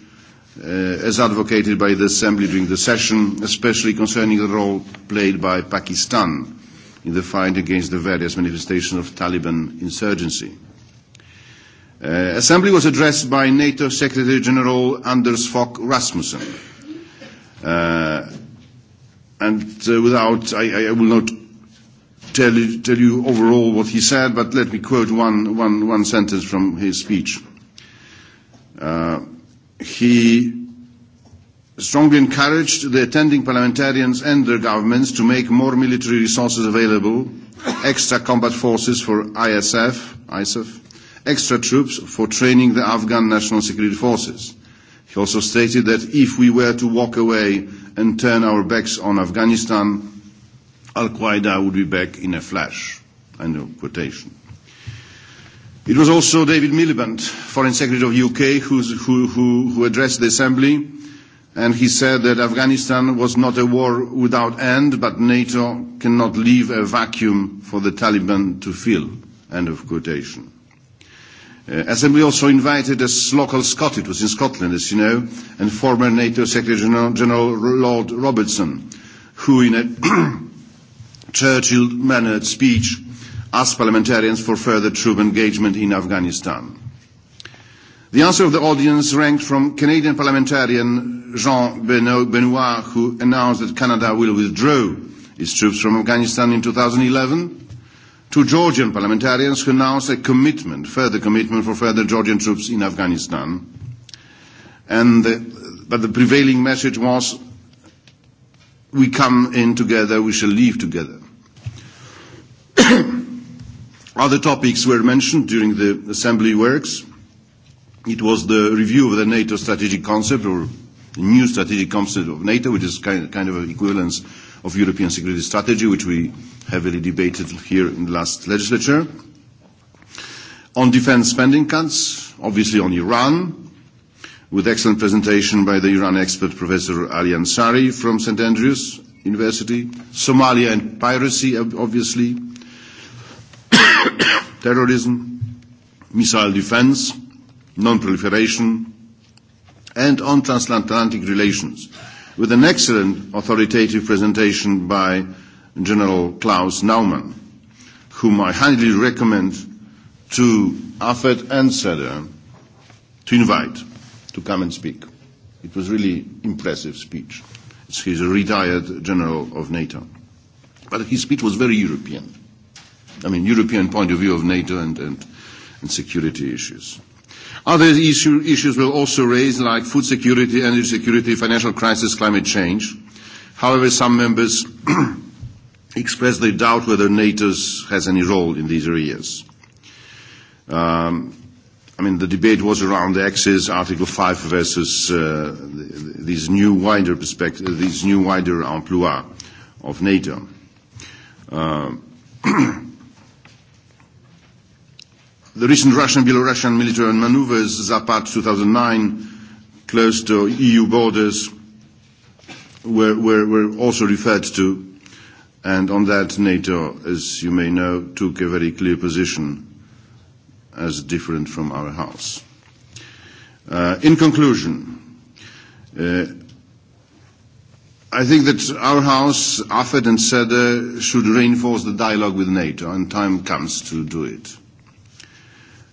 M: uh, as advocated by the Assembly during the session, especially concerning the role played by Pakistan in the fight against the various manifestations of Taliban insurgency. Uh, assembly was addressed by NATO Secretary General Anders Fogh Rasmussen. Uh, and uh, without, I, I will not tell you, tell you overall what he said, but let me quote one, one, one sentence from his speech. Uh, he strongly encouraged the attending parliamentarians and their governments to make more military resources available, extra combat forces for ISF, ISAF, extra troops for training the Afghan national security forces. He also stated that if we were to walk away and turn our backs on Afghanistan, al Qaeda would be back in a flash. End of quotation. It was also David Miliband, Foreign Secretary of UK, who, who, who addressed the Assembly, and he said that Afghanistan was not a war without end, but NATO cannot leave a vacuum for the Taliban to fill. End of quotation. Uh, Assembly also invited a local Scot, it was in Scotland, as you know, and former NATO Secretary General, General Lord Robertson, who in a Churchill mannered speech asked parliamentarians for further troop engagement in Afghanistan. The answer of the audience ranked from Canadian parliamentarian Jean Benoit, who announced that Canada will withdraw its troops from Afghanistan in 2011, to Georgian parliamentarians who announced a commitment, further commitment for further Georgian troops in Afghanistan. And the, but the prevailing message was we come in together, we shall leave together. Other topics were mentioned during the assembly works. It was the review of the NATO strategic concept or new strategic concept of NATO, which is kind, kind of an equivalence of European security strategy, which we heavily debated here in the last legislature. On defense spending cuts, obviously on Iran, with excellent presentation by the Iran expert Professor Ali Ansari from St Andrews University, Somalia and piracy, obviously, terrorism, missile defence, non-proliferation, and on transatlantic relations, with an excellent authoritative presentation by General Klaus Naumann, whom I highly recommend to AFED and SEDA to invite to come and speak. It was really impressive speech. He's a retired general of NATO. But his speech was very European. I mean, European point of view of NATO and, and, and security issues. Other issue, issues will also raise like food security, energy security, financial crisis, climate change. However, some members expressed their doubt whether NATO has any role in these areas. Um, I mean, the debate was around the axis, Article 5 versus uh, these new wider perspective, these new wider emploi of NATO. Uh, the recent Russian Belarusian military maneuvers, Zapad 2009, close to EU borders, were, were, were also referred to, and on that NATO, as you may know, took a very clear position as different from our house. Uh, in conclusion, uh, I think that our House, AFED and SEDE, should reinforce the dialogue with NATO, and time comes to do it.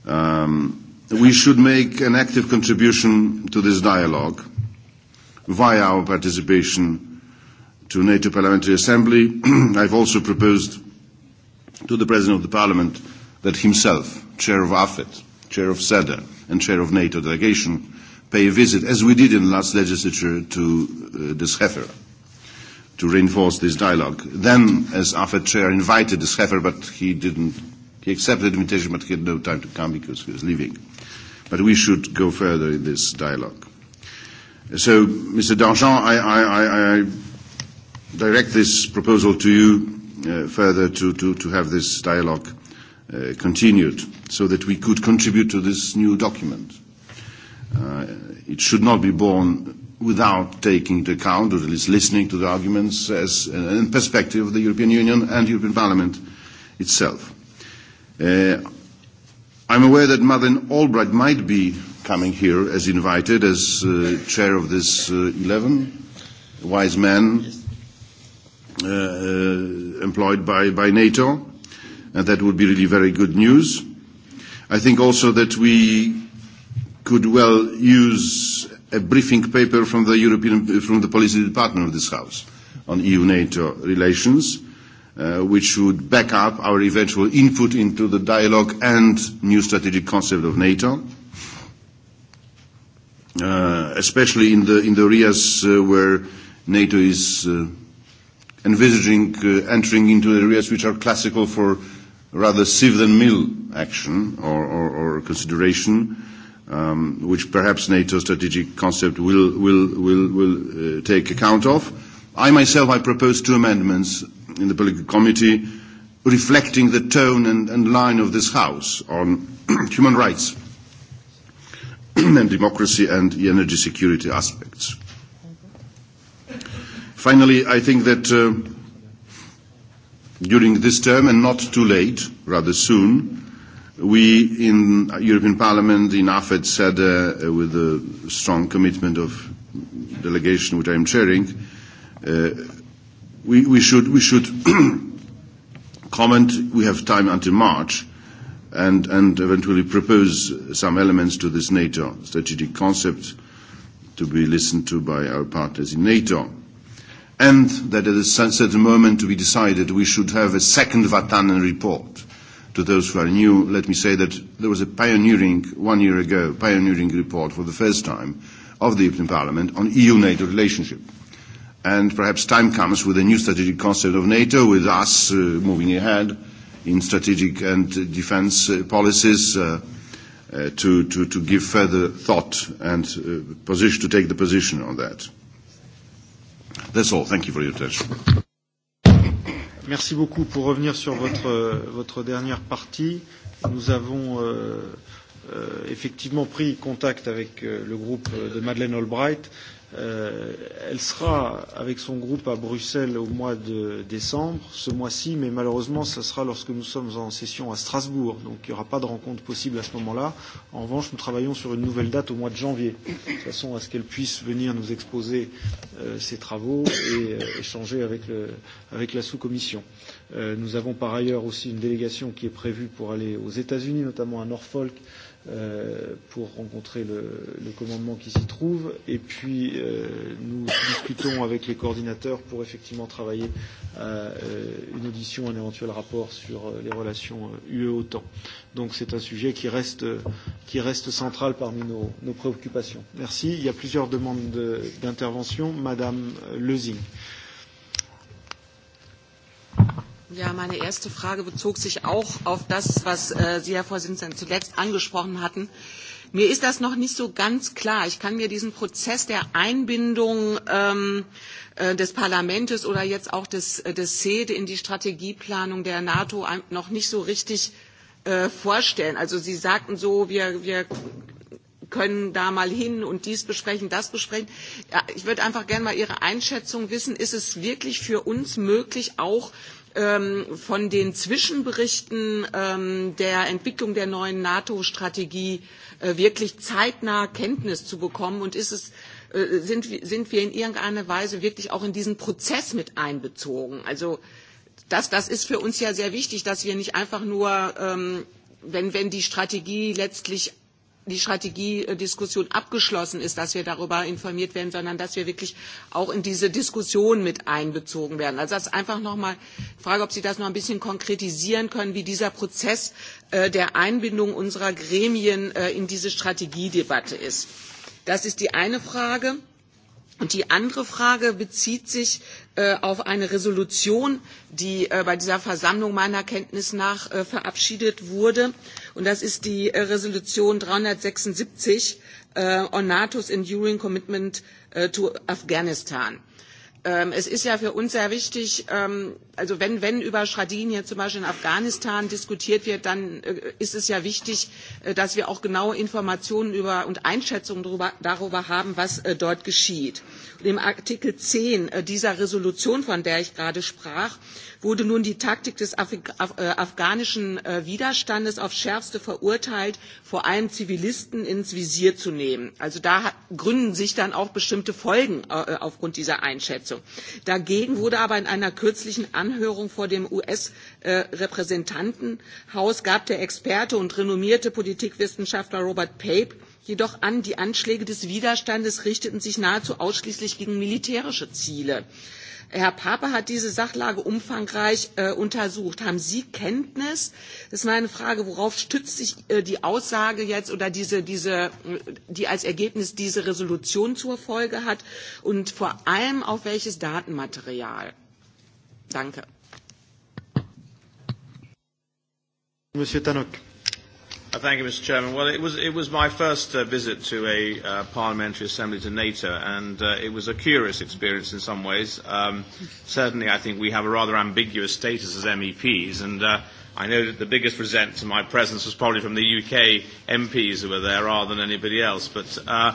M: Um, we should make an active contribution to this dialogue via our participation to NATO Parliamentary Assembly. I've also proposed to the President of the Parliament that himself chair of AFET, chair of SEDA, and chair of NATO delegation, pay a visit, as we did in the last legislature, to uh, the Scheffer to reinforce this dialogue. Then, as AFET chair, invited the Scheffer, but he didn't. He accepted the invitation, but he had no time to come because he was leaving. But we should go further in this dialogue. So, Mr. I, I, I, I direct this proposal to you uh, further to, to, to have this dialogue uh, continued so that we could contribute to this new document. Uh, it should not be born without taking into account, or at least listening to the arguments as, uh, and perspective of the European Union and European Parliament itself. Uh, I'm aware that Madeleine Albright might be coming here as invited as uh, chair of this uh, 11 wise men uh, uh, employed by, by NATO, and uh, that would be really very good news. I think also that we could well use a briefing paper from the European from the policy department of this house on EU-NATO relations, uh, which would back up our eventual input into the dialogue and new strategic concept of NATO, uh, especially in the in the areas uh, where NATO is uh, envisaging uh, entering into areas which are classical for rather sieve than mill action or, or, or consideration, um, which perhaps NATO strategic concept will, will, will, will uh, take account of. I myself, I proposed two amendments in the political committee reflecting the tone and, and line of this House on human rights and democracy and energy security aspects. Finally, I think that uh, during this term and not too late, rather soon, we in European Parliament, in AFED, said uh, with a strong commitment of delegation which I am chairing, uh, we, we should, we should comment, we have time until March, and, and eventually propose some elements to this NATO strategic concept to be listened to by our partners in NATO and that at a certain moment we decided we should have a second Vatanen report. To those who are new, let me say that there was a pioneering, one year ago, pioneering report for the first time of the European Parliament on EU-NATO relationship. And perhaps time comes with a new strategic concept of NATO, with us uh, moving ahead in strategic and defense uh, policies uh, uh, to, to, to give further thought and uh, position, to take the position on that. That's all. Thank you for your attention.
A: Merci beaucoup. Pour revenir sur votre, votre dernière partie, nous avons euh, euh, effectivement pris contact avec euh, le groupe de Madeleine Albright Euh, elle sera avec son groupe à Bruxelles au mois de décembre, ce mois-ci, mais malheureusement, ce sera lorsque nous sommes en session à Strasbourg. Donc il n'y aura pas de rencontre possible à ce moment-là. En revanche, nous travaillons sur une nouvelle date au mois de janvier, de façon à ce qu'elle puisse venir nous exposer euh, ses travaux et euh, échanger avec, le, avec la sous-commission. Euh, nous avons par ailleurs aussi une délégation qui est prévue pour aller aux États-Unis, notamment à Norfolk, Euh, pour rencontrer le, le commandement qui s'y trouve. Et puis, euh, nous discutons avec les coordinateurs pour effectivement travailler à euh, une audition, un éventuel rapport sur euh, les relations euh, UE-OTAN. Donc, c'est un sujet qui reste, qui reste central parmi nos, nos préoccupations. Merci. Il y a plusieurs demandes d'intervention. De, Madame Lezing.
N: Ja, meine erste Frage bezog sich auch auf das, was äh, Sie, Herr Vorsitzender, zuletzt angesprochen hatten. Mir ist das noch nicht so ganz klar. Ich kann mir diesen Prozess der Einbindung ähm, äh, des Parlaments oder jetzt auch des, äh, des SED in die Strategieplanung der NATO noch nicht so richtig äh, vorstellen. Also Sie sagten so, wir, wir können da mal hin und dies besprechen, das besprechen. Ja, ich würde einfach gerne mal Ihre Einschätzung wissen. Ist es wirklich für uns möglich, auch Ähm, von den Zwischenberichten ähm, der Entwicklung der neuen NATO-Strategie äh, wirklich zeitnah Kenntnis zu bekommen und ist es äh, sind, sind wir in irgendeiner Weise wirklich auch in diesen Prozess mit einbezogen. Also das, das ist für uns ja sehr wichtig, dass wir nicht einfach nur, ähm, wenn, wenn die Strategie letztlich die Strategiediskussion abgeschlossen ist, dass wir darüber informiert werden, sondern dass wir wirklich auch in diese Diskussion mit einbezogen werden. Also das ist einfach nochmal die Frage, ob Sie das noch ein bisschen konkretisieren können, wie dieser Prozess äh, der Einbindung unserer Gremien äh, in diese Strategiedebatte ist. Das ist die eine Frage. Und die andere Frage bezieht sich äh, auf eine Resolution, die äh, bei dieser Versammlung meiner Kenntnis nach äh, verabschiedet wurde. Äh, Und das ist die äh, Resolution 376 uh, äh, on NATO's enduring commitment äh, to Afghanistan. Ähm, es ist ja für uns sehr wichtig, ähm, also wenn, wenn über Schradin hier zum Beispiel in Afghanistan diskutiert wird, dann äh, ist es ja wichtig, äh, dass wir auch genaue Informationen über und Einschätzungen darüber, darüber haben, was äh, dort geschieht. Und Im Artikel 10 dieser Resolution, von der ich gerade sprach, wurde nun die Taktik des Af Af afghanischen Widerstandes aufs Schärfste verurteilt, vor allem Zivilisten ins Visier zu nehmen. Also da hat, gründen sich dann auch bestimmte Folgen aufgrund dieser Einschätzung. Dagegen wurde aber in einer kürzlichen Anhörung vor dem US-Repräsentantenhaus gab der Experte und renommierte Politikwissenschaftler Robert Pape jedoch an, die Anschläge des Widerstandes richteten sich nahezu ausschließlich gegen militärische Ziele. Herr Pape hat diese Sachlage umfangreich äh, untersucht. Haben Sie Kenntnis? Das ist meine Frage, worauf stützt sich äh, die Aussage jetzt oder diese, diese, äh, die als Ergebnis diese Resolution zur Folge hat und vor allem auf welches Datenmaterial? Danke.
A: Monsieur Tannock.
O: Uh, thank you, Mr. Chairman. Well, it was, it was my first uh, visit to a uh, parliamentary assembly to NATO, and uh, it was a curious experience in some ways. Um, certainly, I think we have a rather ambiguous status as MEPs, and uh, I know that the biggest resent to my presence was probably from the UK MPs who were there rather than anybody else. But, uh,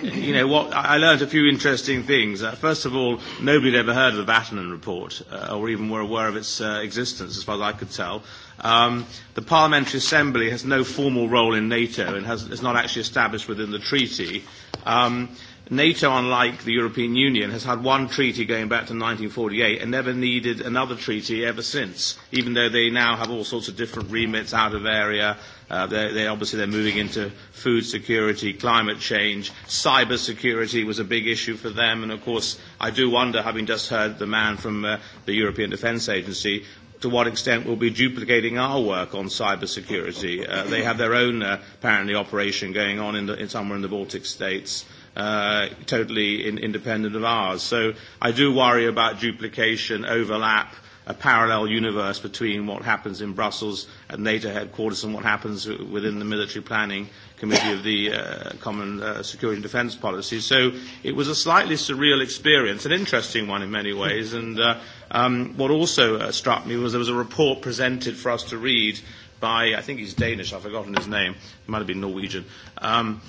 O: you know, what, I learned a few interesting things. Uh, first of all, nobody had ever heard of the Vatanen Report uh, or even were aware of its uh, existence, as far as I could tell. Um, the Parliamentary Assembly has no formal role in NATO and has, is not actually established within the treaty. Um, NATO, unlike the European Union, has had one treaty going back to 1948 and never needed another treaty ever since, even though they now have all sorts of different remits out of area. Uh, they, they obviously, they're moving into food security, climate change. Cyber security was a big issue for them. And, of course, I do wonder, having just heard the man from uh, the European Defence Agency, to what extent we'll be duplicating our work on security. Uh, they have their own, uh, apparently, operation going on in the, in somewhere in the Baltic states uh, totally in, independent of ours. So I do worry about duplication, overlap, a parallel universe between what happens in Brussels and NATO headquarters and what happens within the military planning committee of the uh, common uh, security and defence policy. So it was a slightly surreal experience, an interesting one in many ways. And uh, um, what also uh, struck me was there was a report presented for us to read by, I think he's Danish, I've forgotten his name, he might have been Norwegian, um,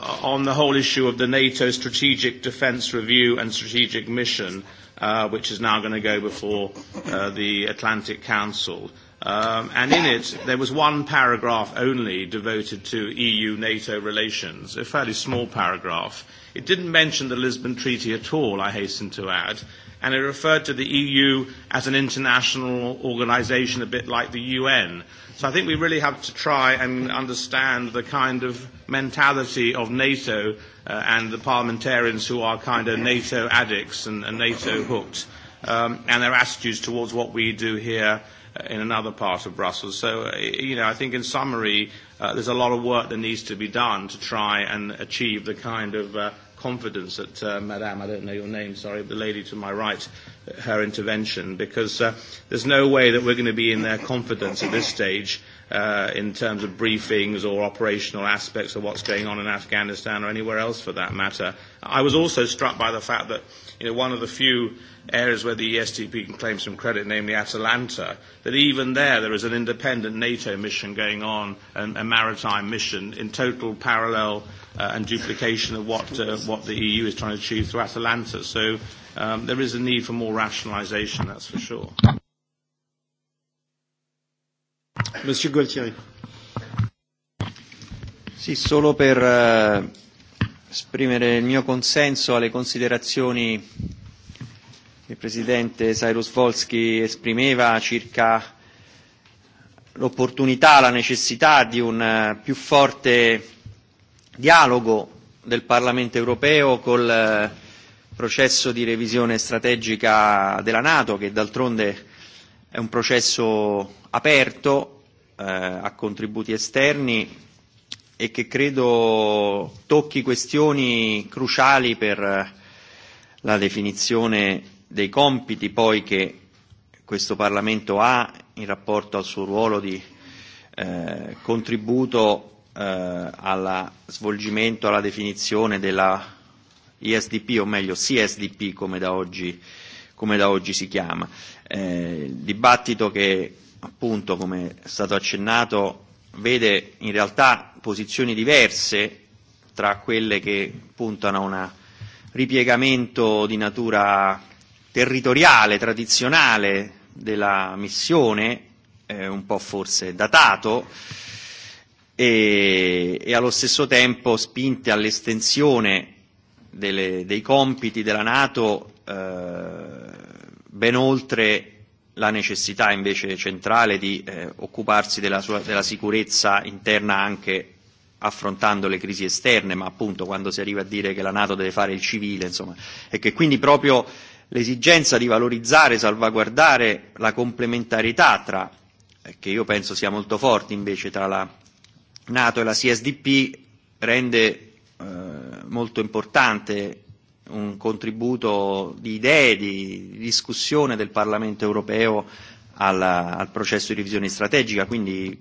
O: Uh, on the whole issue of the NATO strategic defence review and strategic mission, uh, which is now going to go before uh, the Atlantic Council. Um, and in it, there was one paragraph only devoted to EU-NATO relations, a fairly small paragraph. It didn't mention the Lisbon Treaty at all, I hasten to add and it referred to the EU as an international organisation, a bit like the UN. So I think we really have to try and understand the kind of mentality of NATO uh, and the parliamentarians who are kind of NATO addicts and, and NATO hooked, um, and their attitudes towards what we do here in another part of Brussels. So, uh, you know, I think in summary, uh, there's a lot of work that needs to be done to try and achieve the kind of uh, confidence at, uh, Madame, I don't know your name, sorry, the lady to my right, her intervention, because uh, there's no way that we're going to be in their confidence at this stage uh, in terms of briefings or operational aspects of what's going on in Afghanistan or anywhere else for that matter. I was also struck by the fact that you know, one of the few areas where the ESTP can claim some credit, namely Atalanta, that even there there is an independent NATO mission going on, and a maritime mission in total parallel uh, and duplication of what, uh, what the EU is trying to achieve through Atalanta. So um, there is a need for more rationalization, that's for sure.
C: Monsieur Gualtieri. Sì, solo per uh, esprimere il mio consenso alle considerazioni che il Presidente Cyrus Volsky esprimeva circa l'opportunità, la necessità di un eh, più forte dialogo del Parlamento europeo col eh, processo di revisione strategica della Nato, che d'altronde è un processo aperto eh, a contributi esterni e che credo tocchi questioni cruciali per eh, la definizione dei compiti poi che questo Parlamento ha in rapporto al suo ruolo di eh, contributo eh, al svolgimento, alla definizione della ISDP o meglio CSDP come da oggi, come da oggi si chiama. Eh, il dibattito che appunto come è stato accennato vede in realtà posizioni diverse tra quelle che puntano a un ripiegamento di natura territoriale, tradizionale della missione, eh, un po' forse datato, e, e allo stesso tempo spinte all'estensione delle, dei compiti della Nato eh, ben oltre la necessità invece centrale di eh, occuparsi della, sua, della sicurezza interna anche affrontando le crisi esterne, ma appunto quando si arriva a dire che la Nato deve fare il civile, insomma, e che quindi proprio l'esigenza di valorizzare, salvaguardare la complementarietà tra, eh, che io penso sia molto forte invece, tra la Nato e la CSDP rende eh, molto importante un contributo di idee, di discussione del Parlamento europeo alla, al processo di revisione strategica, quindi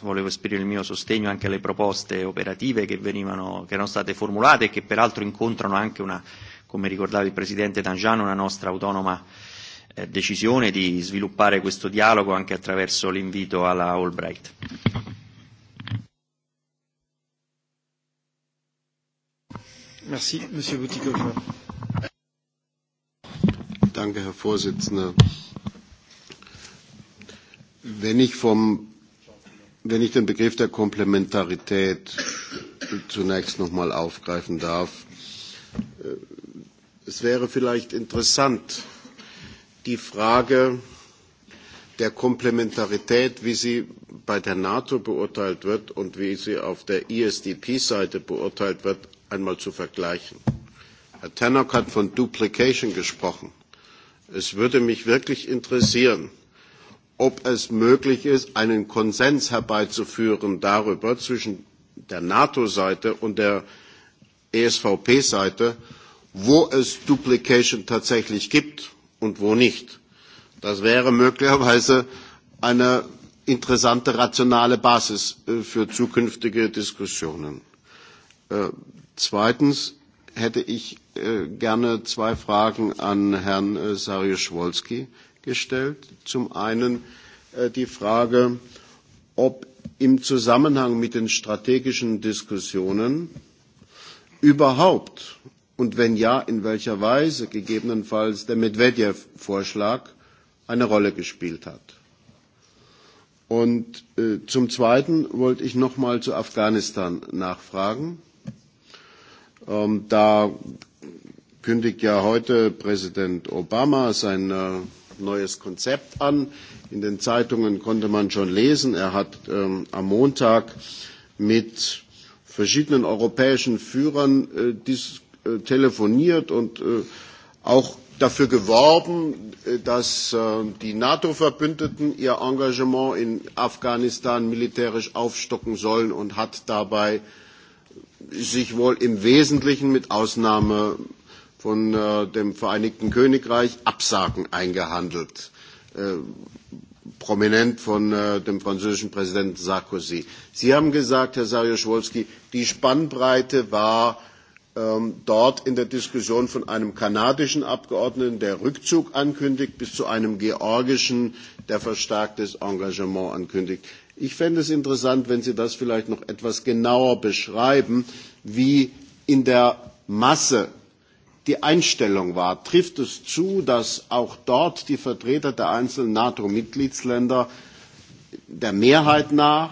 C: volevo esprimere il mio sostegno anche alle proposte operative che, venivano, che erano state formulate e che peraltro incontrano anche una, come ricordava il Presidente Tangiano, una nostra autonoma eh, decisione di sviluppare questo dialogo anche attraverso l'invito alla Albright.
A: Merci, Monsieur Butikofer.
P: Danke, Herr Vorsitzender. Wenn ich, vom, wenn ich den Begriff der Komplementarität zunächst noch mal aufgreifen darf, äh, es wäre vielleicht interessant, die Frage der Komplementarität, wie sie bei der NATO beurteilt wird und wie sie auf der ISDP-Seite beurteilt wird, einmal zu vergleichen. Herr Tannock hat von Duplication gesprochen. Es würde mich wirklich interessieren, ob es möglich ist, einen Konsens herbeizuführen darüber zwischen der NATO-Seite und der ESVP-Seite, wo es Duplication tatsächlich gibt und wo nicht. Das wäre möglicherweise eine interessante rationale Basis äh, für zukünftige Diskussionen. Äh, Zweitens hätte ich äh, gerne zwei Fragen an Herrn äh, Sariusz-Wolski gestellt. Zum einen äh, die Frage, ob im Zusammenhang mit den strategischen Diskussionen überhaupt und wenn ja, in welcher Weise gegebenenfalls der Medvedev-Vorschlag eine Rolle gespielt hat. Und äh, zum Zweiten wollte ich noch nochmal zu Afghanistan nachfragen Ähm, da kündigt ja heute Präsident Obama sein äh, neues Konzept an. In den Zeitungen konnte man schon lesen, er hat ähm, am Montag mit verschiedenen europäischen Führern äh, dies, äh, telefoniert und äh, auch dafür geworben, äh, dass äh, die NATO-Verbündeten ihr Engagement in Afghanistan militärisch aufstocken sollen und hat dabei sich wohl im Wesentlichen mit Ausnahme von äh, dem Vereinigten Königreich Absagen eingehandelt, äh, prominent von äh, dem französischen Präsidenten Sarkozy. Sie haben gesagt, Herr Sarjusz-Wolski, die Spannbreite war ähm, dort in der Diskussion von einem kanadischen Abgeordneten, der Rückzug ankündigt, bis zu einem georgischen, der verstärktes Engagement ankündigt. Ich fände es interessant, wenn Sie das vielleicht noch etwas genauer beschreiben, wie in der Masse die Einstellung war. Trifft es zu, dass auch dort die Vertreter der einzelnen NATO-Mitgliedsländer der Mehrheit nach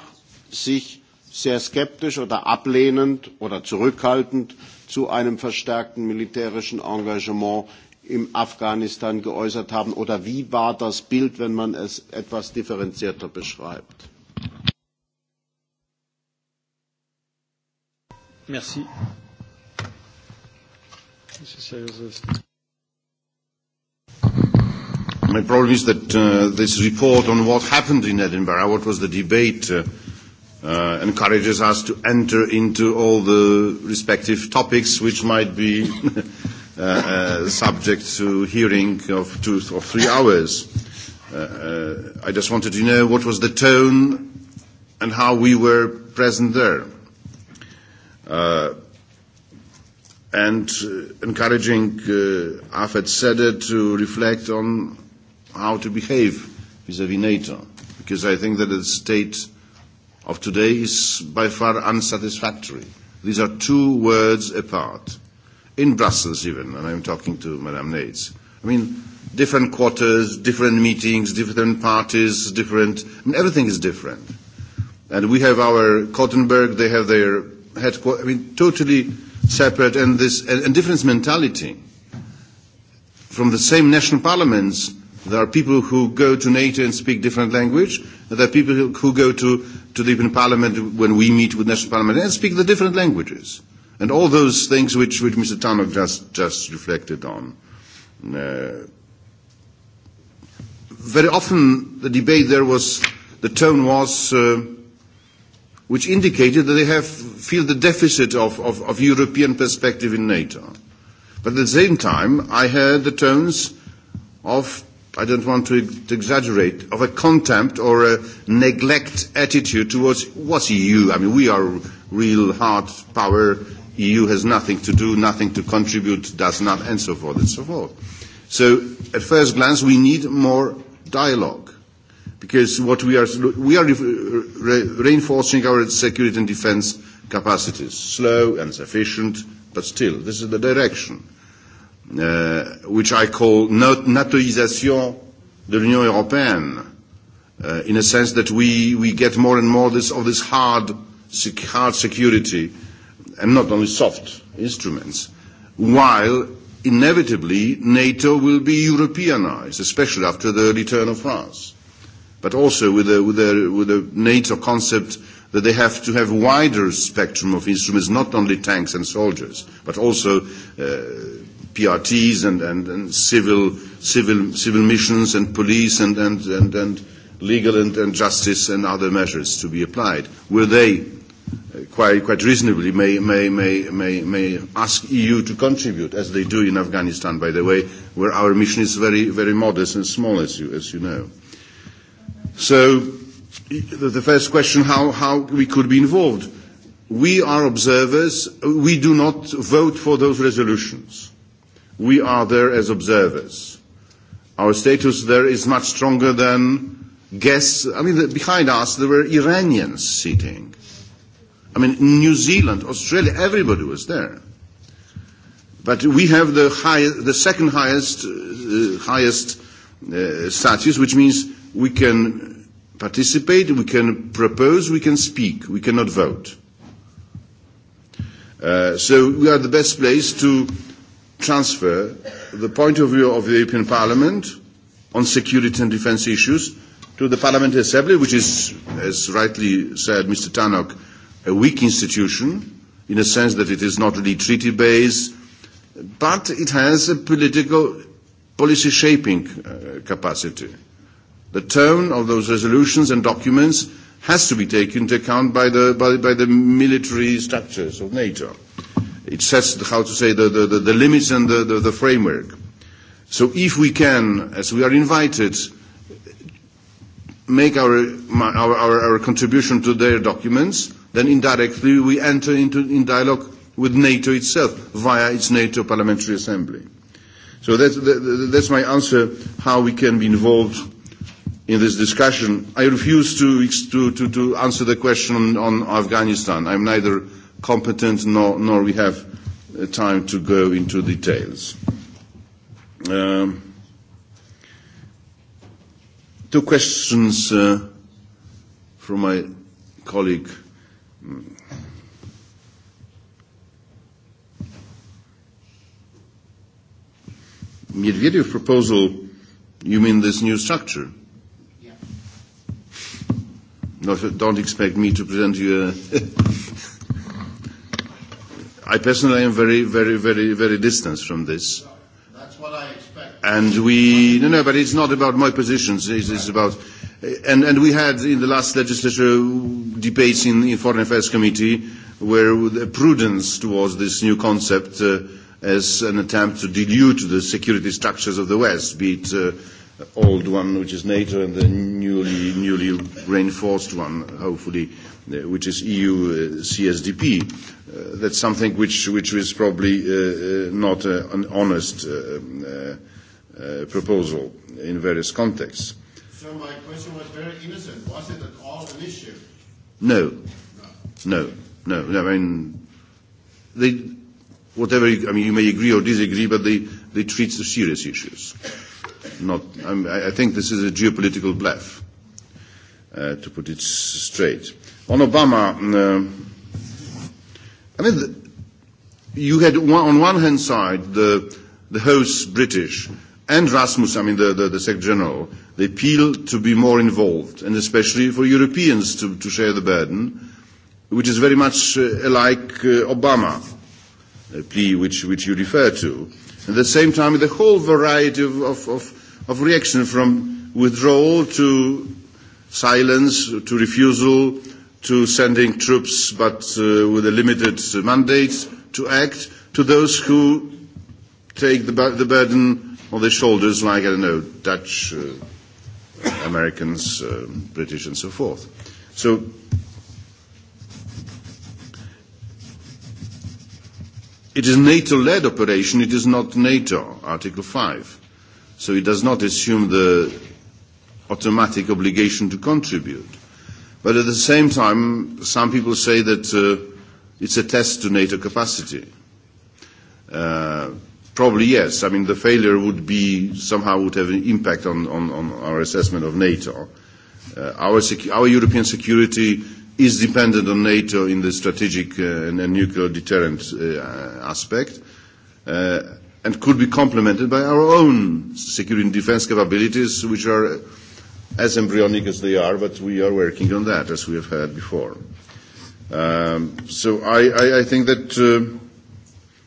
P: sich sehr skeptisch oder ablehnend oder zurückhaltend zu einem verstärkten militärischen Engagement im Afghanistan geäußert haben? Oder wie war das Bild, wenn man es etwas differenzierter beschreibt?
A: Merci.
M: My problem is that uh, this report on what happened in Edinburgh, what was the debate, uh, uh, encourages us to enter into all the respective topics which might be uh, uh, subject to hearing of two or three hours. Uh, uh, I just wanted to know what was the tone and how we were present there. Uh, and uh, encouraging uh, Afet Seder to reflect on how to behave vis-à-vis -vis NATO, because I think that the state of today is by far unsatisfactory. These are two words apart, in Brussels even, and I'm talking to Madame Nates. I mean, different quarters, different meetings, different parties, different, I mean, everything is different. And we have our Kottenberg, they have their headquarters, I mean, totally separate and this, and, and different mentality. From the same national parliaments, there are people who go to NATO and speak different language, and there are people who go to, to the European Parliament when we meet with national parliament and speak the different languages. And all those things which, which Mr. Tannock just, just reflected on. Uh, very often the debate there was, the tone was, uh, which indicated that they have, feel the deficit of, of, of European perspective in NATO. But at the same time, I heard the tones of, I don't want to, to exaggerate, of a contempt or a neglect attitude towards what's EU? I mean, we are real hard power. EU has nothing to do, nothing to contribute, does not, and so forth and so forth. So at first glance, we need more dialogue. Because what we are, we are re reinforcing our security and defense capacities, slow and sufficient, but still, this is the direction, uh, which I call NATOisation de l'Union européenne, uh, in a sense that we, we get more and more this, of this hard, sec, hard security, and not only soft instruments, while inevitably NATO will be Europeanized, especially after the return of France. But also with a, with a, with a NATO concept that they have to have wider spectrum of instruments, not only tanks and soldiers, but also uh, PRTs and, and, and civil, civil, civil missions and police and, and, and, and legal and, and justice and other measures to be applied, Were they quite, quite reasonably may, may, may, may, may ask EU to contribute, as they do in Afghanistan, by the way, where our mission is very, very modest and small, as you, as you know. So the first question, how, how we could be involved. We are observers. We do not vote for those resolutions. We are there as observers. Our status there is much stronger than guess. I mean, behind us, there were Iranians sitting I mean, New Zealand, Australia, everybody was there. But we have the, high, the second highest, uh, highest uh, status, which means we can participate, we can propose, we can speak, we cannot vote. Uh, so we are the best place to transfer the point of view of the European Parliament on security and defence issues to the Parliament Assembly, which is, as rightly said Mr. Tannock, a weak institution in a sense that it is not really treaty based, but it has a political policy shaping uh, capacity. The tone of those resolutions and documents has to be taken into account by the, by, by the military structures of NATO. It sets, the, how to say, the, the, the, the limits and the, the, the framework. So if we can, as we are invited, make our, our, our, our contribution to their documents, Then indirectly we enter into in dialogue with NATO itself via its NATO Parliamentary Assembly. So that's, that, that's my answer, how we can be involved in this discussion. I refuse to, to, to, to answer the question on Afghanistan. I'm neither competent nor, nor we have uh, time to go into details. Um, two questions uh, from my colleague. Medvedev mm. proposal, you mean this new structure? Yeah. No, don't expect me to present you a I personally am very, very, very, very distant from this. That's what I expect. And we, no, no, but it's not about my positions. It's, it's about and, and we had in the last legislature debates in, in Foreign Affairs Committee where the prudence towards this new concept uh, as an attempt to dilute the security structures of the West, be it uh, old one, which is NATO, and the newly, newly reinforced one, hopefully, uh, which is EU uh, CSDP. Uh, that's something which, which is probably uh, uh, not uh, an honest uh, um, uh, uh, proposal in various contexts.
P: So my question was very innocent. Was it at all an issue?
M: No. No. No. no. I mean, they, whatever, you, I mean, you may agree or disagree, but they, they treat the serious issues. Not, I, mean, I think this is a geopolitical bluff, uh, to put it straight. On Obama, uh, I mean, the, you had one, on one hand side the, the host British and Rasmus, I mean the, the, the Secretary General, the appeal to be more involved, and especially for Europeans to, to share the burden, which is very much uh, like uh, Obama a plea, which, which you refer to. At the same time, the whole variety of, of, of, of reaction from withdrawal to silence, to refusal, to sending troops but uh, with a limited mandate to act, to those who take the, the burden on their shoulders like, I don't know, Dutch, uh, Americans, uh, British, and so forth. So it is NATO-led operation. It is not NATO, Article 5. So it does not assume the automatic obligation to contribute. But at the same time, some people say that uh, it's a test to NATO capacity. Uh, Probably yes. I mean, the failure would be somehow would have an impact on, on, on our assessment of NATO. Uh, our, secu- our European security is dependent on NATO in the strategic uh, and, and nuclear deterrent uh, aspect, uh, and could be complemented by our own security and defence capabilities, which are uh, as embryonic as they are, but we are working on that, as we have heard before. Um, so I, I, I think that. Uh,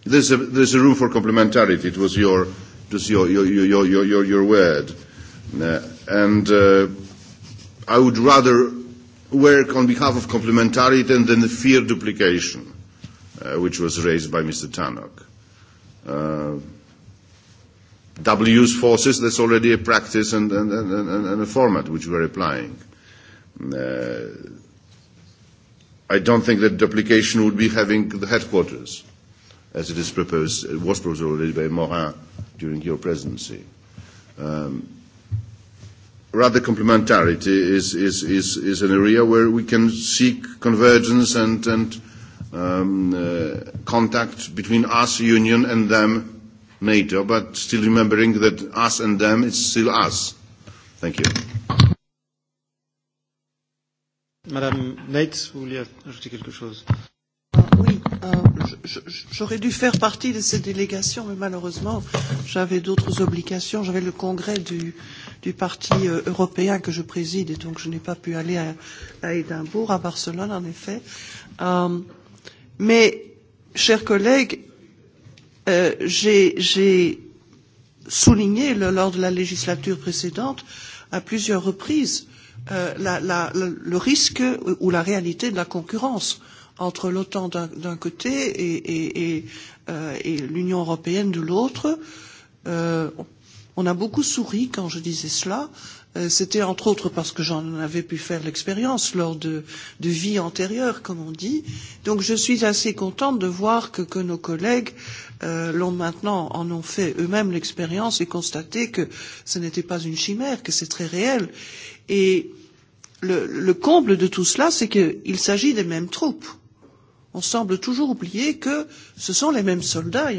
M: There's a, there's a room for complementarity. It was your, it was your, your, your, your, your, your word. Uh, and uh, I would rather work on behalf of complementarity than, the fear duplication, uh, which was raised by Mr. Tannock. Uh, double use forces, that's already a practice and, and, and, and, and a format which we're applying. Uh, I don't think that duplication would be having the headquarters as it is proposed, it was proposed already by Morin during your presidency. Um, rather complementarity is, is, is, is an area where we can seek convergence and, and um, uh, contact between us, Union, and them, NATO, but still remembering that us and them is still us. Thank you.
A: Madame Nates, vous vouliez ajouter quelque chose
Q: Euh, j'aurais dû faire partie de cette délégation, mais malheureusement, j'avais d'autres obligations. J'avais le congrès du, du Parti euh, européen que je préside, et donc je n'ai pas pu aller à, à Édimbourg, à Barcelone, en effet. Euh, mais, chers collègues, euh, j'ai souligné le, lors de la législature précédente à plusieurs reprises euh, la, la, le, le risque ou la réalité de la concurrence. Euh, entre l'OTAN d'un côté et, et, et, euh, et l'Union européenne de l'autre. Euh, on a beaucoup souri quand je disais cela. Euh, C'était entre autres parce que j'en avais pu faire l'expérience lors de, de vie antérieure, comme on dit. Donc je suis assez contente de voir que, que nos collègues euh, l'ont maintenant, en ont fait eux-mêmes l'expérience et constaté que ce n'était pas une chimère, que c'est très réel. Et le, le comble de tout cela, c'est qu'il s'agit des mêmes troupes on semble toujours oublier que ce sont les mêmes soldats.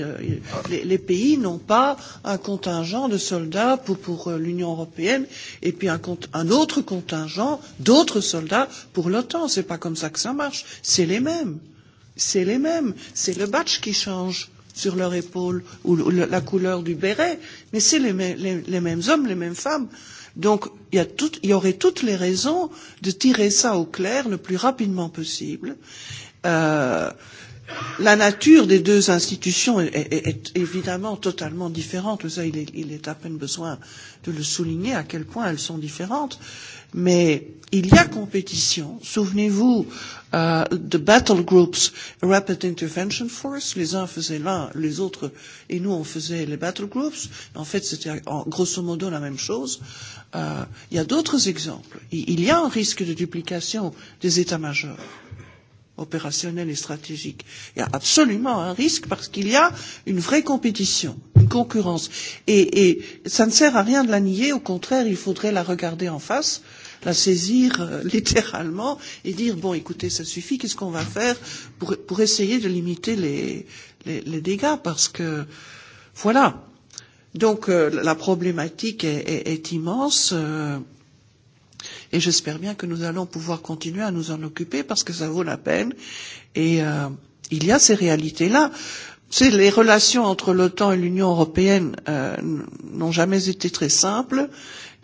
Q: Les, les pays n'ont pas un contingent de soldats pour, pour euh, l'Union européenne et puis un, un autre contingent d'autres soldats pour l'OTAN. C'est pas comme ça que ça marche. C'est les mêmes. C'est les mêmes. C'est le badge qui change sur leur épaule ou le, la couleur du béret, mais c'est les, les, les mêmes hommes, les mêmes femmes. Donc il y, a tout, il y aurait toutes les raisons de tirer ça au clair le plus rapidement possible Euh, la nature des deux institutions est, est, est évidemment totalement différente. Ça, il, est, il est à peine besoin de le souligner à quel point elles sont différentes. Mais il y a compétition. Souvenez-vous euh, de uh, battle groups, rapid intervention force. Les uns faisaient l'un, les autres, et nous on faisait les battle groups. En fait, c'était grosso modo la même chose. Euh, il y a d'autres exemples. Il, il y a un risque de duplication des états majors. Euh, opérationnel et stratégique. Il y a absolument un risque parce qu'il y a une vraie compétition, une concurrence. Et, et ça ne sert à rien de la nier, au contraire, il faudrait la regarder en face la saisir euh, littéralement et dire bon écoutez ça suffit qu'est-ce qu'on va faire pour, pour essayer de limiter les, les, les dégâts parce que voilà donc euh, la problématique est, est, est immense euh, Et j'espère bien que nous allons pouvoir continuer à nous en occuper parce que ça vaut la peine. Et euh, il y a ces réalités-là. C'est les relations entre l'OTAN et l'Union européenne euh, n'ont jamais été très simples.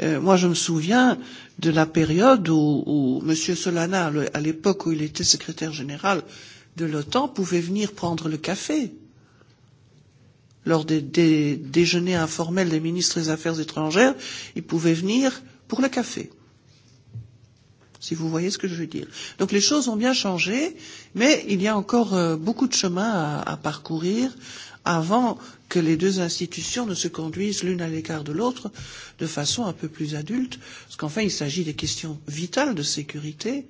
Q: Euh, moi, je me souviens de la période où, où M. Solana, à l'époque où il était secrétaire général de l'OTAN, pouvait venir prendre le café lors des, des déjeuners informels des ministres des Affaires étrangères. Il pouvait venir pour le café si vous voyez ce que je veux dire. Donc les choses ont bien changé, mais il y a encore euh, beaucoup de chemin à, à parcourir avant que les deux institutions ne se conduisent l'une à l'écart de l'autre de façon un peu plus adulte, parce qu'enfin il s'agit des questions vitales de sécurité,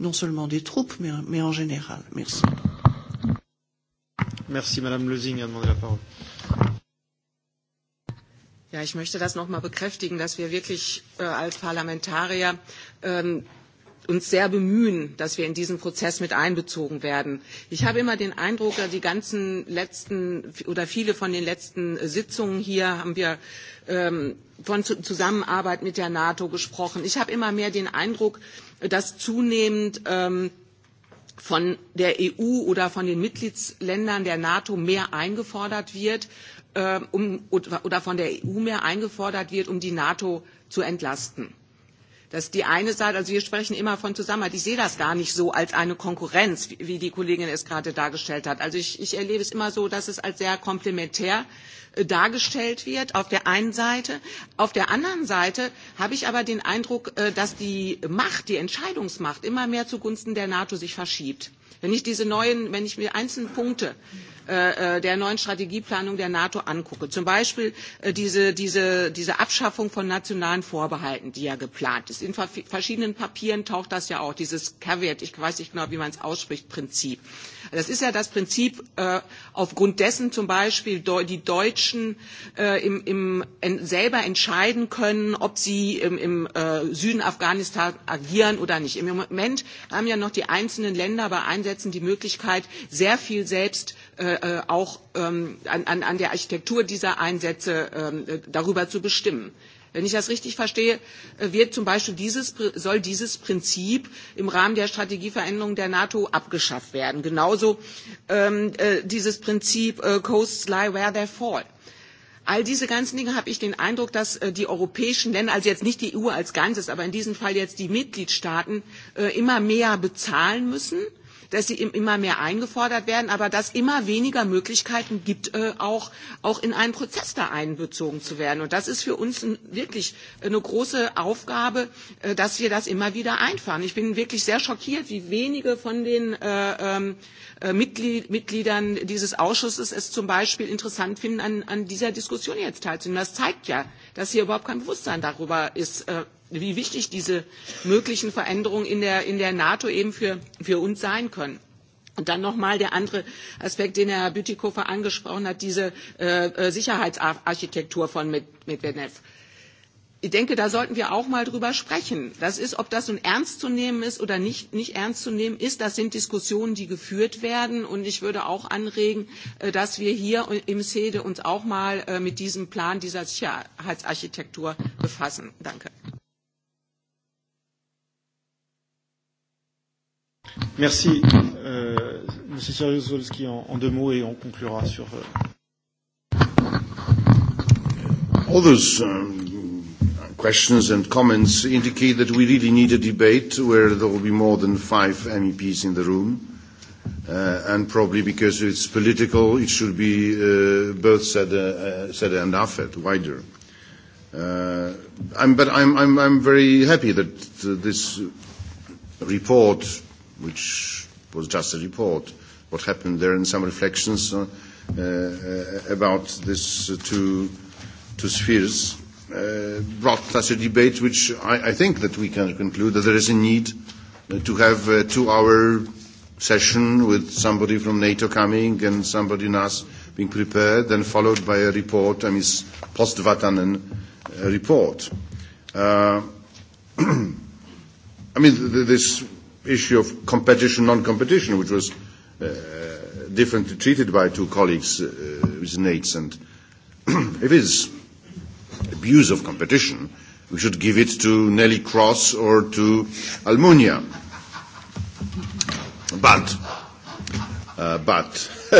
Q: non seulement des troupes, mais,
N: mais en général. Merci.
A: Merci, Madame Lezing a demandé la parole.
N: Ja, ich möchte das noch mal bekräftigen, dass wir wirklich äh, als Parlamentarier ähm, uns sehr bemühen, dass wir in diesen Prozess mit einbezogen werden. Ich habe immer den Eindruck, die ganzen letzten oder viele von den letzten Sitzungen hier haben wir ähm, von Zusammenarbeit mit der NATO gesprochen. Ich habe immer mehr den Eindruck, dass zunehmend ähm, von der EU oder von den Mitgliedsländern der NATO mehr eingefordert wird, äh, um, oder von der EU mehr eingefordert wird, um die NATO zu entlasten. Das ist die eine Seite. Also wir sprechen immer von Zusammenhalt. Ich sehe das gar nicht so als eine Konkurrenz, wie die Kollegin es gerade dargestellt hat. Also ich, ich erlebe es immer so, dass es als sehr komplementär äh, dargestellt wird auf der einen Seite. Auf der anderen Seite habe ich aber den Eindruck, äh, dass die Macht, die Entscheidungsmacht immer mehr zugunsten der NATO sich verschiebt. Wenn ich diese neuen, wenn ich mir einzelne Punkte äh, äh, der neuen Strategieplanung der NATO angucke, zum Beispiel äh, diese, diese, diese Abschaffung von nationalen Vorbehalten, die ja geplant ist. In verschiedenen Papieren taucht das ja auch, dieses Caveat, ich weiß nicht genau, wie man es ausspricht, Prinzip. Das ist ja das Prinzip, aufgrund dessen zum Beispiel die Deutschen im, im, selber entscheiden können, ob sie im, im Süden Afghanistan agieren oder nicht. Im Moment haben ja noch die einzelnen Länder bei einsetzen, die Möglichkeit, sehr viel selbst äh, äh, auch ähm, an, an, an der Architektur dieser Einsätze ähm, äh, darüber zu bestimmen. Wenn ich das richtig verstehe, äh, wird zum Beispiel dieses, soll dieses Prinzip im Rahmen der Strategieveränderung der NATO abgeschafft werden. Genauso ähm, äh, dieses Prinzip äh, Coasts lie where they fall. All diese ganzen Dinge habe ich den Eindruck, dass äh, die europäischen Länder, also jetzt nicht die EU als Ganzes, aber in diesem Fall jetzt die Mitgliedstaaten, äh, immer mehr bezahlen müssen dass sie immer mehr eingefordert werden, aber dass immer weniger Möglichkeiten gibt, äh, auch, auch in einen Prozess da einbezogen zu werden. Und das ist für uns wirklich eine große Aufgabe, äh, dass wir das immer wieder einfahren. Ich bin wirklich sehr schockiert, wie wenige von den äh, ähm, äh, Mitglied, Mitgliedern dieses Ausschusses es zum Beispiel interessant finden, an, an dieser Diskussion jetzt teilzunehmen. Das zeigt ja, dass hier überhaupt kein Bewusstsein darüber ist, äh, wie wichtig diese möglichen Veränderungen in der, in der NATO eben für, für uns sein können. Und dann nochmal der andere Aspekt, den Herr Bütikofer angesprochen hat, diese äh, äh Sicherheitsarchitektur von Medvedev. Ich denke, da sollten wir auch mal drüber sprechen. Das ist, ob das nun ernst zu nehmen ist oder nicht, nicht ernst zu nehmen ist, das sind Diskussionen, die geführt werden. Und ich würde auch anregen, äh, dass wir hier im SEDE uns auch mal äh, mit diesem Plan dieser Sicherheitsarchitektur befassen. Danke.
A: Merci, euh, Monsieur Seriozolski, en, en deux mots et on conclura sur. Uh...
M: All those um, questions and comments indicate that we really need a debate where there will be more than five MEPs in the room. Uh, and probably because it's political, it should be uh, both said, uh, uh said and AFET, wider. Uh, I'm, but I'm, I'm, I'm very happy that uh, this report which was just a report, what happened there, and some reflections uh, uh, about these uh, two, two spheres uh, brought us a debate which I, I think that we can conclude that there is a need uh, to have a two-hour session with somebody from NATO coming and somebody in us being prepared then followed by a report, I mean, post-Vatanen uh, report. Uh, I mean, th this issue of competition, non-competition, which was uh, differently treated by two colleagues, uh, with uh, Nates, and if it's abuse of competition, we should give it to Nelly Cross or to Almunia. But, uh, but,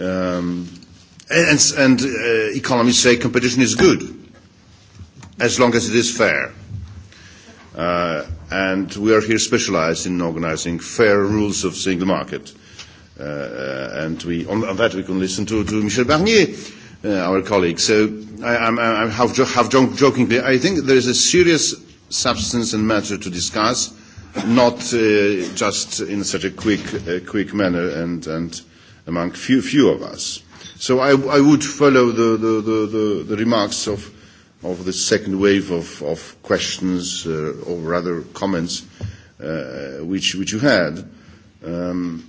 M: um, and, and uh, economists say competition is good as long as it is fair. Uh, and we are here specialized in organizing fair rules of single market. Uh, uh, and we, on, on that we can listen to, to Michel Barnier, uh, our colleague. So I, I'm, I'm half, jo- half jo- jokingly, I think there is a serious substance and matter to discuss, not uh, just in such a quick, uh, quick manner and, and among few, few of us. So I, I would follow the, the, the, the, the remarks of of the second wave of, of questions, uh, or rather comments, uh, which, which you had. Um,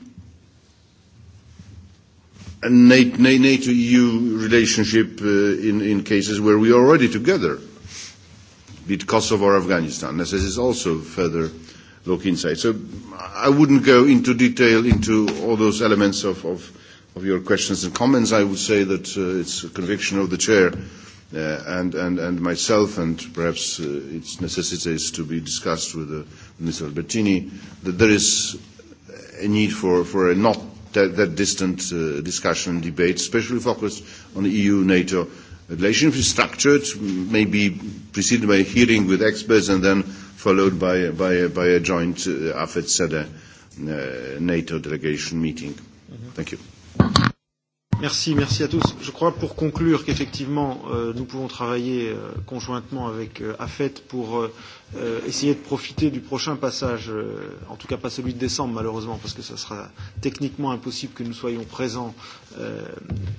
M: and NATO-EU relationship uh, in, in cases where we are already together, be it Kosovo or Afghanistan. This is also further look inside. So I wouldn't go into detail into all those elements of, of, of your questions and comments. I would say that uh, it's a conviction of the chair uh, uh, and, and, and myself, and perhaps uh, necessity is to be discussed with uh, Mr. Albertini, that there is a need for, for a not that, that distant uh, discussion, debate, especially focused on the EU-NATO relationship is structured, maybe preceded by a hearing with experts and then followed by, by, by a joint uh, afed sede uh, NATO delegation meeting. Mm -hmm. Thank you.
A: Merci, merci à tous. Je crois pour conclure qu'effectivement, euh, nous pouvons travailler euh, conjointement avec euh, AFET pour euh, euh, essayer de profiter du prochain passage, euh, en tout cas pas celui de décembre malheureusement, parce que ce sera techniquement impossible que nous soyons présents euh,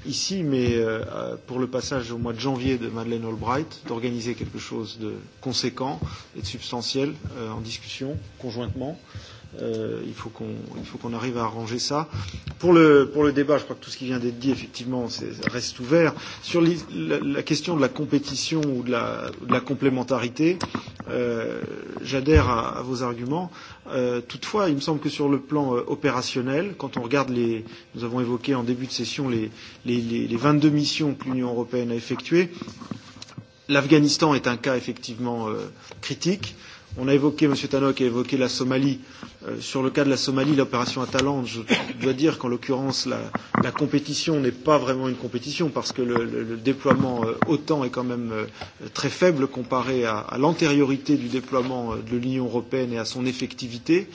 A: ici, mais euh, euh, pour le passage au mois de janvier de Madeleine Albright, d'organiser quelque chose de conséquent et de substantiel euh, en discussion conjointement. Euh, Euh, il faut qu'on il faut qu'on arrive à arranger ça. Pour le, pour le débat, je crois que tout ce qui vient d'être dit, effectivement, ça reste ouvert. Sur les, la, la question de la compétition ou de la, de la complémentarité, euh, j'adhère à, à vos arguments. Euh, toutefois, il me semble que sur le plan euh, opérationnel, quand on regarde les, nous avons évoqué en début de session les, les, les, les 22 missions que l'Union européenne a effectuées, l'Afghanistan est un cas effectivement euh, critique. Euh, On a évoqué, M. Tannock a évoqué la Somalie. Euh, sur le cas de la Somalie, l'opération Atalante, je dois dire qu'en l'occurrence, la, la compétition n'est pas vraiment une compétition parce que le, le, le déploiement euh, OTAN est quand même euh, très faible comparé à, à l'antériorité du déploiement euh, de l'Union européenne et à son effectivité.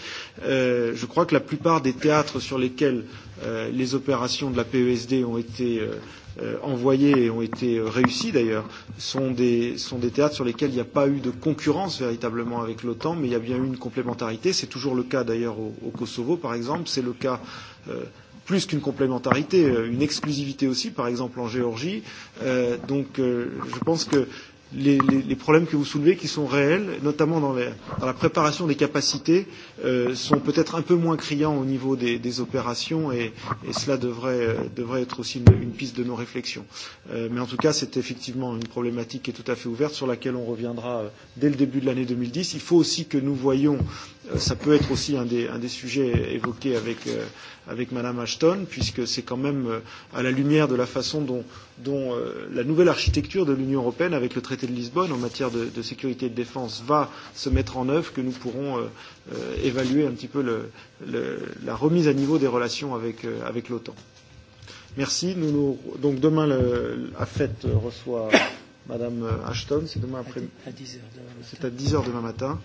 A: Euh, je crois que la plupart des théâtres sur lesquels euh, les opérations de la PESD ont été euh, euh, envoyés et ont été réussis d'ailleurs sont des, sont des théâtres sur lesquels il n'y a pas eu de concurrence véritablement avec l'OTAN, mais il y a bien eu une complémentarité. C'est toujours le cas d'ailleurs au, au Kosovo par exemple, c'est le cas euh, plus qu'une complémentarité, euh, une exclusivité aussi, par exemple en Géorgie. Euh, donc euh, je pense que euh, les, les, les problèmes que vous soulevez qui sont réels, notamment dans, les, dans la préparation des capacités, euh, sont peut-être un peu moins criants au niveau des, des opérations et, et cela devrait, euh, devrait être aussi une, une piste de nos réflexions. Euh, mais en tout cas, c'est effectivement une problématique qui est tout à fait ouverte sur laquelle on reviendra euh, dès le début de l'année 2010. Il faut aussi que nous voyions Euh, ça peut être aussi un des, un des sujets évoqués avec, euh, avec Madame Ashton, puisque c'est quand même euh, à la lumière de la façon dont, dont euh, la nouvelle architecture de l'Union européenne, avec le traité de Lisbonne en matière de, de sécurité et de défense, va se mettre en œuvre que nous pourrons euh, euh, évaluer un petit peu le, le, la remise à niveau des relations avec, euh, avec l'OTAN. Merci. Nous, nous, donc demain, le, la fête reçoit Madame Ashton, c'est demain après. C'est à 10h demain matin.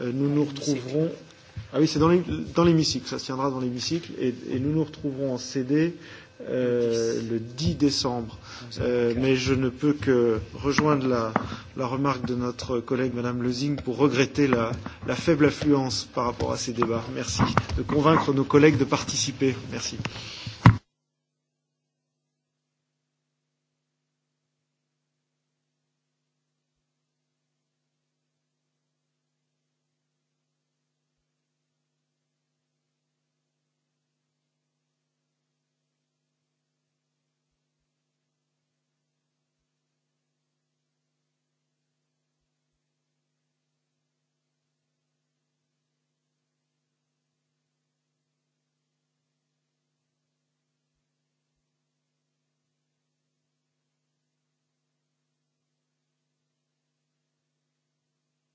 A: Euh, nous nous retrouverons. Ah oui, c'est dans l'hémicycle, ça se tiendra dans l'hémicycle, et, et nous nous retrouverons en CD euh, le 10 décembre. Euh, mais je ne peux que rejoindre la, la remarque de notre collègue Madame Lezing pour regretter la, la faible affluence par rapport à ces débats. Merci de convaincre nos collègues de participer. Merci.